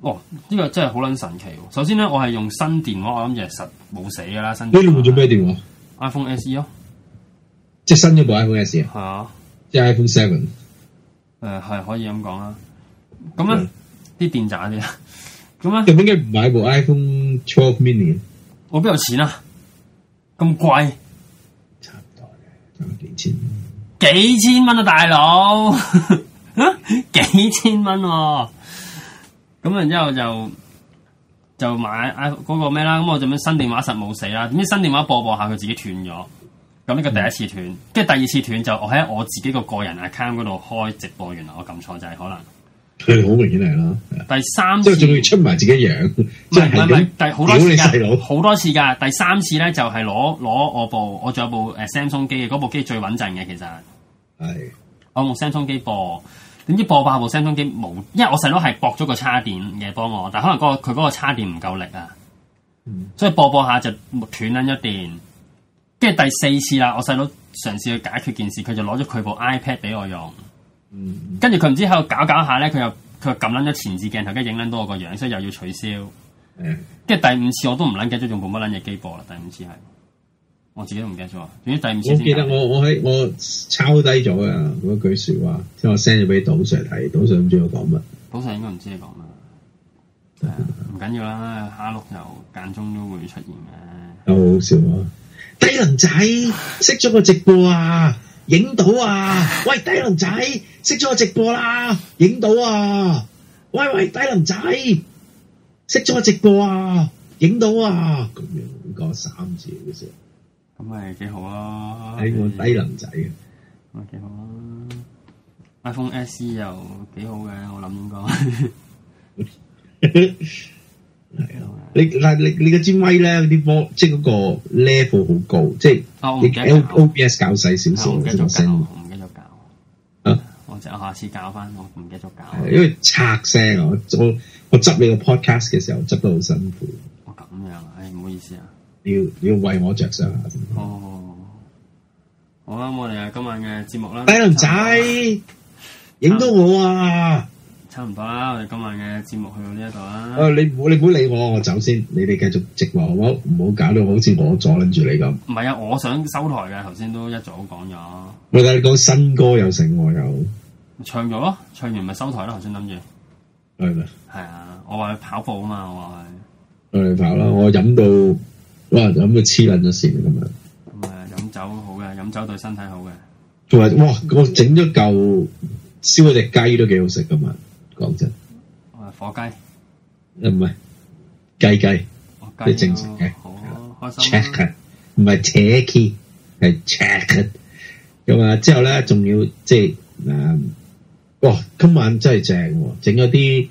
哦，呢、這個真係好捻神奇。首先咧，我係用新電話，我諗其實冇死噶啦。新你換咗咩電話、欸、電話？iPhone SE 咯、哦，即係新一部 iPhone SE、啊、即係 iPhone Seven、呃。誒，係可以咁講啦。咁啊，啲電咋啲咁啊，究竟點解唔買部 iPhone Twelve Mini。我邊有錢啊？咁貴，差唔多咧，差幾千，幾千蚊啊大佬，幾千蚊、啊。咁、 啊、然之後就就買 iPhone 嗰個咩啦？咁我就咩新電話實冇死啦？點知新電話播播下佢自己斷咗。咁呢個第一次斷，跟、嗯、住第二次斷就我喺我自己個個人 account 嗰度開直播，原來我撳錯就係、是、可能。佢哋好明顯嚟啦，第三次仲要出埋自己樣，即係點？如果你細佬好多次噶，第三次咧就係攞攞我，的我部我仲有部誒 Samsung 機嘅，嗰部機最穩陣嘅其實。係我用 Samsung 機播，點知播下部 Samsung 機冇，因為我細佬係駁咗個叉電嘢幫我，但可能、嗰個佢嗰個叉電唔夠力啊、嗯，所以播一播一下就斷咗一電。跟住第四次啦，我細佬嘗試去解決件事，佢就攞咗佢部 iPad 俾我用。嗯嗯、跟住佢唔知喺度搞搞下咧，佢又佢又撳捻咗前置鏡頭，跟住影捻到我個樣，所以又要取消。跟、嗯、住第五次我都唔捻記咗，仲冇乜捻嘢直播啦。第五次係，我自己都唔記得咗。總之第五次，我記得我我喺我抄低咗噶嗰句說話，即係我 send 咗俾島 Sir 睇，島 Sir 唔知我講乜。島 Sir 應該唔知你講乜。唔緊要啦，蝦碌又間中都會出現嘅。好笑、啊，低能仔識咗個直播啊！影到啊！喂，低能仔，熄咗我直播啦，影到啊！喂喂，低能仔，熄咗我直播啊，影到啊！咁樣講三次好事，咁咪幾好啊！係個低能仔啊，咁咪幾好啊！iPhone SE 又幾好嘅，我諗應該。 係咯，你嗱，你你嘅支咪咧，嗰啲波即係嗰個 level 好高，即係 OBS 搞細少少先升。唔繼續搞啊！我就下次搞翻，我唔繼續搞。因為拆聲啊，我我我執你個 podcast 嘅時候，執得好辛苦。咁樣，唉，唔好意思啊。要要為我着想下先啊！哦，好啦，我哋啊，今晚嘅節目啦，低能仔，影到我啊！差唔多啦，我哋今晚嘅節目去到呢一度啦。誒、啊，你唔好你唔好理我，我先走先。你哋繼續直播好唔好？唔好搞到好似我阻捻住你咁。唔係啊，我想收台嘅，頭先都一早講咗。我同你講新歌有成，我有唱咗咯，唱完咪收台咯。頭先諗住係咪？係啊，我話去跑步啊嘛，我話去。去跑啦！我飲到哇，飲到黐捻咗線咁樣。唔係飲酒好嘅，飲酒對身體好嘅。仲話哇，我整咗嚿燒一隻雞都幾好食噶嘛。講真，火雞，誒，唔係雞雞、啊，啲正常嘅、啊、check，唔係 checky，係 check，咁啊之後咧仲要即係誒、嗯，哇今晚真係正、哦，整咗啲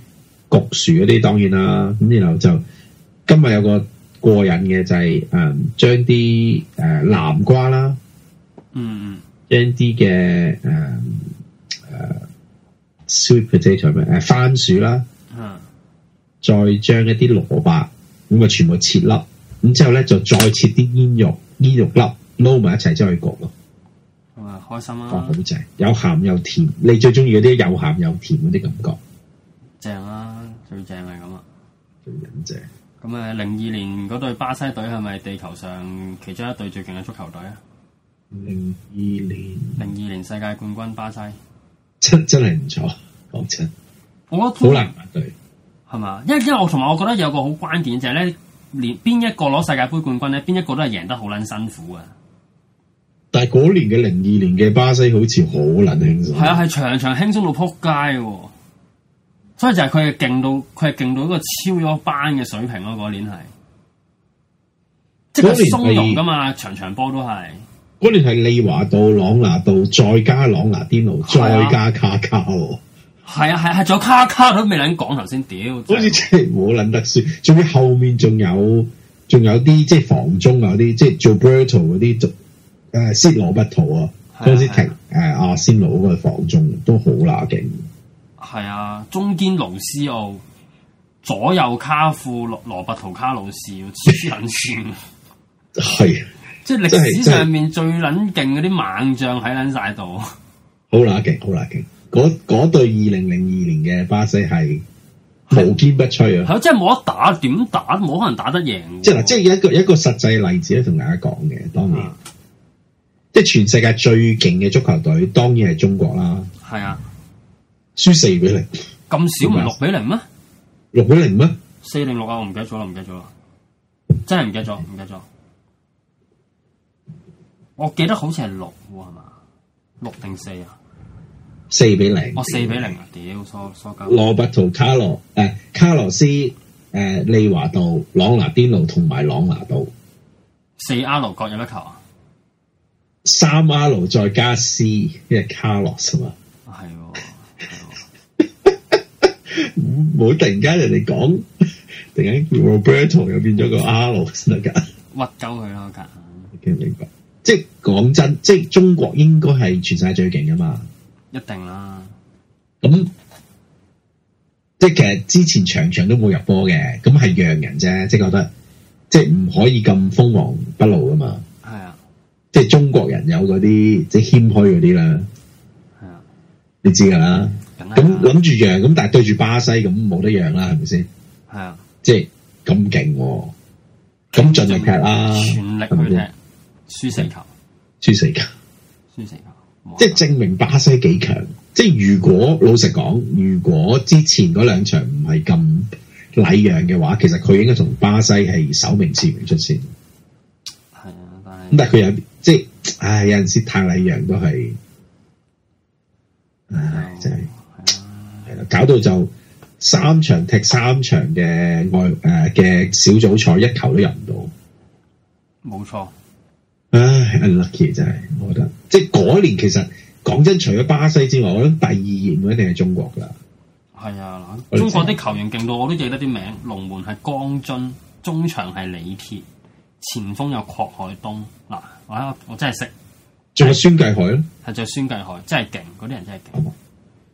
焗薯嗰啲當然啦，咁、嗯、然後就今日有個過癮嘅，就係誒將啲誒南瓜啦，嗯，將啲嘅誒誒。呃 sweet potato 咩？誒，番薯啦，嗯、啊，再將一啲蘿蔔咁啊，全部切粒，咁之後咧就再切啲煙肉，煙肉粒撈埋一齊，再去焗咯。咁、嗯、啊，開心啦，放好正有又鹹又甜，你最中意嗰啲又鹹又甜嗰啲感覺。正啦，最正係咁啊，最正。咁啊，零二年嗰隊巴西隊係咪地球上其中一隊最勁嘅足球隊啊？零二年，零二年世界冠軍巴西。真真係唔錯，講真，我覺得好難對，係嘛？因為因為我同埋我覺得有個好關鍵就係、是、咧，連邊一個攞世界杯冠軍咧，邊一個都係贏得好捻辛苦啊！但係嗰年嘅零二年嘅巴西好似好撚輕鬆，係啊，係場場輕鬆到撲街、啊，所以就係佢係勁到，佢係勁到一個超咗班嘅水平咯、啊。嗰年係，即係鬆容噶嘛，場場波都係。嗰年係利華道、朗拿道，再加朗拿甸奴，再加卡卡喎。係啊，係係，仲、啊啊、有卡卡都未捻講頭先，屌，好似即係冇捻得算，仲要後面仲有，仲有啲即係防中啊，啲即係 Gilberto 嗰啲，誒，塞羅伯圖啊，嗰陣時停，誒，阿仙奴嗰個防中都好乸勁。係啊，中堅盧斯奧，左右卡富羅羅伯圖卡路士，黐捻線。係、啊。即係歷史上面最捻勁嗰啲猛將喺捻晒度，好乸勁，好乸勁！嗰嗰對二零零二年嘅巴西係無堅不摧啊！係即係冇得打，點打？冇可能打得贏！即係，即係一個一個實際嘅例子咧，同大家講嘅。當年、啊，即係全世界最勁嘅足球隊，當然係中國啦。係啊，輸四比零，咁少唔六比零咩？六比零咩？四零六啊！我唔記得咗啦，唔記得咗啦，真係唔記得咗，唔記得咗。我記得好似係六係嘛，六定四啊？四比零，我四比零啊！屌，羅伯托卡洛誒，卡洛斯誒，利華道、朗拿癲路同埋朗拿道。四阿羅各有一球 C, Carlos，啊？三阿羅再加斯，即係卡洛斯，係嘛？係喎，唔好突然間人哋講，突然間 Roberto 又變咗個阿羅 ，得唔得？屈鳩佢咯，你我唔明白。即係講真，即係中國應該係全世界最勁噶嘛，一定啦。咁即係其實之前場場都冇入波嘅，咁係讓人啫，即係覺得即係唔可以咁鋒芒不露噶嘛。係啊，即係中國人有嗰啲即係謙虛嗰啲啦。係啊，你知噶啦。咁諗住讓，咁但係對住巴西咁冇得讓啦，係咪先？係啊。即係咁勁，咁盡力踢啦全力，全力去踢。輸四球，輸四球，輸四球，即係證明巴西幾強。即係如果老實講，如果之前嗰兩場唔係咁禮讓嘅話，其實佢應該同巴西係首名次名出線。係啊，但係但係佢有即係，唉，有陣時太禮讓都係，唉，真係係啦，搞到就三場踢三場嘅外誒嘅小組賽，一球都入唔到，冇錯。唉，unlucky 真係，我覺得即係嗰年其實講真，除咗巴西之外，我諗第二年會一定係中國噶。係啊，中國啲球員勁到我都記得啲名，龍門係江津，中場係李鐵，前鋒有郭海東。嗱，我我真係識，仲有孫繼海咯，係就孫繼海，真係勁，嗰啲人真係勁。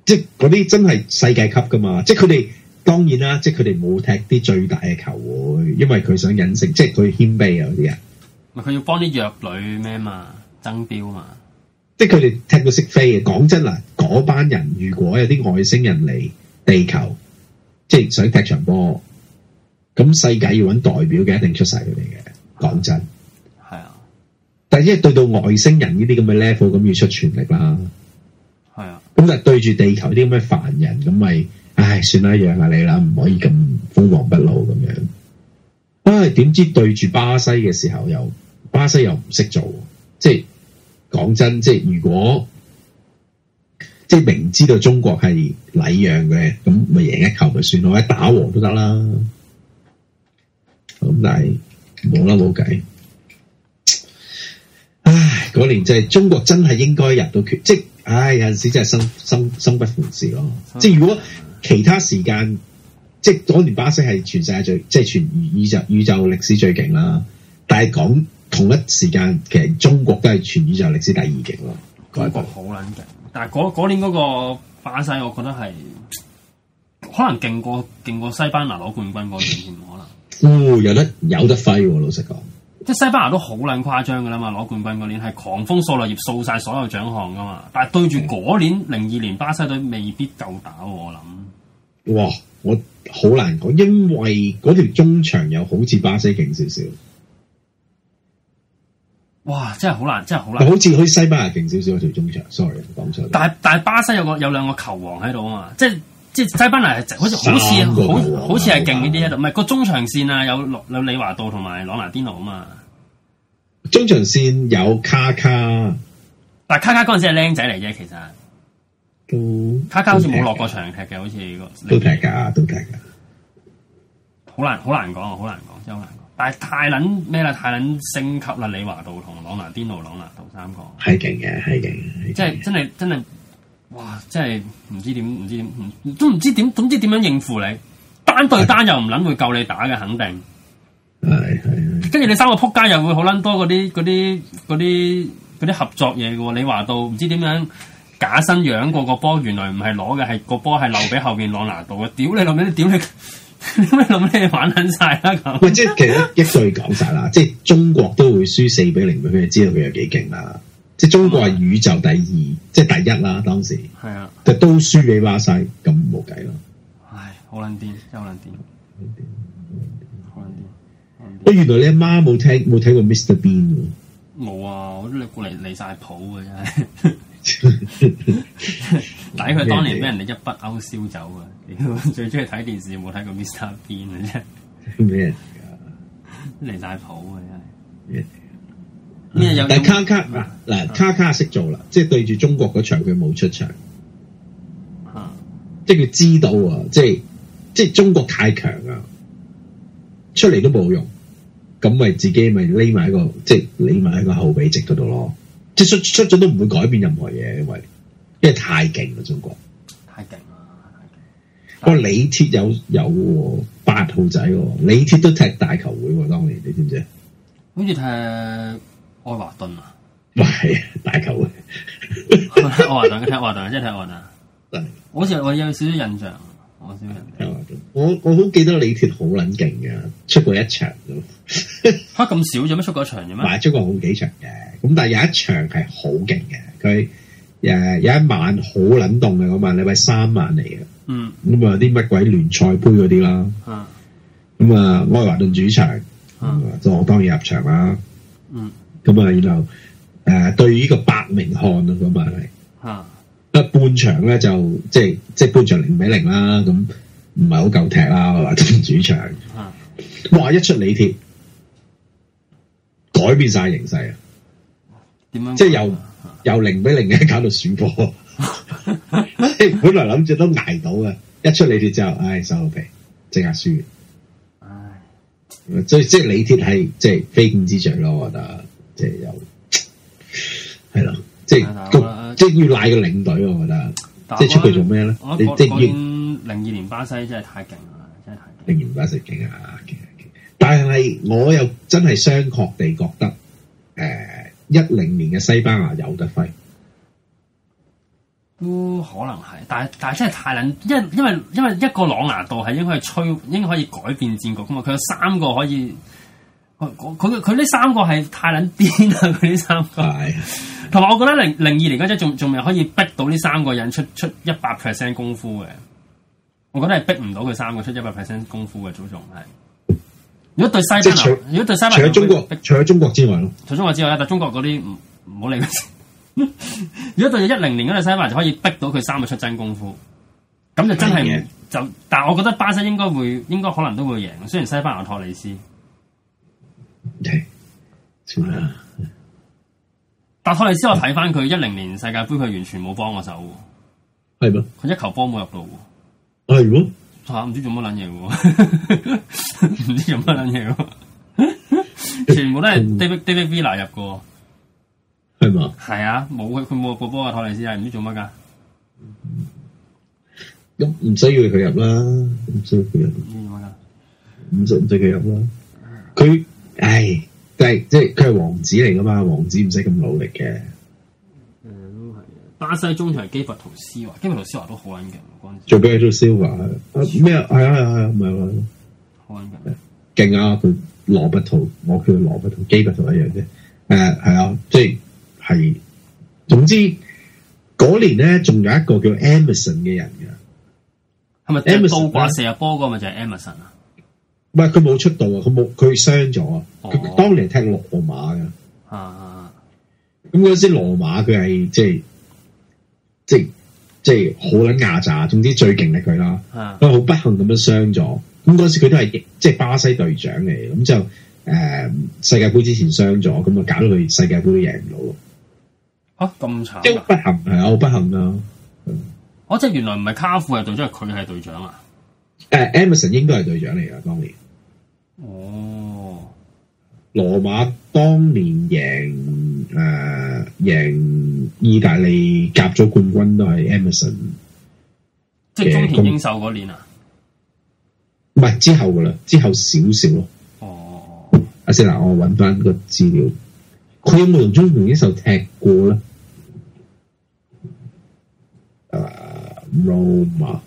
即係嗰啲真係世界級噶嘛，即係佢哋當然啦，即係佢哋冇踢啲最大嘅球會，因為佢想引性，即係佢謙卑啊嗰啲人。佢要幫啲弱旅咩嘛？爭標嘛？即係佢哋踢到識飛嘅。講真啦，嗰班人如果有啲外星人嚟地球，即係想踢場波，咁世界要搵代表嘅，一定出晒佢哋嘅。講真，係啊。但係即係對到外星人呢啲咁嘅 level，咁要出全力啦。係啊。咁但係對住地球呢啲咁嘅凡人，咁咪唉，算啦，讓一下你啦，唔可以咁瘋狂不老咁樣。唉、啊，點知對住巴西嘅時候又巴西又唔識做，即係講真，即係如果即係明知道中國係禮讓嘅，咁咪贏一球咪算咯，一打和都得啦。咁但係冇啦，冇計。唉，嗰年真係中國真係應該入到決，即唉有陣時真係生生生不逢時咯。即係如果其他時間。即係嗰年巴西係全世界最，即係全宇宙宇宙歷史最勁啦。但係講同一時間，其實中國都係全宇宙歷史第二勁咯。好撚勁！但係嗰年嗰個巴西，我覺得係可能勁過勁過西班牙攞冠軍嗰年可能。哦，有得有得揮、啊，老實講，即係西班牙都好撚誇張噶啦嘛，攞冠軍嗰年係狂風掃落葉掃晒所有獎項噶嘛。但係對住嗰年零二、嗯、年巴西隊未必夠打，我諗哇。我好難講，因為嗰條中場又好似巴西勁少少。哇！真係好難，真係好難。好似去西班牙勁少少嗰條中場，sorry 講錯。但係但係巴西有個有兩個球王喺度啊嘛，即係即係西班牙係好似好似好好似係勁啲喺度，唔係個中場線啊，有羅有李華度同埋朗拿甸奴啊嘛。中場線有卡卡，但卡卡嗰陣時係僆仔嚟啫，其實。卡卡好似冇落過場踢嘅，好似都踢噶，都踢噶。好難，好難講啊，好難講，真係好難講。但係太捻咩啦，太捻升級啦！李華道同朗拿癲奴、朗拿道三個係勁嘅，係勁。即係、就是、真係真係哇！真係唔知點，唔知點，都唔知點，總之點樣應付你？單對單又唔捻會夠你打嘅，肯定。係跟住你三個仆街又會好捻多嗰啲啲啲啲合作嘢嘅喎，李華道唔知點樣？假身養過個波，原來唔係攞嘅，係個波係留俾後面朗拿度嘅。屌 你諗你點你咩諗？咩？你你你你你玩撚晒啦咁。即係其實一句講晒啦，即係中國都會輸四比零俾佢，知道佢有幾勁啦。即係中國係宇宙第二，是是即係第一啦。當時係啊，都輸都輸就都輸俾巴西，咁冇計咯。唉，好難掂！真係好難掂！好難掂！我原來你阿媽冇聽冇睇過 Mr Bean。冇啊，我都你過嚟離晒譜嘅真係。 但佢當年俾人哋一筆勾銷走啊，哎！最中意睇電視，有冇睇過 Mr. Bean 咩嚟 大譜啊？真係咩有？但卡卡嗱，嗯、卡卡識做啦，嗯，即係對住中國嗰場佢冇出場，嗯，即係佢知道啊！即係即係中國太強啊，出嚟都冇用，咁咪自己咪匿埋喺個即係匿埋喺個後備席嗰度咯。出出咗都唔會改變任何嘢，因為因為太勁啦中國太了，太勁啦！不過、哦、李鐵有有、哦、八號仔、哦，李鐵都踢大球會喎、哦，當年你知唔知好似踢愛華頓啊？唔係大球會，愛華頓佢踢愛華頓，即係踢愛華頓。我好似我有少少印象。我少人,我我好記得李鐵好撚勁嘅,出過一場咁,吓 咁少做咩?出過一場嘅咩?買出過好幾場嘅,咁但係有一場係好勁嘅,佢誒、呃、有一晚好撚凍嘅嗰晚,禮拜三晚嚟嘅,嗯,咁啊有啲乜鬼聯賽杯嗰啲啦,嗯,咁啊愛華頓主場,就我當然入場啦,嗯,咁啊然後誒、呃、對呢個伯明翰啊嗰晚係,吓。半場咧就即係即係半場零比零啦，咁唔係好夠踢啦，話主場。哇！一出李鐵改變晒形勢啊！點樣？即係由由零比零咧搞到輸波，即係本來諗住都挨到嘅，一出李鐵之後，唉，收皮，即刻輸。唉，所以即係李鐵係即係非典之象非戰之罪咯，我覺得即係又係咯，即係。即要賴個領隊，我覺得，即係出去做咩咧？你即要零二年巴西真係太勁啦，真係太勁零二年巴西勁啊！但係我又真係相確地覺得，誒、呃，一零年嘅西班牙有得揮，都可能係，但係但係真係太捻，因為因為因為一個朗拿度係應該係吹，應該可以改變戰局噶嘛？佢有三個可以，佢佢佢呢三個係太捻癲啦！佢呢三個。 同埋，我覺得零零二年嗰陣仲仲未可以逼到呢三個人出出一百 percent 功夫嘅，我覺得係逼唔到佢三個出一百 percent 功夫嘅。祖宗係，如果對西班牙，如果對西班牙，除咗中國，除咗中國之外咯，除中國之外咧，但中國嗰啲唔唔好理。如果對一零年嗰對西班牙就可以逼到佢三個出真功夫，咁就真係唔就。但係我覺得巴西應該會，應該可能都會贏。雖然西班牙托利斯停少但托雷斯我睇翻佢一零年世界杯佢完全冇幫我手，係咪？佢一球波冇入到，係咩？吓、啊、唔知做乜撚嘢喎，唔 知做乜撚嘢喎！全部都係 David、嗯、David Villa 入過，係嘛？係啊，冇佢佢冇個波啊，托雷斯係唔知做乜噶，咁唔需要佢入啦，唔需要佢入，唔需要唔需要佢入啦，佢唉。哎。即係，即係佢係王子嚟噶嘛？王子唔使咁努力嘅。誒、嗯，都係。巴西中場基拔圖施華：基拔圖施華都好穩嘅。最 best 做、Birdle、silver 啊？咩啊？係啊，係啊，唔係喎，好穩嘅，勁啊！佢羅拔圖，我叫佢羅拔圖，基拔圖一樣啫。誒，係啊，即係係。總之嗰年咧，仲有一個叫 Emerson 嘅人嘅，係咪？即係倒掛成日波嗰咪就係 Emerson 啊？唔係佢冇出道，哦，啊！佢冇佢傷咗啊！佢當年踢羅馬噶，咁嗰時羅馬佢係即係即係即係好捻牙擦，總之最勁嘅佢啦。佢，啊，好不幸咁樣傷咗。咁嗰時佢都係即係巴西隊長嚟，咁就誒，呃，世界杯之前傷咗，咁啊搞到佢世界杯都贏唔到咯。咁，啊，慘！即，就是，不幸係啊，好不幸啊！哦，啊嗯啊，即係原來唔係卡富係隊長，佢係隊長啊。誒，呃，Emerson 應該係隊長嚟噶，當年。哦，羅馬當年贏誒，贏、呃、意大利甲咗冠軍都係 Emerson 嘅。即係中田英壽嗰年啊，唔係之後噶啦，之後少少咯。哦，阿先嗱，我搵翻個資料，佢有冇同中田英壽踢過咧？啊，羅馬。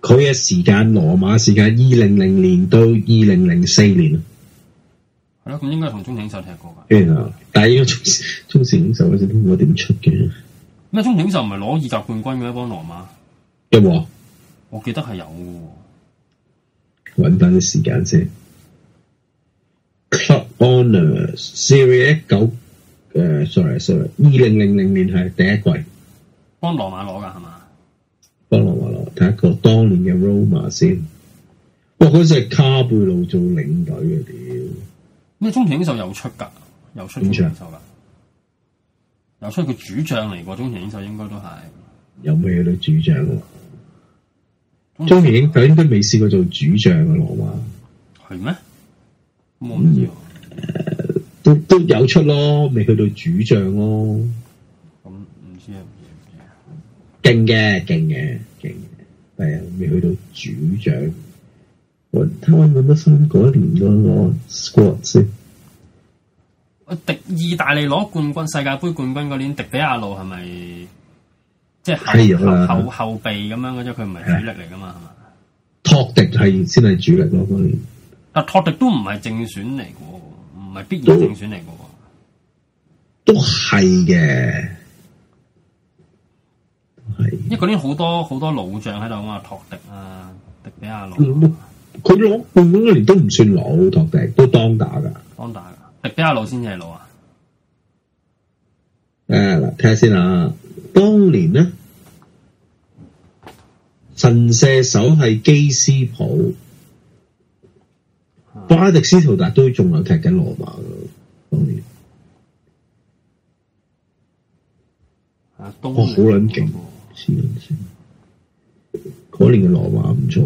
佢嘅時間羅馬時間二零零零年到二零零四年咯，係咯，咁應該同鐘鼎秀踢過噶。係啊，you know，但係呢個鐘鐘鼎秀嗰陣都冇點出嘅。咩鐘鼎秀唔係攞意甲冠軍嘅一幫羅馬？有冇啊，我記得係有嘅。搵翻啲時間先。Club honours, Serie、uh, 九誒，sorry，sorry，二零零零年係第一季幫羅馬攞噶係嘛？幫羅馬羅睇一個當年嘅羅馬先，哇！嗰隻卡貝路做領隊嘅屌！咩？中田英壽有出噶有出中田英壽噶有出，佢主將嚟喎，中田英，英，英壽應該都係有咩都主將。中田英壽應該未試過做主將啊，羅馬係咩？唔要，誒、嗯，都都有出咯，未去到主將咯。勁嘅，勁嘅，勁嘅，但係未去到主將。我睇我冇乜翻嗰年嗰個 Squad 先。我迪意大利攞冠軍世界杯冠軍嗰年，迪比亞路係咪即係後後後後備咁樣嘅啫？佢唔係主力嚟噶嘛？托迪係先係主力咯，嗰年。但托迪都唔係正選嚟嘅，唔係必然正選嚟嘅。都係嘅。因為嗰啲好多好多老將喺度啊，托迪啊，迪比亞羅。佢攞佢嗰年都唔算老，托迪都當打噶。當打噶，迪比亞羅、欸、先至係老啊。誒，嗱，睇下先啦。當年呢，神射手係基斯普，巴迪斯圖達都仲有踢緊羅馬噶。當年啊，當年我好捻勁。哦先，嗰年嘅羅馬唔錯，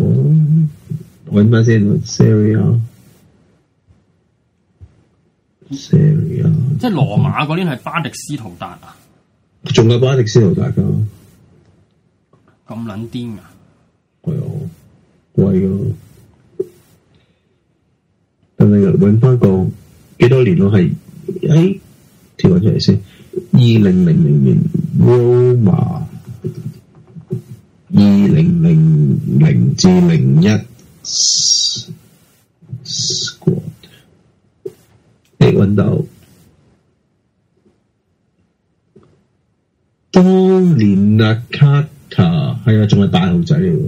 揾翻先 Serie 啊，Serie 啊，Seria, Seria，即係羅馬嗰年係巴迪斯圖達啊，仲有巴迪斯圖達噶，咁撚癲啊！係啊，貴啊、啊，但係揾翻個幾多年咯？係喺、欸、調翻出嚟先，二零零零年 Roma。二零零零至零一過，你揾到？當年阿卡卡，係啊，仲係大號仔嚟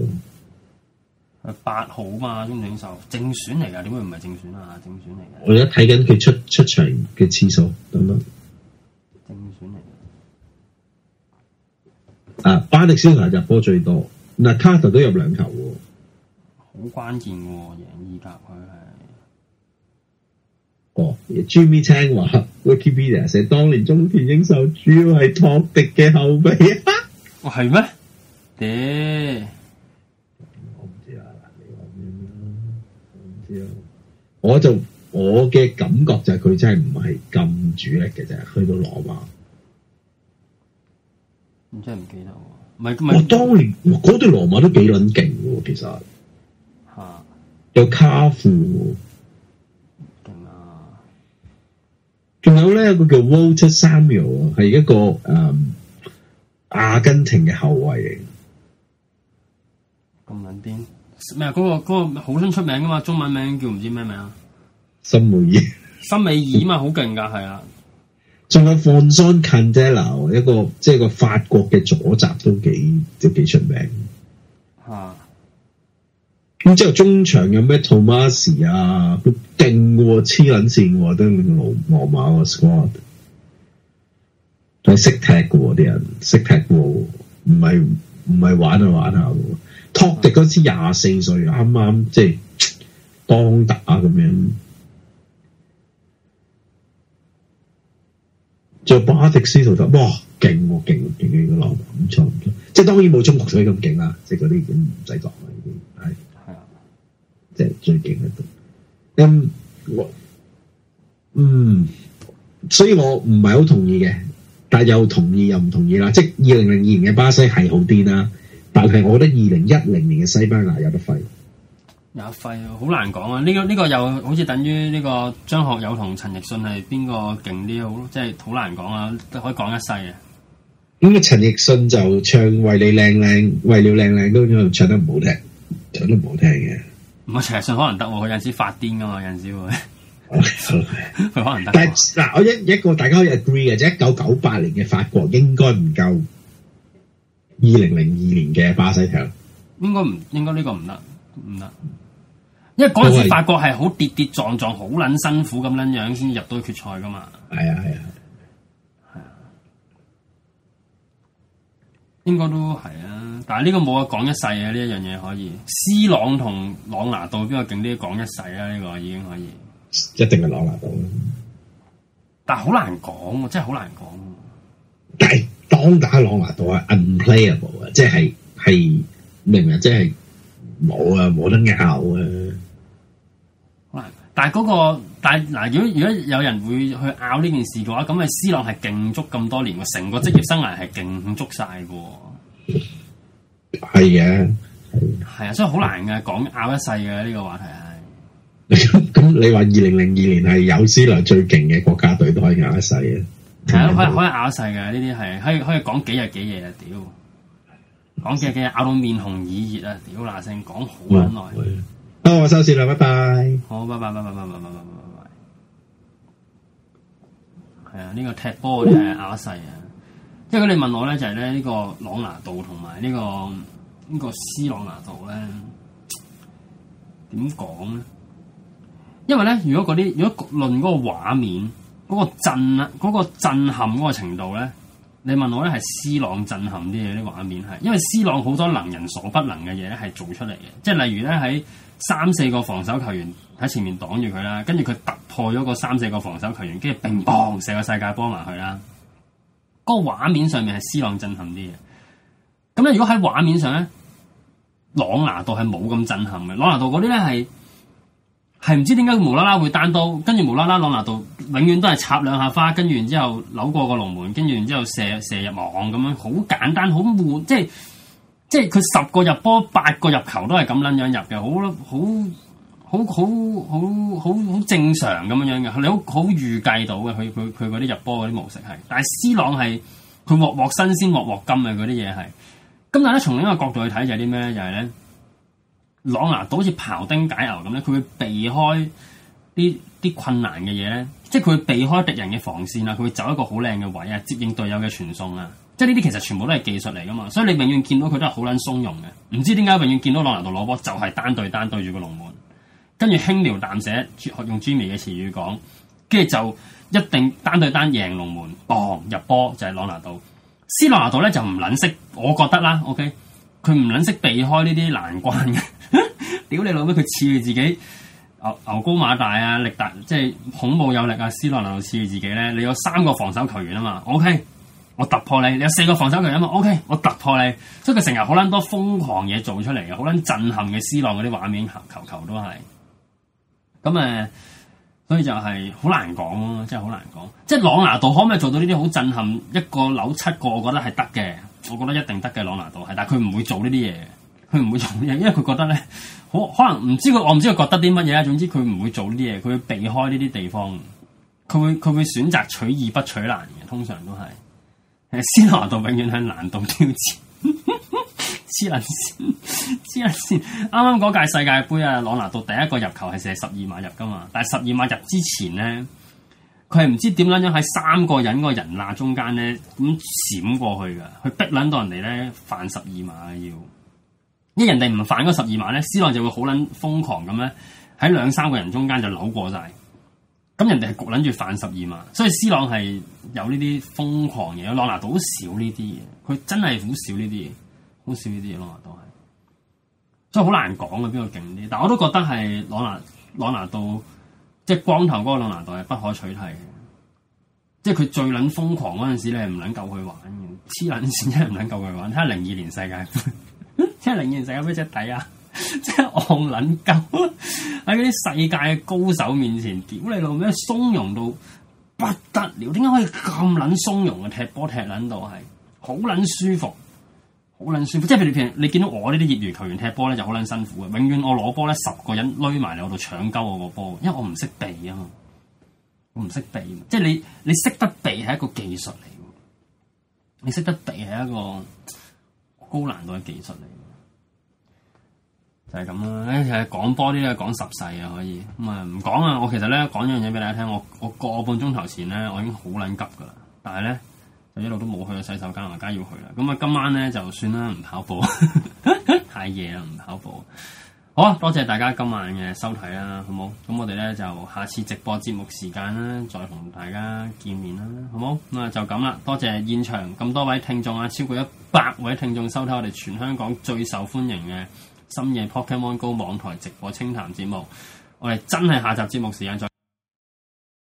噶，八號嘛？中選秀，正選嚟噶，點會唔係正選啊？正選嚟嘅。我而家睇緊佢出出場嘅次數，等等。啊，巴迪斯納入波最多，嗱，卡特都入兩球，好關鍵喎，哦，贏二甲佢係。哦、oh,，Jimmy 青話 Wikipedia 寫當年中田英壽主要係托迪嘅後備啊，係係咩？誒、yeah.，我唔知啊，你講咩咩我唔知啊。我就我嘅感覺就係佢真係唔係咁主力嘅啫，去到羅馬。真係唔記得喎，唔係唔係我當年嗰隊羅馬都幾撚勁嘅，其實吓，有卡富，啊！仲有咧，啊、有個叫 Walter Samuel，係一個誒、嗯、阿根廷嘅後衛嚟。咁撚掂咩？嗰、啊嗰個、嗰個好想出名噶嘛？中文名叫唔知咩名啊，森美爾，森美爾嘛，好勁噶，係啊！仲有 Vincent Candela 一個即係個法國嘅左閘都幾即係幾出名。嚇、啊！咁之後中場有咩 Tommasi 啊？佢勁喎，黐撚線嘅喎，都羅羅馬個 squad。係識踢嘅喎，啲人識踢嘅喎，唔係唔係玩下玩下嘅喎。托迪嗰時廿四歲，啱啱即係當打咁樣。做巴迪斯圖就哇勁喎勁，點勁、啊！流動唔錯唔錯？即係當然冇中國水咁勁啦，即係嗰啲唔使講啦，啲係係啊，即係最勁一度。嗯，我嗯，所以我唔係好同意嘅，但係又同意又唔同意啦。即係二零零二年嘅巴西係好癲啦，但係我覺得二零一零年嘅西班牙有得廢。有費，好難講啊！呢個呢個又好似等於呢個張學友同陳奕迅係邊個勁啲好咯？即係好難講啊，都可以講一世嘅。咁個，陳奕迅就唱為你靚靚，為了靚靚，都唱得唔好聽，唱得唔好聽嘅。唔係，陳奕迅可能得，有陣時發癲噶嘛，有陣時會。佢可能得。但嗱，我一一個大家可以 agree 嘅，即係一九九八年嘅法國應該唔夠二零零二年嘅巴西強應該唔應該呢個唔得，唔得。因為嗰陣時法國係好跌跌撞撞，好捻辛苦咁捻樣先入到決賽噶嘛。係啊係啊係啊，應該都係啊。但係呢個冇話講一世啊。呢一樣嘢可以。C 朗同朗拿度邊個勁啲？講一世啊，呢個已經可以。一定係朗拿度。但係好難講啊，真係好難講啊。但係當打朗拿度係 unplayable 啊，即係係明唔明？即係冇啊，冇得拗啊。但係、那、嗰個，但係嗱，如果如果有人會去拗呢件事嘅話，咁你思朗係勁足咁多年嘅，成個職業生涯係勁足晒嘅，係嘅，係啊，真係好難嘅，講拗一世嘅呢、呢個話題係。咁 你話二零零二年係有思朗最勁嘅國家隊都可以拗一世嘅，係咯，可以可以拗一世嘅呢啲係，可以這些是可以講幾日幾夜啊，屌，講幾日幾日拗到面紅耳熱啊，屌嗱聲，講好耐。好，我收線啦，拜拜。好，拜拜拜拜拜拜拜拜拜拜。係啊，呢、這個踢波真係阿細啊。即係佢哋問我咧，就係咧呢個朗拿度同埋呢個呢、這個斯朗拿度咧，點講咧？因為咧，如果嗰啲如果論嗰個畫面，嗰、那個震啊，嗰、那個震撼嗰個程度咧，你問我咧係斯朗震撼啲嘢啲畫面係，因為斯朗好多能人所不能嘅嘢咧係做出嚟嘅，即係例如咧喺。三四個防守球員喺前面擋住佢啦，跟住佢突破咗個三四個防守球員，跟住砰，砰！成個世界幫埋佢啦。個畫面上面係思朗震撼啲嘅。咁咧，如果喺畫面上咧，朗拿度係冇咁震撼嘅。朗拿度嗰啲咧係係唔知點解佢無啦啦會單刀，跟住無啦啦朗拿度永遠都係插兩下花，跟住然之後扭過個龍門，跟住然之後射射入網咁樣，好簡單，好悶即係。即係佢十個入波八個入球都係咁捻樣入嘅，好好，好好好好好正常咁樣樣嘅，你好好預計到嘅，佢佢佢嗰啲入波嗰啲模式係，但係斯朗係佢鑊鑊新鮮鑊鑊金嘅嗰啲嘢係，咁但係咧從另一個角度去睇就係啲咩咧就係咧，朗拿度好似庖丁解牛咁咧，佢會避開啲啲困難嘅嘢咧，即係佢會避開敵人嘅防線，佢會走一個好靚嘅位啊，接應隊友嘅傳送啊。即係呢啲其實全部都係技術嚟㗎嘛，所以你永遠見到佢都係好撚鬆容嘅，唔知點解永遠見到朗拿度攞波就係單對單對住個龍門，跟住輕描淡寫，用 Jimmy 嘅詞語講，跟住就一定單對單贏龍門，磅入波就係、是、朗拿度。斯朗拿度咧就唔撚識，我覺得啦，OK，佢唔撚識避開呢啲難關嘅，屌你老味，佢恃住自己牛牛高馬大啊，力大即係恐怖有力啊！斯朗拿度恃住自己咧，你有三個防守球員啊嘛，OK。我突破你，你有四個防守球員嘛？OK，我突破你，所以佢成日好捻多瘋狂嘢做出嚟嘅，好捻震撼嘅。思浪嗰啲畫面球球都係，咁誒，所以就係、是、好難講咯，真係好難講。即係朗拿度可唔可以做到呢啲好震撼一個扭七個？我覺得係得嘅，我覺得一定得嘅朗拿度係，但係佢唔會做呢啲嘢，佢唔會做呢，因為佢覺得咧，好可能唔知佢，我唔知佢覺得啲乜嘢啊。總之佢唔會做呢啲嘢，佢會避開呢啲地方，佢會佢會選擇取易不取難嘅，通常都係。誒，斯諾啊，永遠向難度挑戰。黐捻綫，黐捻綫。啱啱嗰屆世界盃啊，朗拿度第一個入球係射十二碼入噶嘛？但係十二碼入之前咧，佢係唔知點捻樣喺三個人嗰個人罅中間咧咁閃過去噶，佢逼捻到人哋咧犯十二碼要。一，人哋唔犯嗰十二碼咧，斯諾就會好捻瘋狂咁咧喺兩三個人中間就扭過晒。咁人哋係焗撚住反十二碼，所以 C 朗係有呢啲瘋狂嘢，朗拿度好少呢啲嘢，佢真係好少呢啲嘢，好少呢啲嘢朗拿度係，所以好難講嘅邊個勁啲。但我都覺得係朗拿朗拿度，即係光頭嗰個朗拿度係不可取替嘅，即係佢最撚瘋狂嗰陣時，你係唔撚夠佢玩嘅，黐撚線真係唔撚夠佢玩。睇下零二年世界盃，即係零二年世界盃隻底啊！真係戇捻鳩，喺嗰啲世界嘅高手面前屌，你老咩，鬆容到不得了，點解可以咁捻鬆容嘅踢波踢捻到係好捻舒服，好捻舒服。即係譬如你見到我呢啲業餘球員踢波咧就好捻辛苦嘅，永遠我攞波咧十個人攏埋嚟我度搶鳩我個波，因為我唔識避啊嘛，我唔識避。即係你你識得避係一個技術嚟，你識得避係一個高難度嘅技術嚟。就係咁啦，誒，其實講波啲啊，講十世啊，可以咁啊，唔講啊。我其實咧講樣嘢俾大家聽，我我個半鐘頭前咧，我已經好撚急噶啦，但係咧就一路都冇去洗手間，而家要去啦。咁啊，今晚咧就算啦，唔跑步， 太夜啦，唔跑步。好啊，多謝大家今晚嘅收睇啦，好冇？咁我哋咧就下次直播節目時間啦，再同大家見面啦，好冇？咁啊就咁啦，多謝現場咁多位聽眾啊，超過一百位聽眾收睇我哋全香港最受歡迎嘅。深夜 Pokemon GO 網台直播清談節目，我哋真係下集節目時間再。